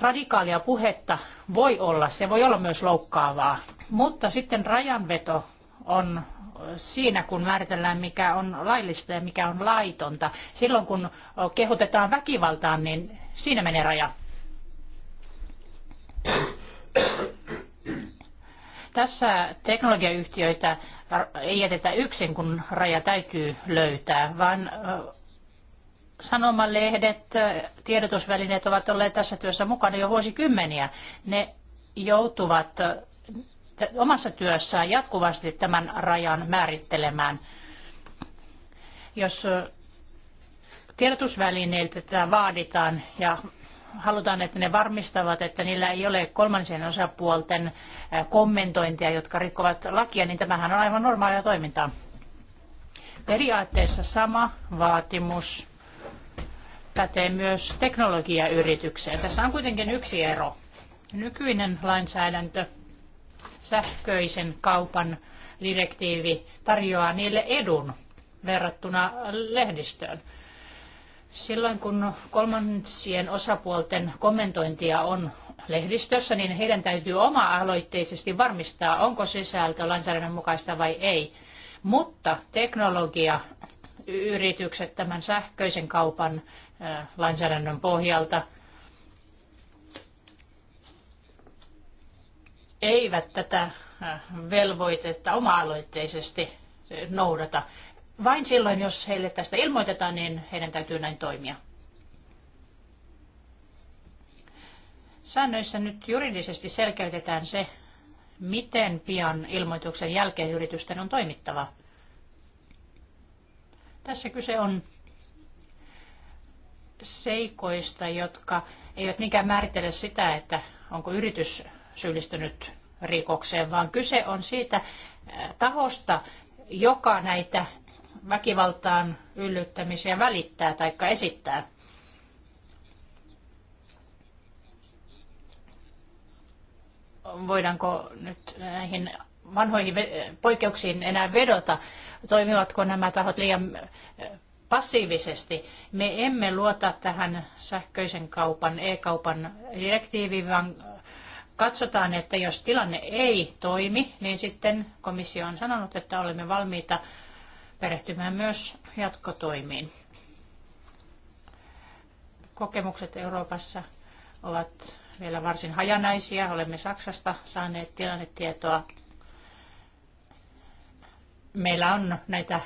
radikaalia puhetta voi olla, se voi olla myös loukkaavaa. Mutta sitten rajanveto on siinä, kun määritellään, mikä on laillista ja mikä on laitonta. Silloin, kun kehotetaan väkivaltaan, niin siinä menee raja. Tässä teknologiayhtiöitä ei jätetä yksin, kun raja täytyy löytää, vaan sanomalehdet, tiedotusvälineet ovat olleet tässä työssä mukana jo vuosikymmeniä. Ne joutuvat omassa työssään jatkuvasti tämän rajan määrittelemään. Jos tiedotusvälineiltä tätä vaaditaan ja halutaan, että ne varmistavat, että niillä ei ole kolmansien osapuolten kommentointia, jotka rikkovat lakia, niin tämähän on aivan normaalia toimintaa. Periaatteessa sama vaatimus pätee myös teknologiayritykseen. Tässä on kuitenkin yksi ero. Nykyinen lainsäädäntö, sähköisen kaupan direktiivi tarjoaa niille edun verrattuna lehdistöön. Silloin kun kolmansien osapuolten kommentointia on lehdistössä, niin heidän täytyy oma-aloitteisesti varmistaa, onko sisältö lainsäädännön mukaista vai ei. Mutta teknologia yritykset tämän sähköisen kaupan lainsäädännön pohjalta eivät tätä velvoitetta oma-aloitteisesti noudata. Vain silloin, jos heille tästä ilmoitetaan, niin heidän täytyy näin toimia. Säännöissä nyt juridisesti selkeytetään se, miten pian ilmoituksen jälkeen yritysten on toimittava. Tässä kyse on seikoista, jotka eivät niinkään määritellä sitä, että onko yritys syyllistynyt rikokseen, vaan kyse on siitä tahosta, joka näitä väkivaltaan yllyttämisiä välittää tai esittää. Voidaanko nyt näihin vanhoihin poikkeuksiin enää vedota? Toimivatko nämä tahot liian passiivisesti. Me emme luota tähän sähköisen kaupan, e-kaupan direktiiviin, vaan katsotaan, että jos tilanne ei toimi, niin sitten komissio on sanonut, että olemme valmiita perehtymään myös jatkotoimiin. Kokemukset Euroopassa ovat vielä varsin hajanaisia. Olemme Saksasta saaneet tilannetietoa. Meillä on näitä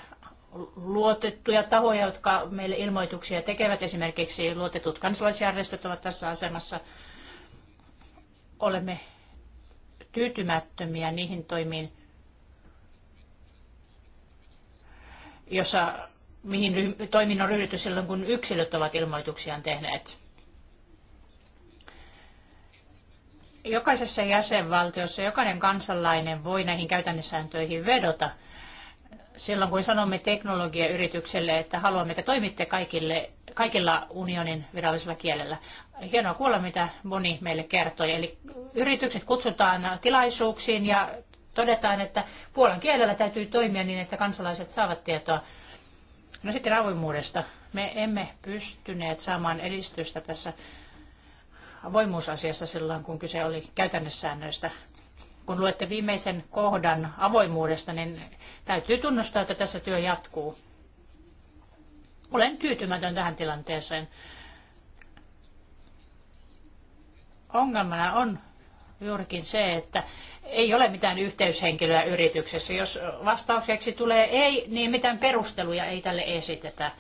luotettuja tahoja, jotka meille ilmoituksia tekevät. Esimerkiksi luotetut kansalaisjärjestöt ovat tässä asemassa. Olemme tyytymättömiä niihin toimiin, jossa, mihin toimin on ryhdytty silloin, kun yksilöt ovat ilmoituksiaan tehneet. Jokaisessa jäsenvaltiossa jokainen kansalainen voi näihin käytännössääntöihin vedota – silloin, kun sanomme teknologiayritykselle, että haluamme, että toimitte kaikille, kaikilla unionin virallisella kielellä. Hienoa kuulla, mitä Boni meille kertoi. Eli yritykset kutsutaan tilaisuuksiin ja todetaan, että puolan kielellä täytyy toimia niin, että kansalaiset saavat tietoa. No sitten avoimuudesta. Me emme pystyneet saamaan edistystä tässä avoimuusasiassa silloin, kun kyse oli käytännössäännöistä kun luette viimeisen kohdan avoimuudesta, niin täytyy tunnustaa, että tässä työ jatkuu. Olen tyytymätön tähän tilanteeseen. Ongelmana on juurikin se, että ei ole mitään yhteyshenkilöä yrityksessä. Jos vastaukseksi tulee ei, niin mitään perusteluja ei tälle esitetä.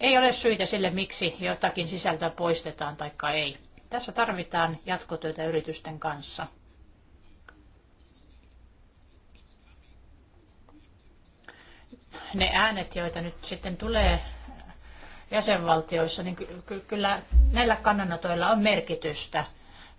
Ei ole syitä sille, miksi jotakin sisältöä poistetaan tai ei. Tässä tarvitaan jatkotyötä yritysten kanssa. ne äänet, joita nyt sitten tulee jäsenvaltioissa, niin kyllä näillä kannanotoilla on merkitystä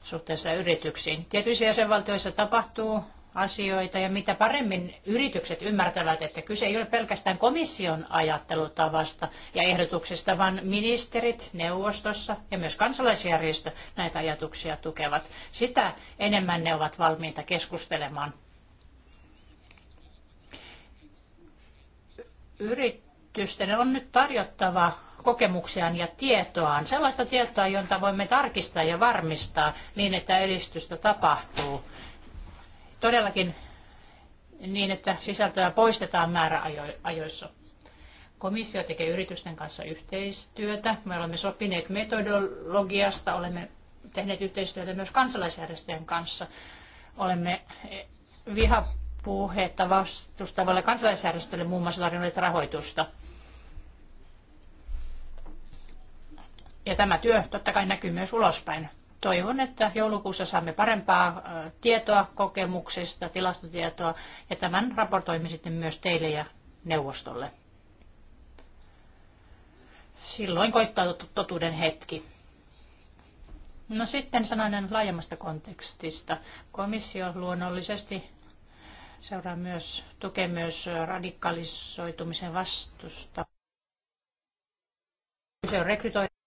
suhteessa yrityksiin. Tietyissä jäsenvaltioissa tapahtuu asioita ja mitä paremmin yritykset ymmärtävät, että kyse ei ole pelkästään komission ajattelutavasta ja ehdotuksesta, vaan ministerit neuvostossa ja myös kansalaisjärjestö näitä ajatuksia tukevat. Sitä enemmän ne ovat valmiita keskustelemaan. Yritysten on nyt tarjottava kokemuksiaan ja tietoaan, sellaista tietoa, jonta voimme tarkistaa ja varmistaa niin, että edistystä tapahtuu. Todellakin niin, että sisältöä poistetaan määräajoissa. Komissio tekee yritysten kanssa yhteistyötä. Me olemme sopineet metodologiasta, olemme tehneet yhteistyötä myös kansalaisjärjestöjen kanssa. Olemme viha puhetta vastustavalle kansalaisjärjestölle muun muassa tarjonneet rahoitusta. Ja tämä työ totta kai näkyy myös ulospäin. Toivon, että joulukuussa saamme parempaa tietoa kokemuksista, tilastotietoa ja tämän raportoimme sitten myös teille ja neuvostolle. Silloin koittaa totuuden hetki. No sitten sananen laajemmasta kontekstista. Komissio luonnollisesti seuraa myös, tukee myös radikalisoitumisen vastusta. Kyse on rekrytoinnista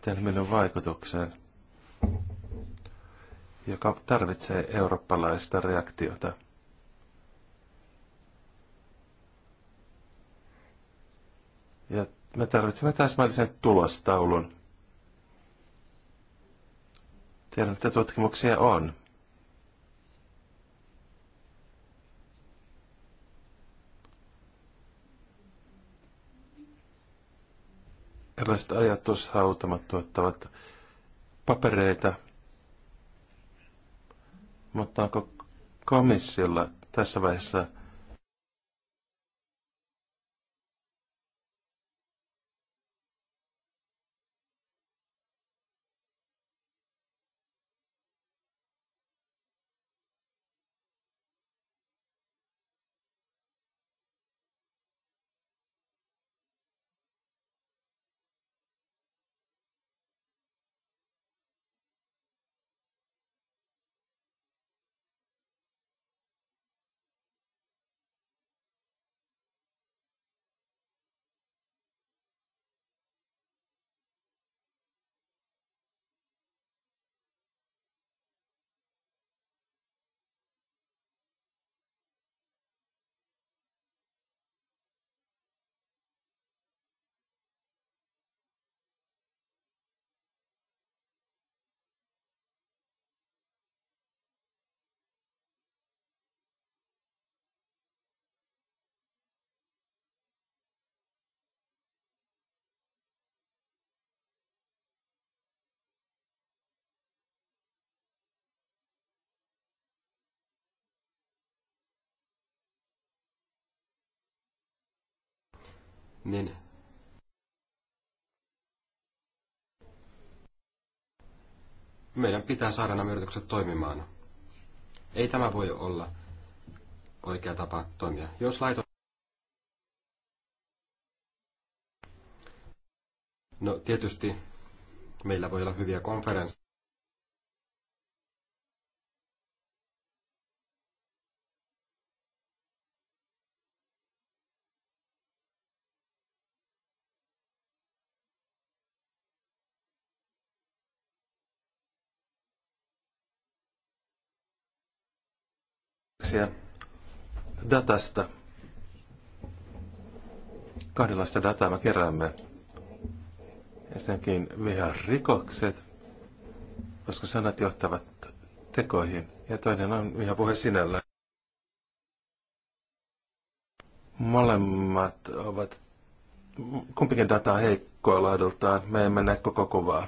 tehnyt minun vaikutukseen, joka tarvitsee eurooppalaista reaktiota. Ja me tarvitsemme täsmällisen tulostaulun. Tiedän, että tutkimuksia on. erilaiset ajatushautamat tuottavat papereita, mutta onko komissiolla tässä vaiheessa – Nenä. Niin. meidän pitää saada nämä yritykset toimimaan. Ei tämä voi olla oikea tapa toimia. Jos laitos... No tietysti meillä voi olla hyviä konferensseja. kysymyksiä datasta. Kahdenlaista dataa me keräämme. Ensinnäkin viharikokset, koska sanat johtavat tekoihin. Ja toinen on puhe sinällään. Molemmat ovat kumpikin dataa heikkoa laadultaan. Me emme näe koko kuvaa.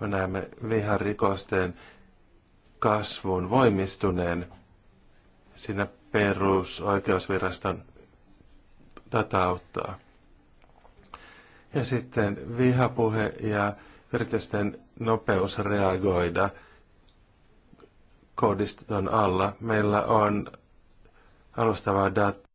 Me näemme viharikosten kasvun voimistuneen sinne perusoikeusviraston data auttaa. Ja sitten vihapuhe ja yritysten nopeus reagoida koodiston alla. Meillä on alustavaa dataa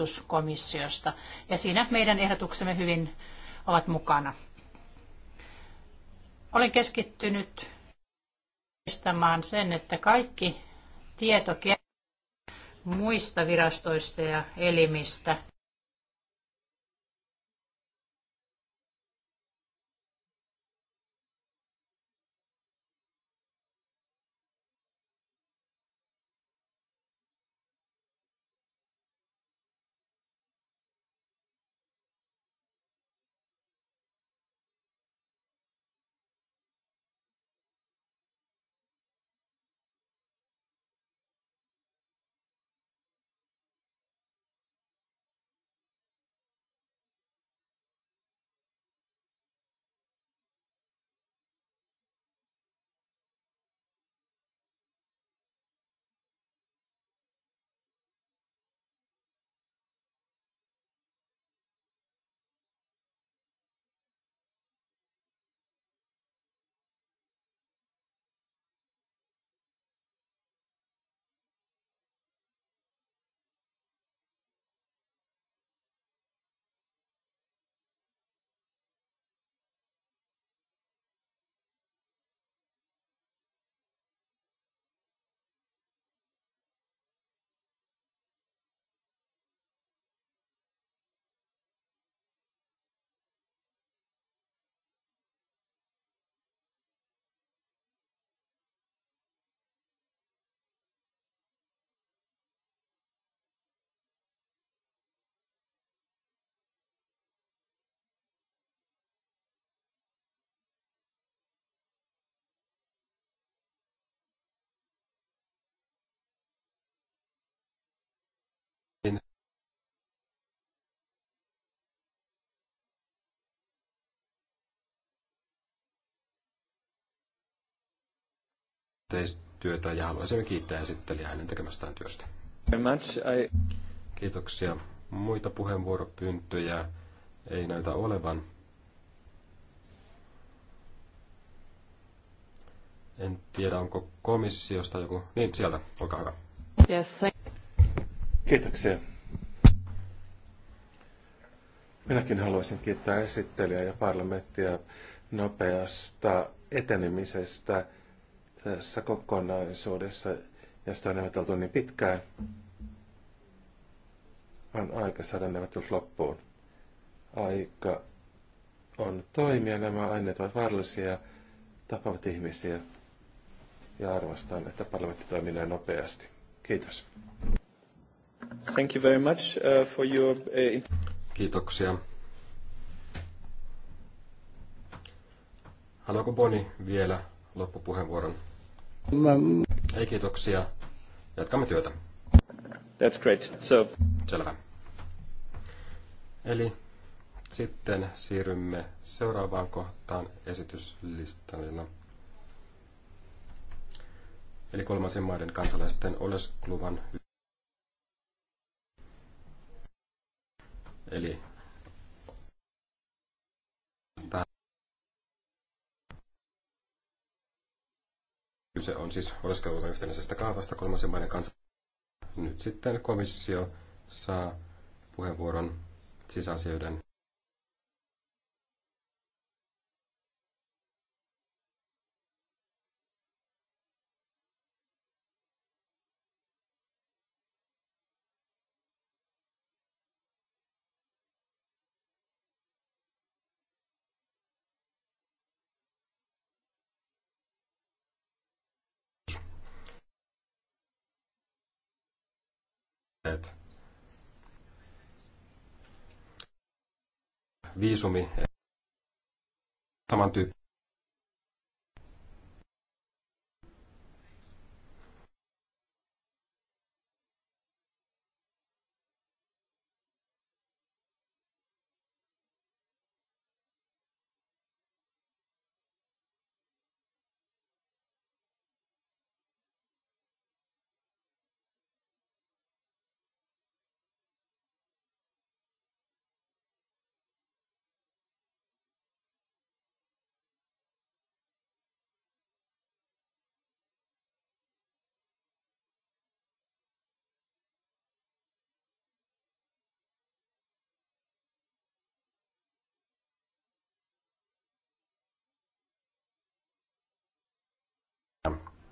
ehdotus komissiosta. Ja siinä meidän ehdotuksemme hyvin ovat mukana. Olen keskittynyt varmistamaan sen, että kaikki tieto muista virastoista ja elimistä yhteistyötä ja haluaisimme kiittää esittelijää hänen tekemästään työstä. Kiitoksia. Muita puheenvuoropyyntöjä ei näytä olevan. En tiedä, onko komissiosta joku. Niin, sieltä, olkaa hyvä. Yes, thank- Kiitoksia. Minäkin haluaisin kiittää esittelijää ja parlamenttia nopeasta etenemisestä tässä kokonaisuudessa, sitä on neuvoteltu niin pitkään, on aika saada neuvottelut loppuun. Aika on toimia. Nämä aineet ovat vaarallisia, tapavat ihmisiä ja arvostan, että parlamentti toimii näin nopeasti. Kiitos. Thank you very much uh, for your... Uh, Kiitoksia. Haluaako Boni vielä loppupuheenvuoron? Mä... Ei kiitoksia. Jatkamme työtä. That's great. So... Selvä. Eli sitten siirrymme seuraavaan kohtaan esityslistalla. Eli kolmansien maiden kansalaisten oleskeluvan Eli Kyse on siis oleskeluluvan yhtenäisestä kaavasta kolmansien maiden kanssa. Nyt sitten komissio saa puheenvuoron sisäasioiden viisumi samantyyppinen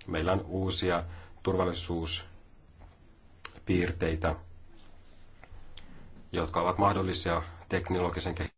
meillä on uusia turvallisuuspiirteitä, jotka ovat mahdollisia teknologisen kehityksen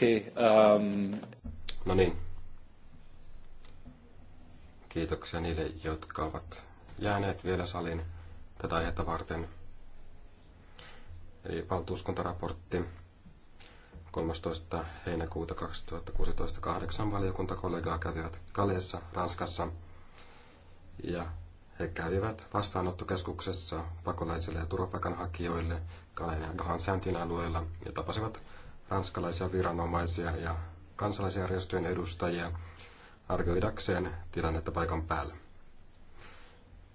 Okay, um... No niin. Kiitoksia niille, jotka ovat jääneet vielä salin tätä aihetta varten. Eli valtuuskuntaraportti 13. heinäkuuta 2016 kahdeksan valiokuntakollegaa kävivät Kaleessa, Ranskassa. Ja he kävivät vastaanottokeskuksessa pakolaisille ja turvapaikanhakijoille Kaleen ja Gahan alueella ja tapasivat ranskalaisia viranomaisia ja kansalaisjärjestöjen edustajia arvioidakseen tilannetta paikan päällä.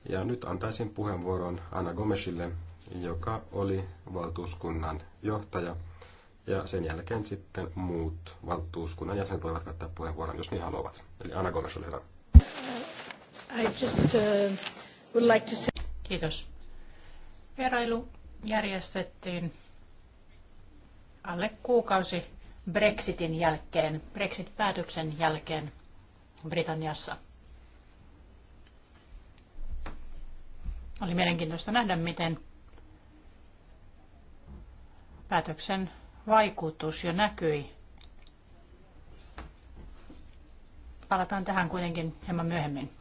Ja nyt antaisin puheenvuoron Anna Gomesille, joka oli valtuuskunnan johtaja, ja sen jälkeen sitten muut valtuuskunnan jäsenet voivat käyttää puheenvuoron, jos niin haluavat. Eli Anna Gomes, ole hyvä. I just, uh, would like to say... Kiitos. Vierailu järjestettiin alle kuukausi Brexitin jälkeen, Brexit-päätöksen jälkeen Britanniassa. Oli mielenkiintoista nähdä, miten päätöksen vaikutus jo näkyi. Palataan tähän kuitenkin hieman myöhemmin.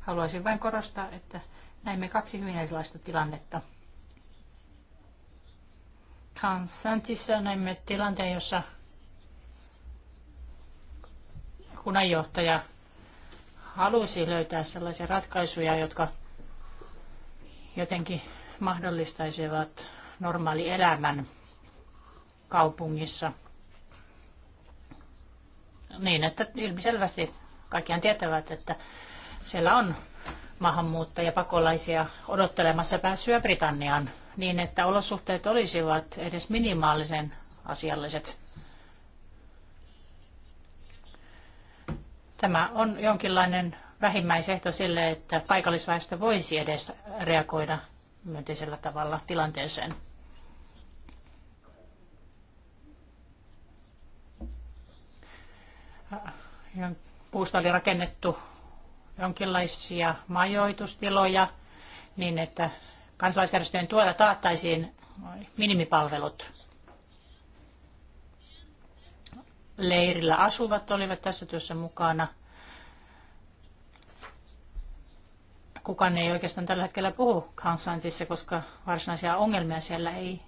Haluaisin vain korostaa, että näimme kaksi hyvin erilaista tilannetta – Kansantissa näimme tilanteen, jossa kunnanjohtaja halusi löytää sellaisia ratkaisuja, jotka jotenkin mahdollistaisivat normaali elämän kaupungissa. Niin, että ilmiselvästi kaikkihan tietävät, että siellä on maahanmuuttajia, pakolaisia odottelemassa pääsyä Britanniaan niin, että olosuhteet olisivat edes minimaalisen asialliset. Tämä on jonkinlainen vähimmäisehto sille, että paikallisväestö voisi edes reagoida myönteisellä tavalla tilanteeseen. Puusta oli rakennettu jonkinlaisia majoitustiloja niin, että kansalaisjärjestöjen tuella taattaisiin minimipalvelut. Leirillä asuvat olivat tässä työssä mukana. Kukaan ei oikeastaan tällä hetkellä puhu Kansantissa, koska varsinaisia ongelmia siellä ei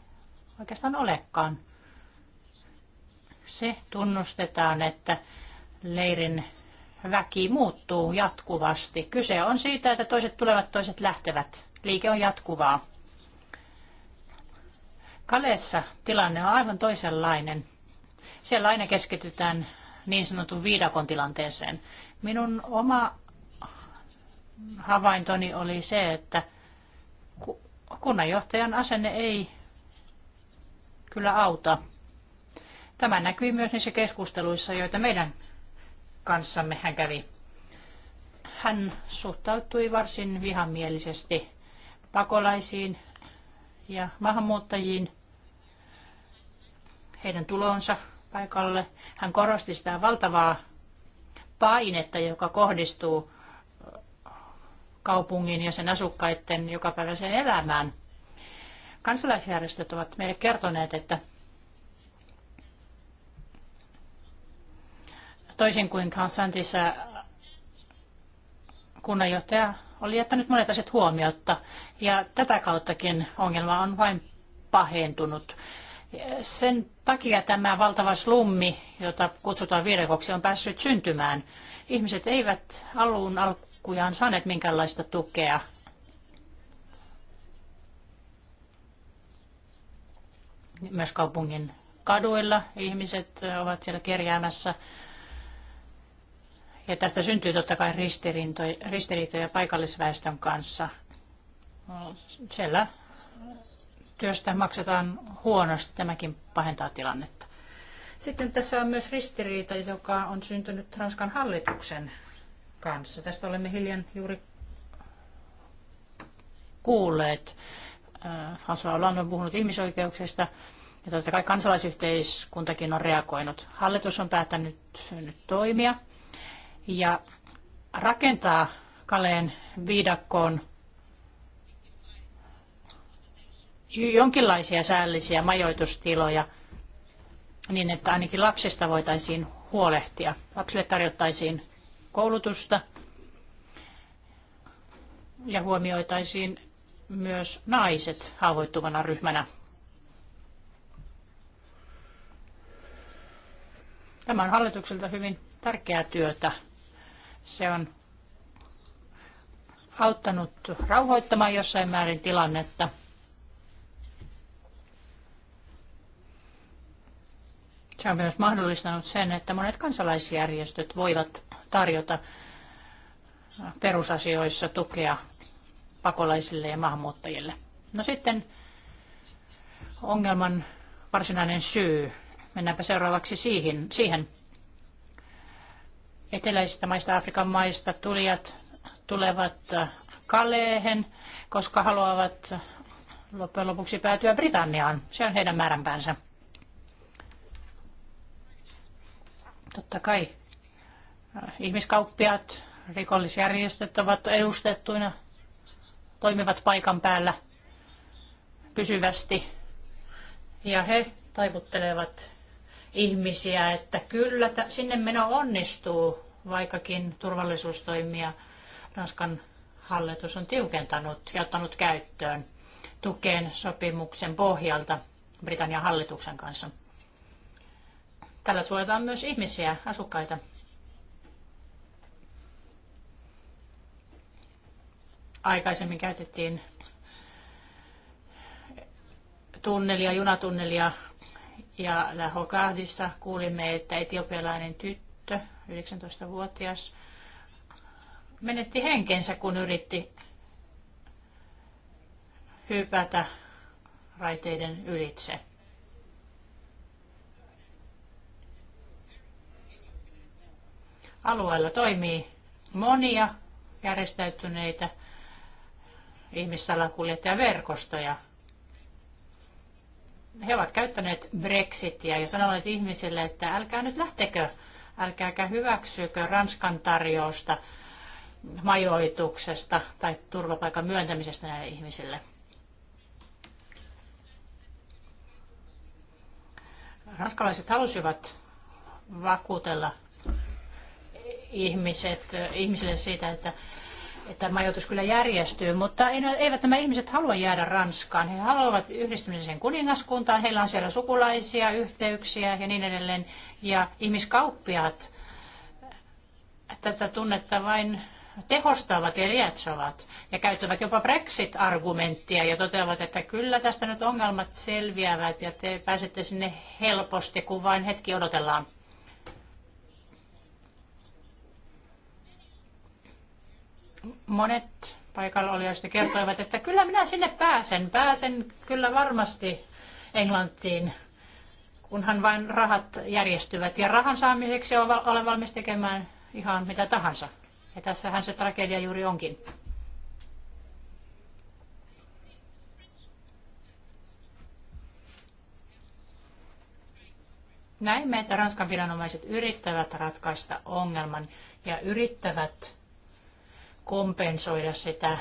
oikeastaan olekaan. Se tunnustetaan, että leirin väki muuttuu jatkuvasti. Kyse on siitä, että toiset tulevat, toiset lähtevät liike on jatkuvaa. Kaleessa tilanne on aivan toisenlainen. Siellä aina keskitytään niin sanotun viidakon tilanteeseen. Minun oma havaintoni oli se, että kunnanjohtajan asenne ei kyllä auta. Tämä näkyy myös niissä keskusteluissa, joita meidän kanssamme hän kävi. Hän suhtautui varsin vihamielisesti pakolaisiin ja maahanmuuttajiin, heidän tulonsa paikalle. Hän korosti sitä valtavaa painetta, joka kohdistuu kaupungin ja sen asukkaiden jokapäiväiseen elämään. Kansalaisjärjestöt ovat meille kertoneet, että toisin kuin Kansantissa kunnanjohtaja oli jättänyt monet asiat huomiotta. Ja tätä kauttakin ongelma on vain pahentunut. Sen takia tämä valtava slummi, jota kutsutaan viidakoksi, on päässyt syntymään. Ihmiset eivät alun alkujaan saaneet minkäänlaista tukea. Myös kaupungin kaduilla ihmiset ovat siellä kerjäämässä ja tästä syntyy totta kai ristiriitoja paikallisväestön kanssa. Siellä työstä maksetaan huonosti, tämäkin pahentaa tilannetta. Sitten tässä on myös ristiriita, joka on syntynyt Ranskan hallituksen kanssa. Tästä olemme hiljan juuri kuulleet. Äh, François Hollande on puhunut ihmisoikeuksista ja totta kai kansalaisyhteiskuntakin on reagoinut. Hallitus on päättänyt nyt toimia ja rakentaa Kaleen viidakkoon jonkinlaisia säällisiä majoitustiloja niin, että ainakin lapsista voitaisiin huolehtia. Lapsille tarjottaisiin koulutusta ja huomioitaisiin myös naiset haavoittuvana ryhmänä. Tämä on hallitukselta hyvin tärkeää työtä. Se on auttanut rauhoittamaan jossain määrin tilannetta. Se on myös mahdollistanut sen, että monet kansalaisjärjestöt voivat tarjota perusasioissa tukea pakolaisille ja maahanmuuttajille. No sitten ongelman varsinainen syy. Mennäänpä seuraavaksi siihen. siihen eteläisistä maista, Afrikan maista tulijat tulevat Kaleehen, koska haluavat loppujen lopuksi päätyä Britanniaan. Se on heidän määränpäänsä. Totta kai äh, ihmiskauppiaat, rikollisjärjestöt ovat edustettuina, toimivat paikan päällä pysyvästi ja he taivuttelevat ihmisiä, että kyllä sinne meno onnistuu, vaikkakin turvallisuustoimia Ranskan hallitus on tiukentanut ja ottanut käyttöön tukeen sopimuksen pohjalta Britannian hallituksen kanssa. Tällä suojataan myös ihmisiä, asukkaita. Aikaisemmin käytettiin tunnelia, junatunnelia ja Lähokahdissa kuulimme, että etiopialainen tyttö, 19-vuotias, menetti henkensä, kun yritti hypätä raiteiden ylitse. Alueella toimii monia järjestäytyneitä ihmissalakuljettajaverkostoja, he ovat käyttäneet Brexitia ja sanoneet ihmisille, että älkää nyt lähtekö, älkääkä hyväksykö Ranskan tarjousta majoituksesta tai turvapaikan myöntämisestä näille ihmisille. Ranskalaiset halusivat vakuutella ihmiset, ihmisille siitä, että että majoitus kyllä järjestyy, mutta eivät nämä ihmiset halua jäädä Ranskaan. He haluavat yhdistymisen kuningaskuntaan, heillä on siellä sukulaisia, yhteyksiä ja niin edelleen. Ja ihmiskauppiaat tätä tunnetta vain tehostavat ja lietsovat ja käyttävät jopa Brexit-argumenttia ja toteavat, että kyllä tästä nyt ongelmat selviävät ja te pääsette sinne helposti, kun vain hetki odotellaan. Monet paikalla olijoista kertoivat, että kyllä minä sinne pääsen, pääsen kyllä varmasti Englantiin, kunhan vain rahat järjestyvät. Ja rahan saamiseksi olen valmis tekemään ihan mitä tahansa. Ja tässähän se tragedia juuri onkin. Näimme, että Ranskan viranomaiset yrittävät ratkaista ongelman ja yrittävät kompensoida sitä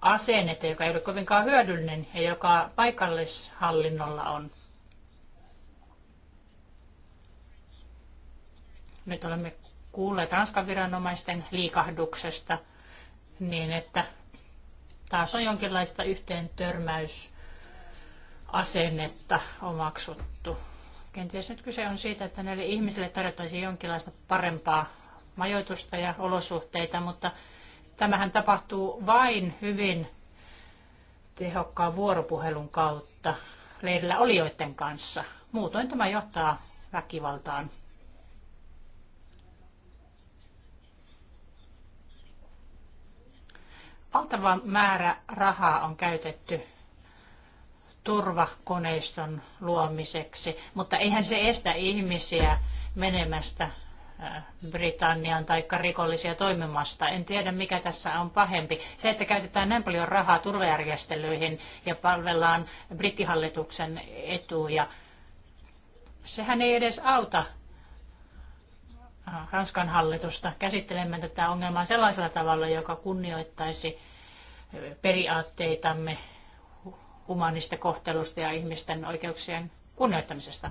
asennetta, joka ei ole kovinkaan hyödyllinen ja joka paikallishallinnolla on. Nyt olemme kuulleet Ranskan viranomaisten liikahduksesta niin, että taas on jonkinlaista yhteen törmäysasennetta omaksuttu. Kenties nyt kyse on siitä, että näille ihmisille tarjottaisiin jonkinlaista parempaa majoitusta ja olosuhteita, mutta tämähän tapahtuu vain hyvin tehokkaan vuoropuhelun kautta leirillä olijoiden kanssa. Muutoin tämä johtaa väkivaltaan. Valtava määrä rahaa on käytetty turvakoneiston luomiseksi, mutta eihän se estä ihmisiä menemästä Britannian tai rikollisia toimimasta. En tiedä, mikä tässä on pahempi. Se, että käytetään näin paljon rahaa turvajärjestelyihin ja palvellaan brittihallituksen etuja, sehän ei edes auta Ranskan hallitusta käsittelemään tätä ongelmaa sellaisella tavalla, joka kunnioittaisi periaatteitamme humanista kohtelusta ja ihmisten oikeuksien kunnioittamisesta.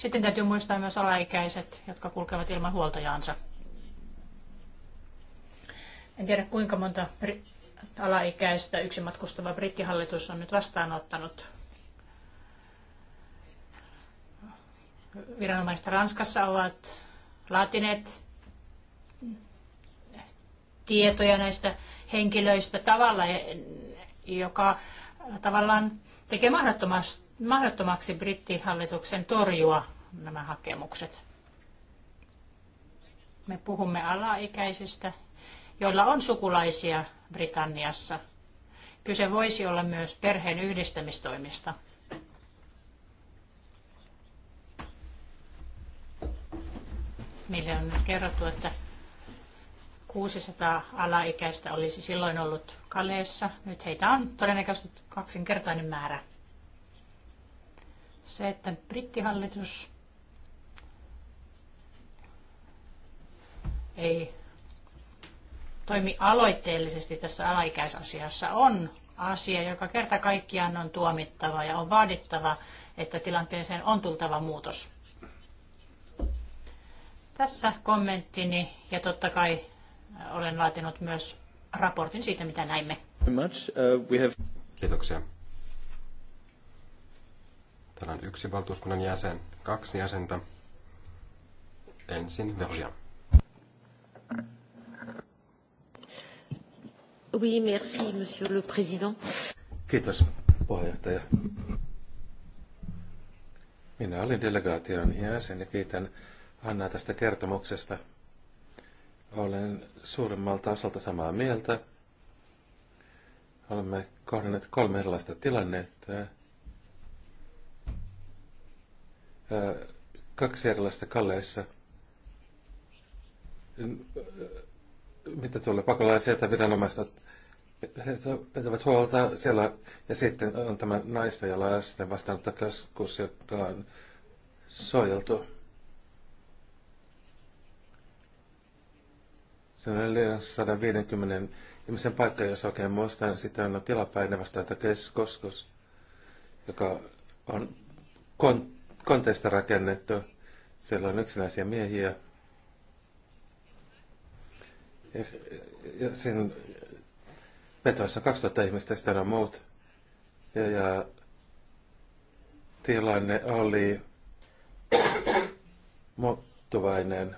Sitten täytyy muistaa myös alaikäiset, jotka kulkevat ilman huoltajaansa. En tiedä kuinka monta alaikäistä yksin matkustava brittihallitus on nyt vastaanottanut. Viranomaiset Ranskassa ovat laatineet tietoja näistä henkilöistä tavalla, joka tavallaan tekee mahdottomasti mahdottomaksi brittihallituksen torjua nämä hakemukset. Me puhumme alaikäisistä, joilla on sukulaisia Britanniassa. Kyse voisi olla myös perheen yhdistämistoimista. Meille on kerrottu, että 600 alaikäistä olisi silloin ollut Kaleessa. Nyt heitä on todennäköisesti kaksinkertainen määrä se, että brittihallitus ei toimi aloitteellisesti tässä alaikäisasiassa, on asia, joka kerta kaikkiaan on tuomittava ja on vaadittava, että tilanteeseen on tultava muutos. Tässä kommenttini ja totta kai olen laatinut myös raportin siitä, mitä näimme. Uh, Kiitoksia. Täällä on yksi valtuuskunnan jäsen, kaksi jäsentä. Ensin Vergia. Oui, merci, monsieur le président. Kiitos, puheenjohtaja. Minä olin delegaation jäsen ja kiitän Anna tästä kertomuksesta. Olen suurimmalta osalta samaa mieltä. Olemme kohdanneet kolme erilaista tilannetta kaksi erilaista kaleissa. Mitä tulee pakolaisia tai viranomaista, he pitävät huolta siellä. Ja sitten on tämä naisten ja lasten vastaanottokeskus, joka on suojeltu. Se on 450 ihmisen paikka, jos oikein muistan. Sitten on tilapäinen vastaanottokeskus, joka on kont- konteista rakennettu. Siellä on yksinäisiä miehiä. Ja, ja sen vetoissa 2000 ihmistä, sitten on muut. Ja, ja tilanne oli muuttuvainen.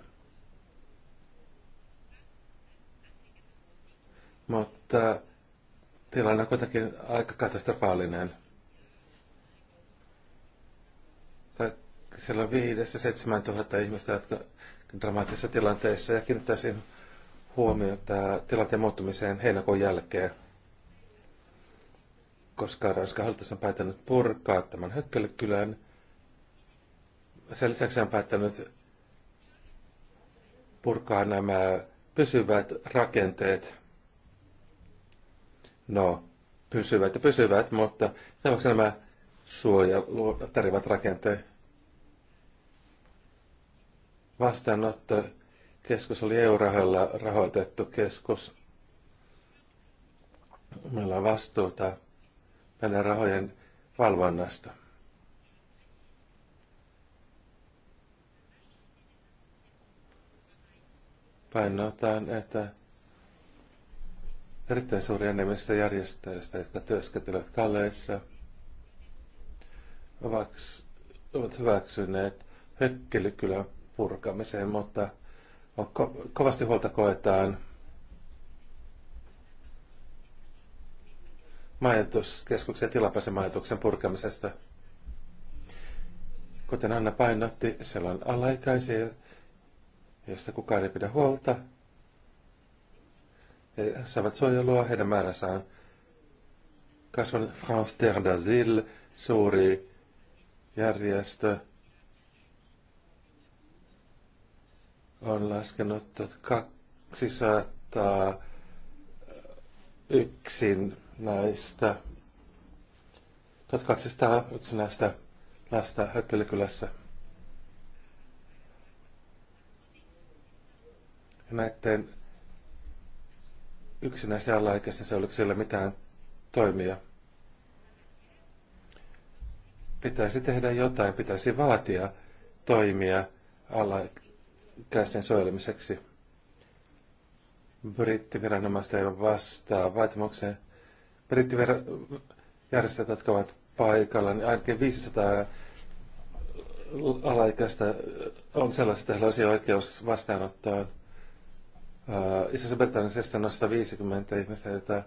Mutta tilanne on kuitenkin aika katastrofaalinen. siellä on viidestä seitsemän tuhatta ihmistä, jotka dramaattisissa tilanteissa ja kiinnittäisin huomiota tilanteen muuttumiseen heinäkuun jälkeen, koska Ranskan hallitus on päättänyt purkaa tämän hökkelykylän. Sen lisäksi on päättänyt purkaa nämä pysyvät rakenteet. No, pysyvät ja pysyvät, mutta nämä suojaluotarivät rakenteet keskus oli EU-rahoilla rahoitettu keskus. Meillä on vastuuta näiden rahojen valvonnasta. Painotaan, että erittäin suuri enemmistö järjestäjistä, jotka työskentelevät Kaleissa, ovat hyväksyneet Hökkelykylän purkamiseen, mutta ko- kovasti huolta koetaan majoituskeskuksen ja tilapäisen majoituksen purkamisesta. Kuten Anna painotti, siellä on alaikäisiä, joista kukaan ei pidä huolta. He saavat suojelua, heidän määränsä on kasvanut France Terre d'Asile, suuri järjestö, on laskenut 200 yksin näistä 1200 näistä lasta Höppelykylässä. Ja näiden yksinäisiä alaikäisiä se oliko siellä mitään toimia. Pitäisi tehdä jotain, pitäisi vaatia toimia ala, alaikäisten suojelemiseksi. Brittiviranomaista ei vastaa vaatimukseen. Brittiviranomaiset, jotka ovat paikalla, niin ainakin 500 alaikäistä on sellaista, että heillä olisi oikeus vastaanottaa. Äh, Isossa Britanniassa on 150 ihmistä, joita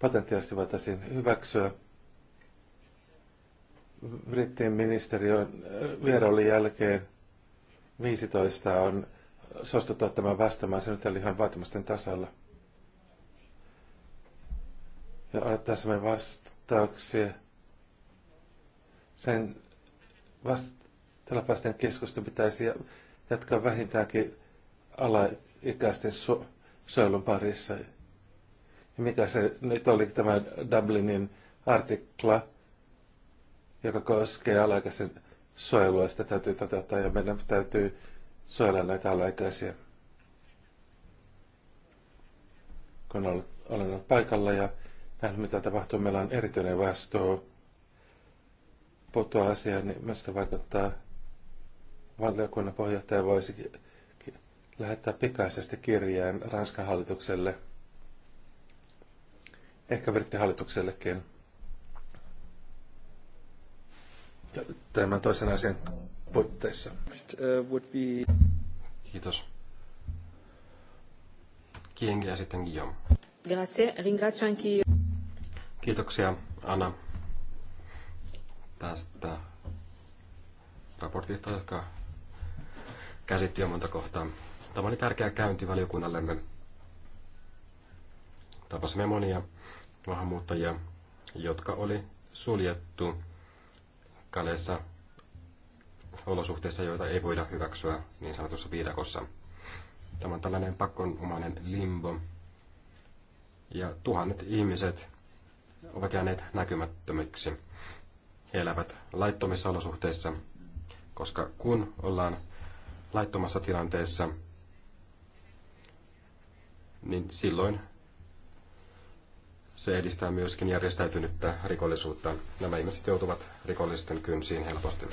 patenttiasti voitaisiin hyväksyä. Brittien ministeriön äh, vierailun jälkeen 15 on suostuttu ottamaan vastaamaan sen ihan vaatimusten tasalla. Ja odottaisimme vastauksia. Sen vastalapaisten tällaisten keskusten pitäisi jatkaa vähintäänkin alaikäisten su- suojelun parissa. Ja mikä se nyt oli tämä Dublinin artikla, joka koskee alaikäisen suojelua sitä täytyy toteuttaa ja meidän täytyy suojella näitä alaikäisiä. Kun olen ollut paikalla ja näin mitä tapahtuu, meillä on erityinen vastuu puuttua asiaan, niin minusta vaikuttaa valiokunnan pohjohtaja voisi lähettää pikaisesti kirjeen Ranskan hallitukselle, ehkä Brittihallitukselle hallituksellekin tämän toisen asian puitteissa. Uh, Kiitos. Kienki ja sitten Guillaume. Grazie, ringrazio io. Kiitoksia Anna tästä raportista, joka käsitti jo monta kohtaa. Tämä oli tärkeä käynti valiokunnallemme. Tapasimme monia maahanmuuttajia, jotka oli suljettu hankaleissa olosuhteissa, joita ei voida hyväksyä niin sanotussa viidakossa. Tämä on tällainen pakkonomainen limbo. Ja tuhannet ihmiset ovat jääneet näkymättömiksi. He elävät laittomissa olosuhteissa, koska kun ollaan laittomassa tilanteessa, niin silloin se edistää myöskin järjestäytynyttä rikollisuutta. Nämä ihmiset joutuvat rikollisten kynsiin helposti.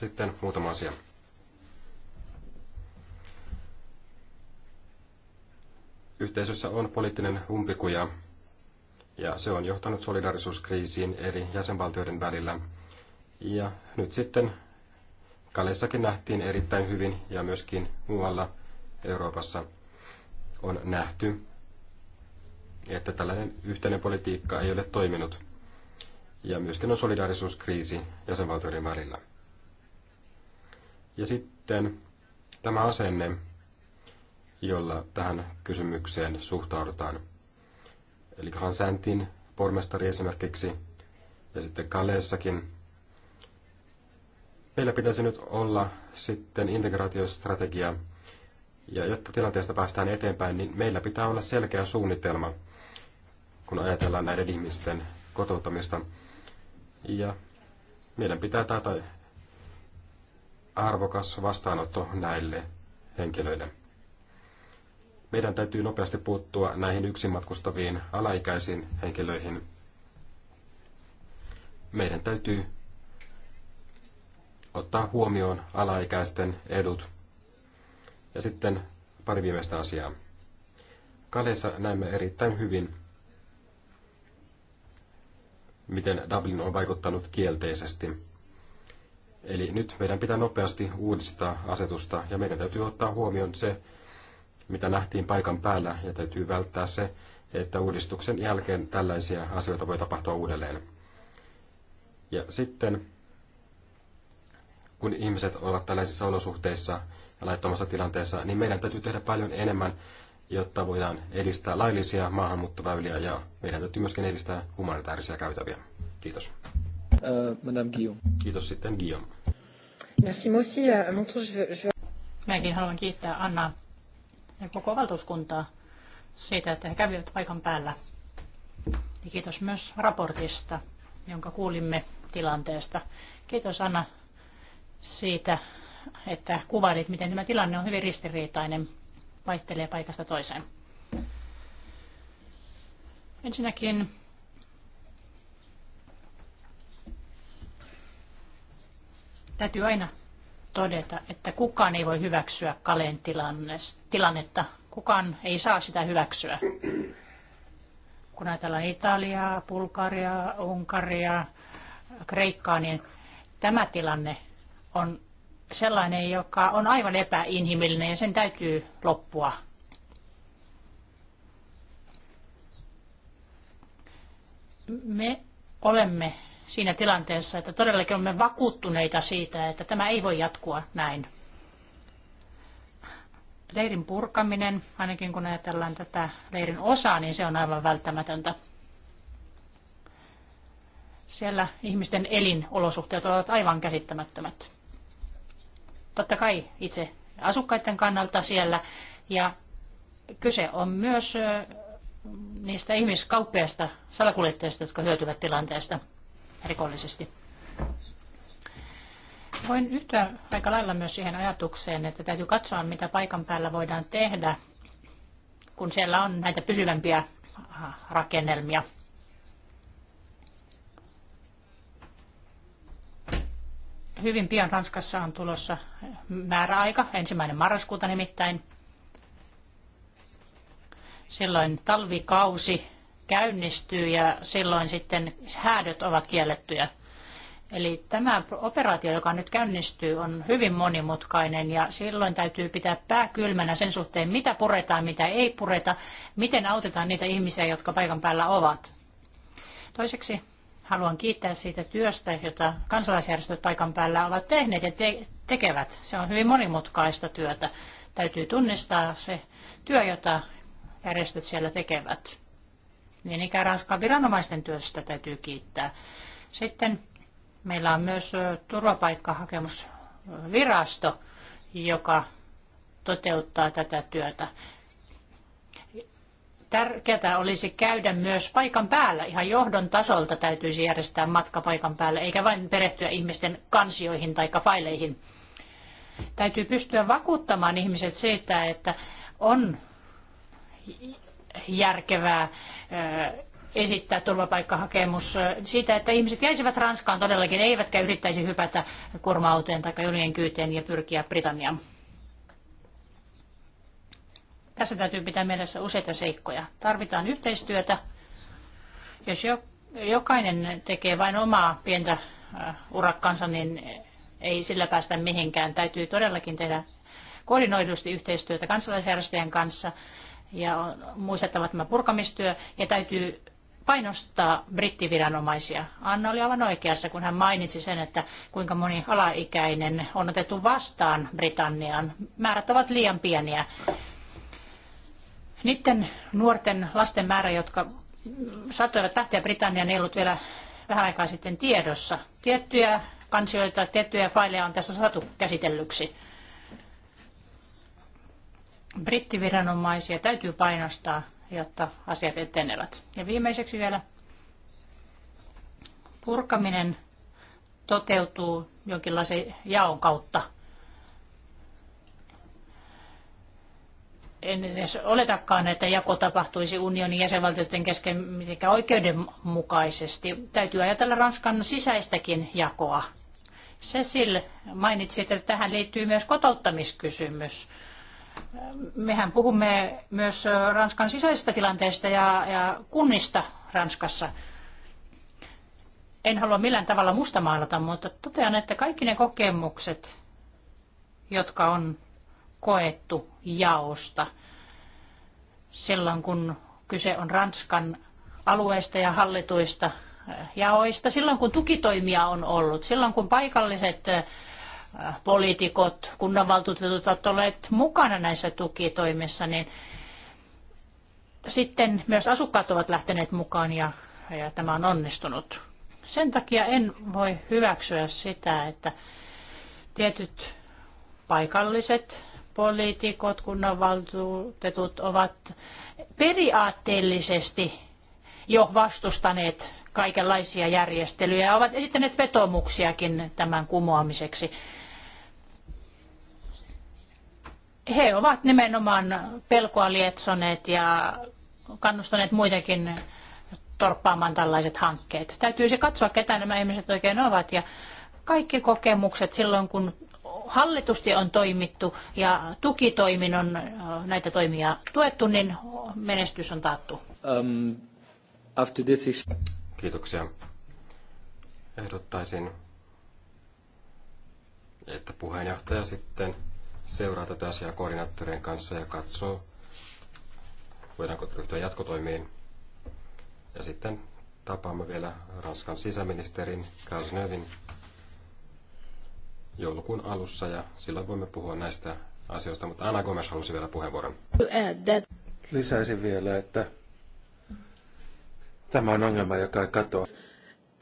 Sitten muutama asia. Yhteisössä on poliittinen umpikuja, ja se on johtanut solidarisuuskriisiin eri jäsenvaltioiden välillä. Ja nyt sitten Kalessakin nähtiin erittäin hyvin ja myöskin muualla Euroopassa – on nähty, että tällainen yhteinen politiikka ei ole toiminut, ja myöskin on solidaarisuuskriisi jäsenvaltioiden välillä. Ja sitten tämä asenne, jolla tähän kysymykseen suhtaudutaan. Eli Hansäntin pormestari esimerkiksi, ja sitten Kaleessakin. Meillä pitäisi nyt olla sitten integraatiostrategia, ja jotta tilanteesta päästään eteenpäin, niin meillä pitää olla selkeä suunnitelma, kun ajatellaan näiden ihmisten kotouttamista. Ja meidän pitää taata arvokas vastaanotto näille henkilöille. Meidän täytyy nopeasti puuttua näihin yksimatkustaviin alaikäisiin henkilöihin. Meidän täytyy ottaa huomioon alaikäisten edut ja sitten pari viimeistä asiaa. Kaleissa näemme erittäin hyvin, miten Dublin on vaikuttanut kielteisesti. Eli nyt meidän pitää nopeasti uudistaa asetusta ja meidän täytyy ottaa huomioon se, mitä nähtiin paikan päällä ja täytyy välttää se, että uudistuksen jälkeen tällaisia asioita voi tapahtua uudelleen. Ja sitten kun ihmiset ovat tällaisissa olosuhteissa ja laittomassa tilanteessa, niin meidän täytyy tehdä paljon enemmän, jotta voidaan edistää laillisia maahanmuuttoväyliä ja meidän täytyy myöskin edistää humanitaarisia käytäviä. Kiitos. Uh, Madame Guillaume. Kiitos sitten Guillaume. Merci, moi aussi. Je... Minäkin haluan kiittää Anna ja koko valtuuskuntaa siitä, että he kävivät paikan päällä. Ja kiitos myös raportista, jonka kuulimme tilanteesta. Kiitos Anna siitä, että kuvailit, miten tämä tilanne on hyvin ristiriitainen, vaihtelee paikasta toiseen. Ensinnäkin täytyy aina todeta, että kukaan ei voi hyväksyä Kaleen tilannetta. Kukaan ei saa sitä hyväksyä. Kun ajatellaan Italiaa, Bulgariaa, Unkaria, Kreikkaa, niin tämä tilanne on sellainen, joka on aivan epäinhimillinen ja sen täytyy loppua. Me olemme siinä tilanteessa, että todellakin olemme vakuuttuneita siitä, että tämä ei voi jatkua näin. Leirin purkaminen, ainakin kun ajatellaan tätä leirin osaa, niin se on aivan välttämätöntä. Siellä ihmisten elinolosuhteet ovat aivan käsittämättömät totta kai itse asukkaiden kannalta siellä. Ja kyse on myös niistä ihmiskauppiaista salakuljettajista, jotka hyötyvät tilanteesta rikollisesti. Voin yhtyä aika lailla myös siihen ajatukseen, että täytyy katsoa, mitä paikan päällä voidaan tehdä, kun siellä on näitä pysyvämpiä rakennelmia – hyvin pian Ranskassa on tulossa määräaika, ensimmäinen marraskuuta nimittäin. Silloin talvikausi käynnistyy ja silloin sitten häädöt ovat kiellettyjä. Eli tämä operaatio, joka nyt käynnistyy, on hyvin monimutkainen ja silloin täytyy pitää pää kylmänä sen suhteen, mitä puretaan, mitä ei pureta, miten autetaan niitä ihmisiä, jotka paikan päällä ovat. Toiseksi Haluan kiittää siitä työstä, jota kansalaisjärjestöt paikan päällä ovat tehneet ja te- tekevät. Se on hyvin monimutkaista työtä. Täytyy tunnistaa se työ, jota järjestöt siellä tekevät. Niin ikään Ranskan viranomaisten työstä täytyy kiittää. Sitten meillä on myös turvapaikkahakemusvirasto, joka toteuttaa tätä työtä. Tärkeää olisi käydä myös paikan päällä. Ihan johdon tasolta täytyisi järjestää matka paikan päälle, eikä vain perehtyä ihmisten kansioihin tai faileihin. Täytyy pystyä vakuuttamaan ihmiset siitä, että on järkevää esittää turvapaikkahakemus siitä, että ihmiset jäisivät Ranskaan todellakin, eivätkä yrittäisi hypätä kuorma-autojen tai junien kyyteen ja pyrkiä Britanniaan. Tässä täytyy pitää mielessä useita seikkoja. Tarvitaan yhteistyötä. Jos jokainen tekee vain omaa pientä äh, urakkansa, niin ei sillä päästä mihinkään. Täytyy todellakin tehdä koordinoidusti yhteistyötä kansalaisjärjestöjen kanssa ja on muistettava tämä purkamistyö ja täytyy painostaa brittiviranomaisia. Anna oli aivan oikeassa, kun hän mainitsi sen, että kuinka moni alaikäinen on otettu vastaan Britanniaan. Määrät ovat liian pieniä. Niiden nuorten lasten määrä, jotka saattoivat lähteä Britanniaan, ei ollut vielä vähän aikaa sitten tiedossa. Tiettyjä kansioita, tiettyjä faileja on tässä saatu käsitellyksi. Brittiviranomaisia täytyy painostaa, jotta asiat etenevät. Ja viimeiseksi vielä purkaminen toteutuu jonkinlaisen jaon kautta. en edes oletakaan, että jako tapahtuisi unionin jäsenvaltioiden kesken mitenkään oikeudenmukaisesti. Täytyy ajatella Ranskan sisäistäkin jakoa. Cecil mainitsi, että tähän liittyy myös kotouttamiskysymys. Mehän puhumme myös Ranskan sisäisestä tilanteesta ja, ja kunnista Ranskassa. En halua millään tavalla mustamaalata, mutta totean, että kaikki ne kokemukset, jotka on koettu jaosta silloin, kun kyse on Ranskan alueista ja hallituista eh, jaoista, silloin kun tukitoimia on ollut, silloin kun paikalliset eh, poliitikot, kunnanvaltuutetut ovat olleet mukana näissä tukitoimissa, niin sitten myös asukkaat ovat lähteneet mukaan ja, ja tämä on onnistunut. Sen takia en voi hyväksyä sitä, että tietyt paikalliset poliitikot, kunnanvaltuutetut ovat periaatteellisesti jo vastustaneet kaikenlaisia järjestelyjä ja ovat esittäneet vetomuksiakin tämän kumoamiseksi. He ovat nimenomaan pelkoa lietsoneet ja kannustaneet muitakin torppaamaan tällaiset hankkeet. Täytyy se katsoa, ketä nämä ihmiset oikein ovat ja kaikki kokemukset silloin, kun hallitusti on toimittu ja tukitoimin on äh, näitä toimia tuettu, niin menestys on taattu. Um, after this is... Kiitoksia. Ehdottaisin, että puheenjohtaja sitten seuraa tätä asiaa koordinaattorien kanssa ja katsoo, voidaanko ryhtyä jatkotoimiin. Ja sitten tapaamme vielä Ranskan sisäministerin Krasnövin joulukuun alussa ja silloin voimme puhua näistä asioista, mutta Anna Gomes halusi vielä puheenvuoron. Lisäisin vielä, että tämä on ongelma, joka ei katoa.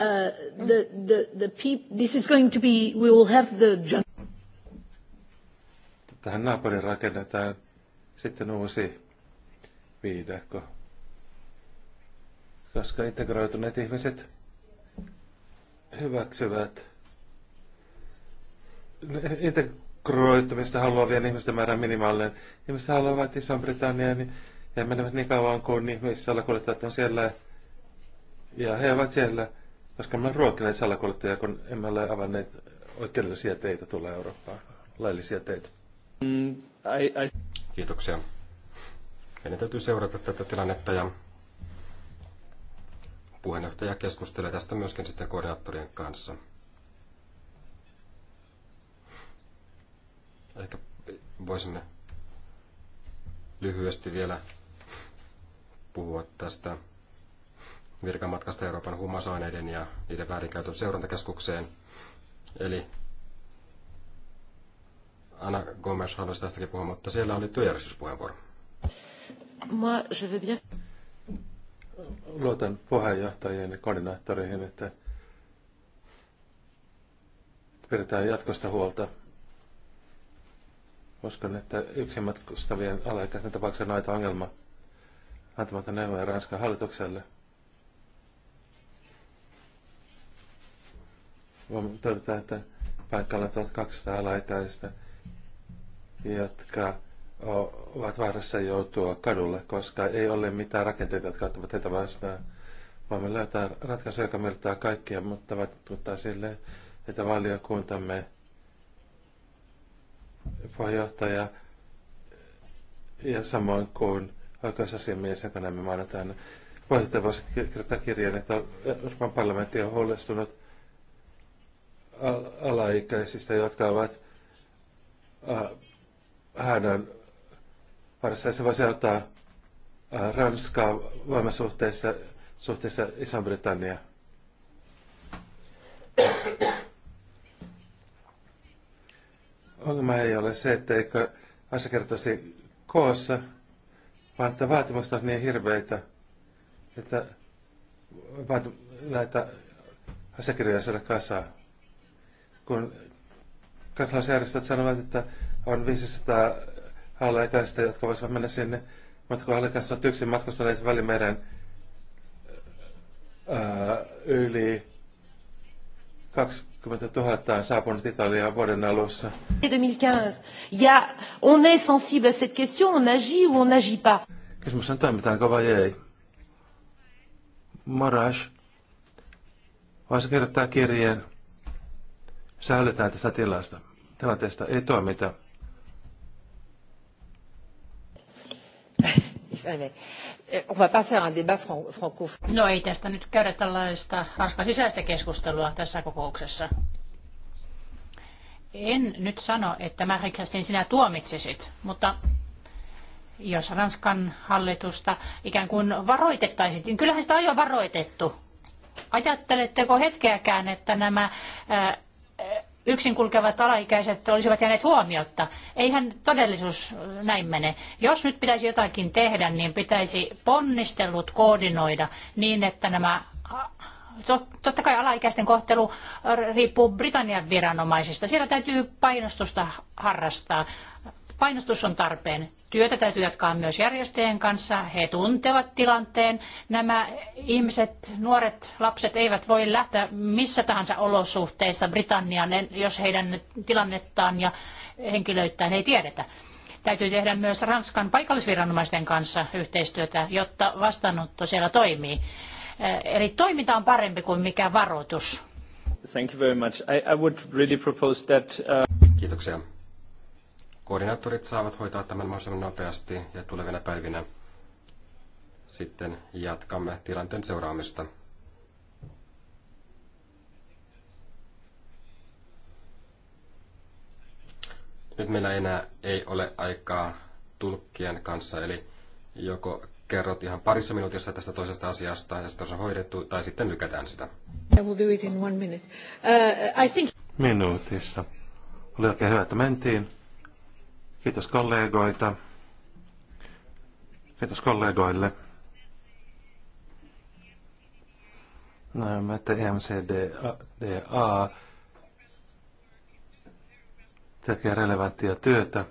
Uh, the, the, the peep, this is going to be, we will have the Tähän naapuriin rakennetaan sitten uusi viidakko. Koska integroituneet ihmiset hyväksyvät integroitumista haluavien ihmisten määrä minimaalinen. Ihmiset haluavat Iso-Britannian ja menevät niin kauan kuin salakuljettajat on siellä. Ja he ovat siellä, koska me ruokineet salakuljettajia, kun emme ole avanneet oikeudellisia teitä tulla Eurooppaan, laillisia teitä. Mm, I, I... Kiitoksia. Meidän täytyy seurata tätä tilannetta ja puheenjohtaja keskustelee tästä myöskin sitten koordinaattorien kanssa. Ehkä voisimme lyhyesti vielä puhua tästä virkamatkasta Euroopan huumausaineiden ja niiden väärinkäytön seurantakeskukseen. Eli Anna Gomes haluaisi tästäkin puhua, mutta siellä oli työjärjestyspuheenvuoro. Luotan puheenjohtajien ja koordinaattoreihin, että vedetään jatkosta huolta. Uskon, että yksin matkustavien alaikäisten tapauksessa on aito ongelma antamatta neuvoja Ranskan hallitukselle. Voimme todeta, että paikalla 1200 alaikäistä, jotka ovat vaarassa joutua kadulle, koska ei ole mitään rakenteita, jotka ottavat heitä vastaan. Voimme löytää ratkaisuja, joka miellyttää kaikkia, mutta vaikuttaa sille, että valiokuntamme puheenjohtaja ja samoin kuin oikeusasiamies, joka näemme maanantaina. Puheenjohtaja voisi kirjoittaa kirjan, että Euroopan parlamentti on huolestunut al- alaikäisistä, jotka ovat äh, hänen varassa. Se voisi auttaa äh, Ranskaa voimasuhteessa suhteessa Iso-Britanniaan. Ongelma ei ole se, että eikö asiakertaisi koossa, vaan että vaatimukset ovat niin hirveitä, että vaat, näitä asiakirjoja saada kasaan. Kun kansalaisjärjestöt sanovat, että on 500 alaikäistä, jotka voisivat mennä sinne, mutta kun alaikäiset ovat yksin matkustaneet välimeren ää, yli, 20 000 on saapunut Italiaan vuoden alussa. 2015. Ja, on est sensible à cette question, on agit ou on n'agit pas. Kysymys on toimitaanko vai ei. Marash, vaan se kirjoittaa kirjeen. Sählytään tästä tilasta. Tilanteesta ei toimita. Eh, on va pas faire un débat franco. No ei tästä nyt käydä tällaista Ranskan sisäistä keskustelua tässä kokouksessa. En nyt sano, että mä Märikästin sinä tuomitsisit, mutta jos Ranskan hallitusta ikään kuin varoitettaisiin, niin kyllähän sitä on jo varoitettu. Ajatteletteko hetkeäkään, että nämä ää, yksin kulkevat alaikäiset olisivat jääneet huomiotta. Eihän todellisuus näin mene. Jos nyt pitäisi jotakin tehdä, niin pitäisi ponnistelut koordinoida niin, että nämä totta kai alaikäisten kohtelu riippuu Britannian viranomaisista. Siellä täytyy painostusta harrastaa. Painostus on tarpeen. Työtä täytyy jatkaa myös järjestöjen kanssa. He tuntevat tilanteen. Nämä ihmiset, nuoret lapset eivät voi lähteä missä tahansa olosuhteissa Britanniaan, jos heidän tilannettaan ja henkilöittään ei tiedetä. Täytyy tehdä myös Ranskan paikallisviranomaisten kanssa yhteistyötä, jotta vastaanotto siellä toimii. Eh, eli toiminta on parempi kuin mikä varoitus. Thank you very much. I, I would really propose that, uh... Kiitoksia koordinaattorit saavat hoitaa tämän mahdollisimman nopeasti ja tulevina päivinä sitten jatkamme tilanteen seuraamista. Nyt meillä enää ei ole aikaa tulkkien kanssa, eli joko kerrot ihan parissa minuutissa tästä toisesta asiasta ja sitten se on hoidettu, tai sitten lykätään sitä. Uh, minuutissa. Oli oikein hyvä, että mentiin. Kiitos kollegoita. Kiitos kollegoille. Näemme, että EMCDA tekee relevanttia työtä.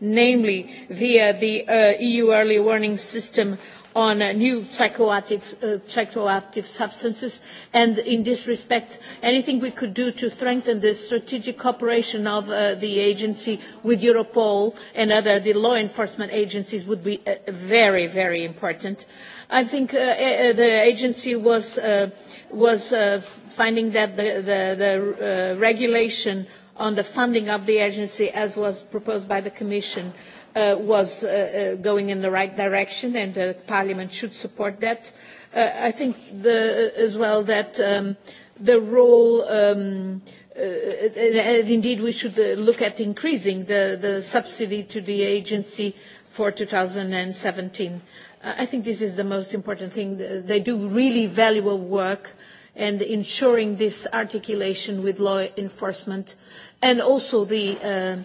Namely via the uh, EU early warning system on uh, new psychoactive, uh, psychoactive substances. And in this respect, anything we could do to strengthen the strategic cooperation of uh, the agency with Europol and other the law enforcement agencies would be uh, very, very important. I think uh, uh, the agency was, uh, was uh, finding that the, the, the uh, regulation on the funding of the agency, as was proposed by the Commission, uh, uh, was uh, uh, going in the right direction, and the Parliament should support that. Uh, I think the, uh, as well that um, the role, um, uh, uh and indeed we should uh, look at increasing the, the subsidy to the agency for 2017. Uh, I think this is the most important thing. They do really valuable work and ensuring this articulation with law enforcement and also the uh,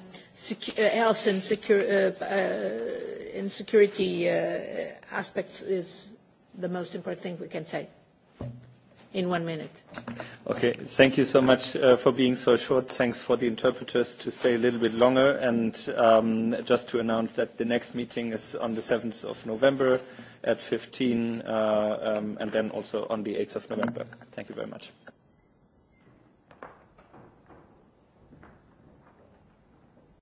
Uh, health and, uh, uh, and security uh, aspects is the most important thing we can say in one minute. Okay, thank you so much uh, for being so short. Thanks for the interpreters to stay a little bit longer. And um, just to announce that the next meeting is on the 7th of November at 15, uh, um, and then also on the 8th of November. Thank you very much.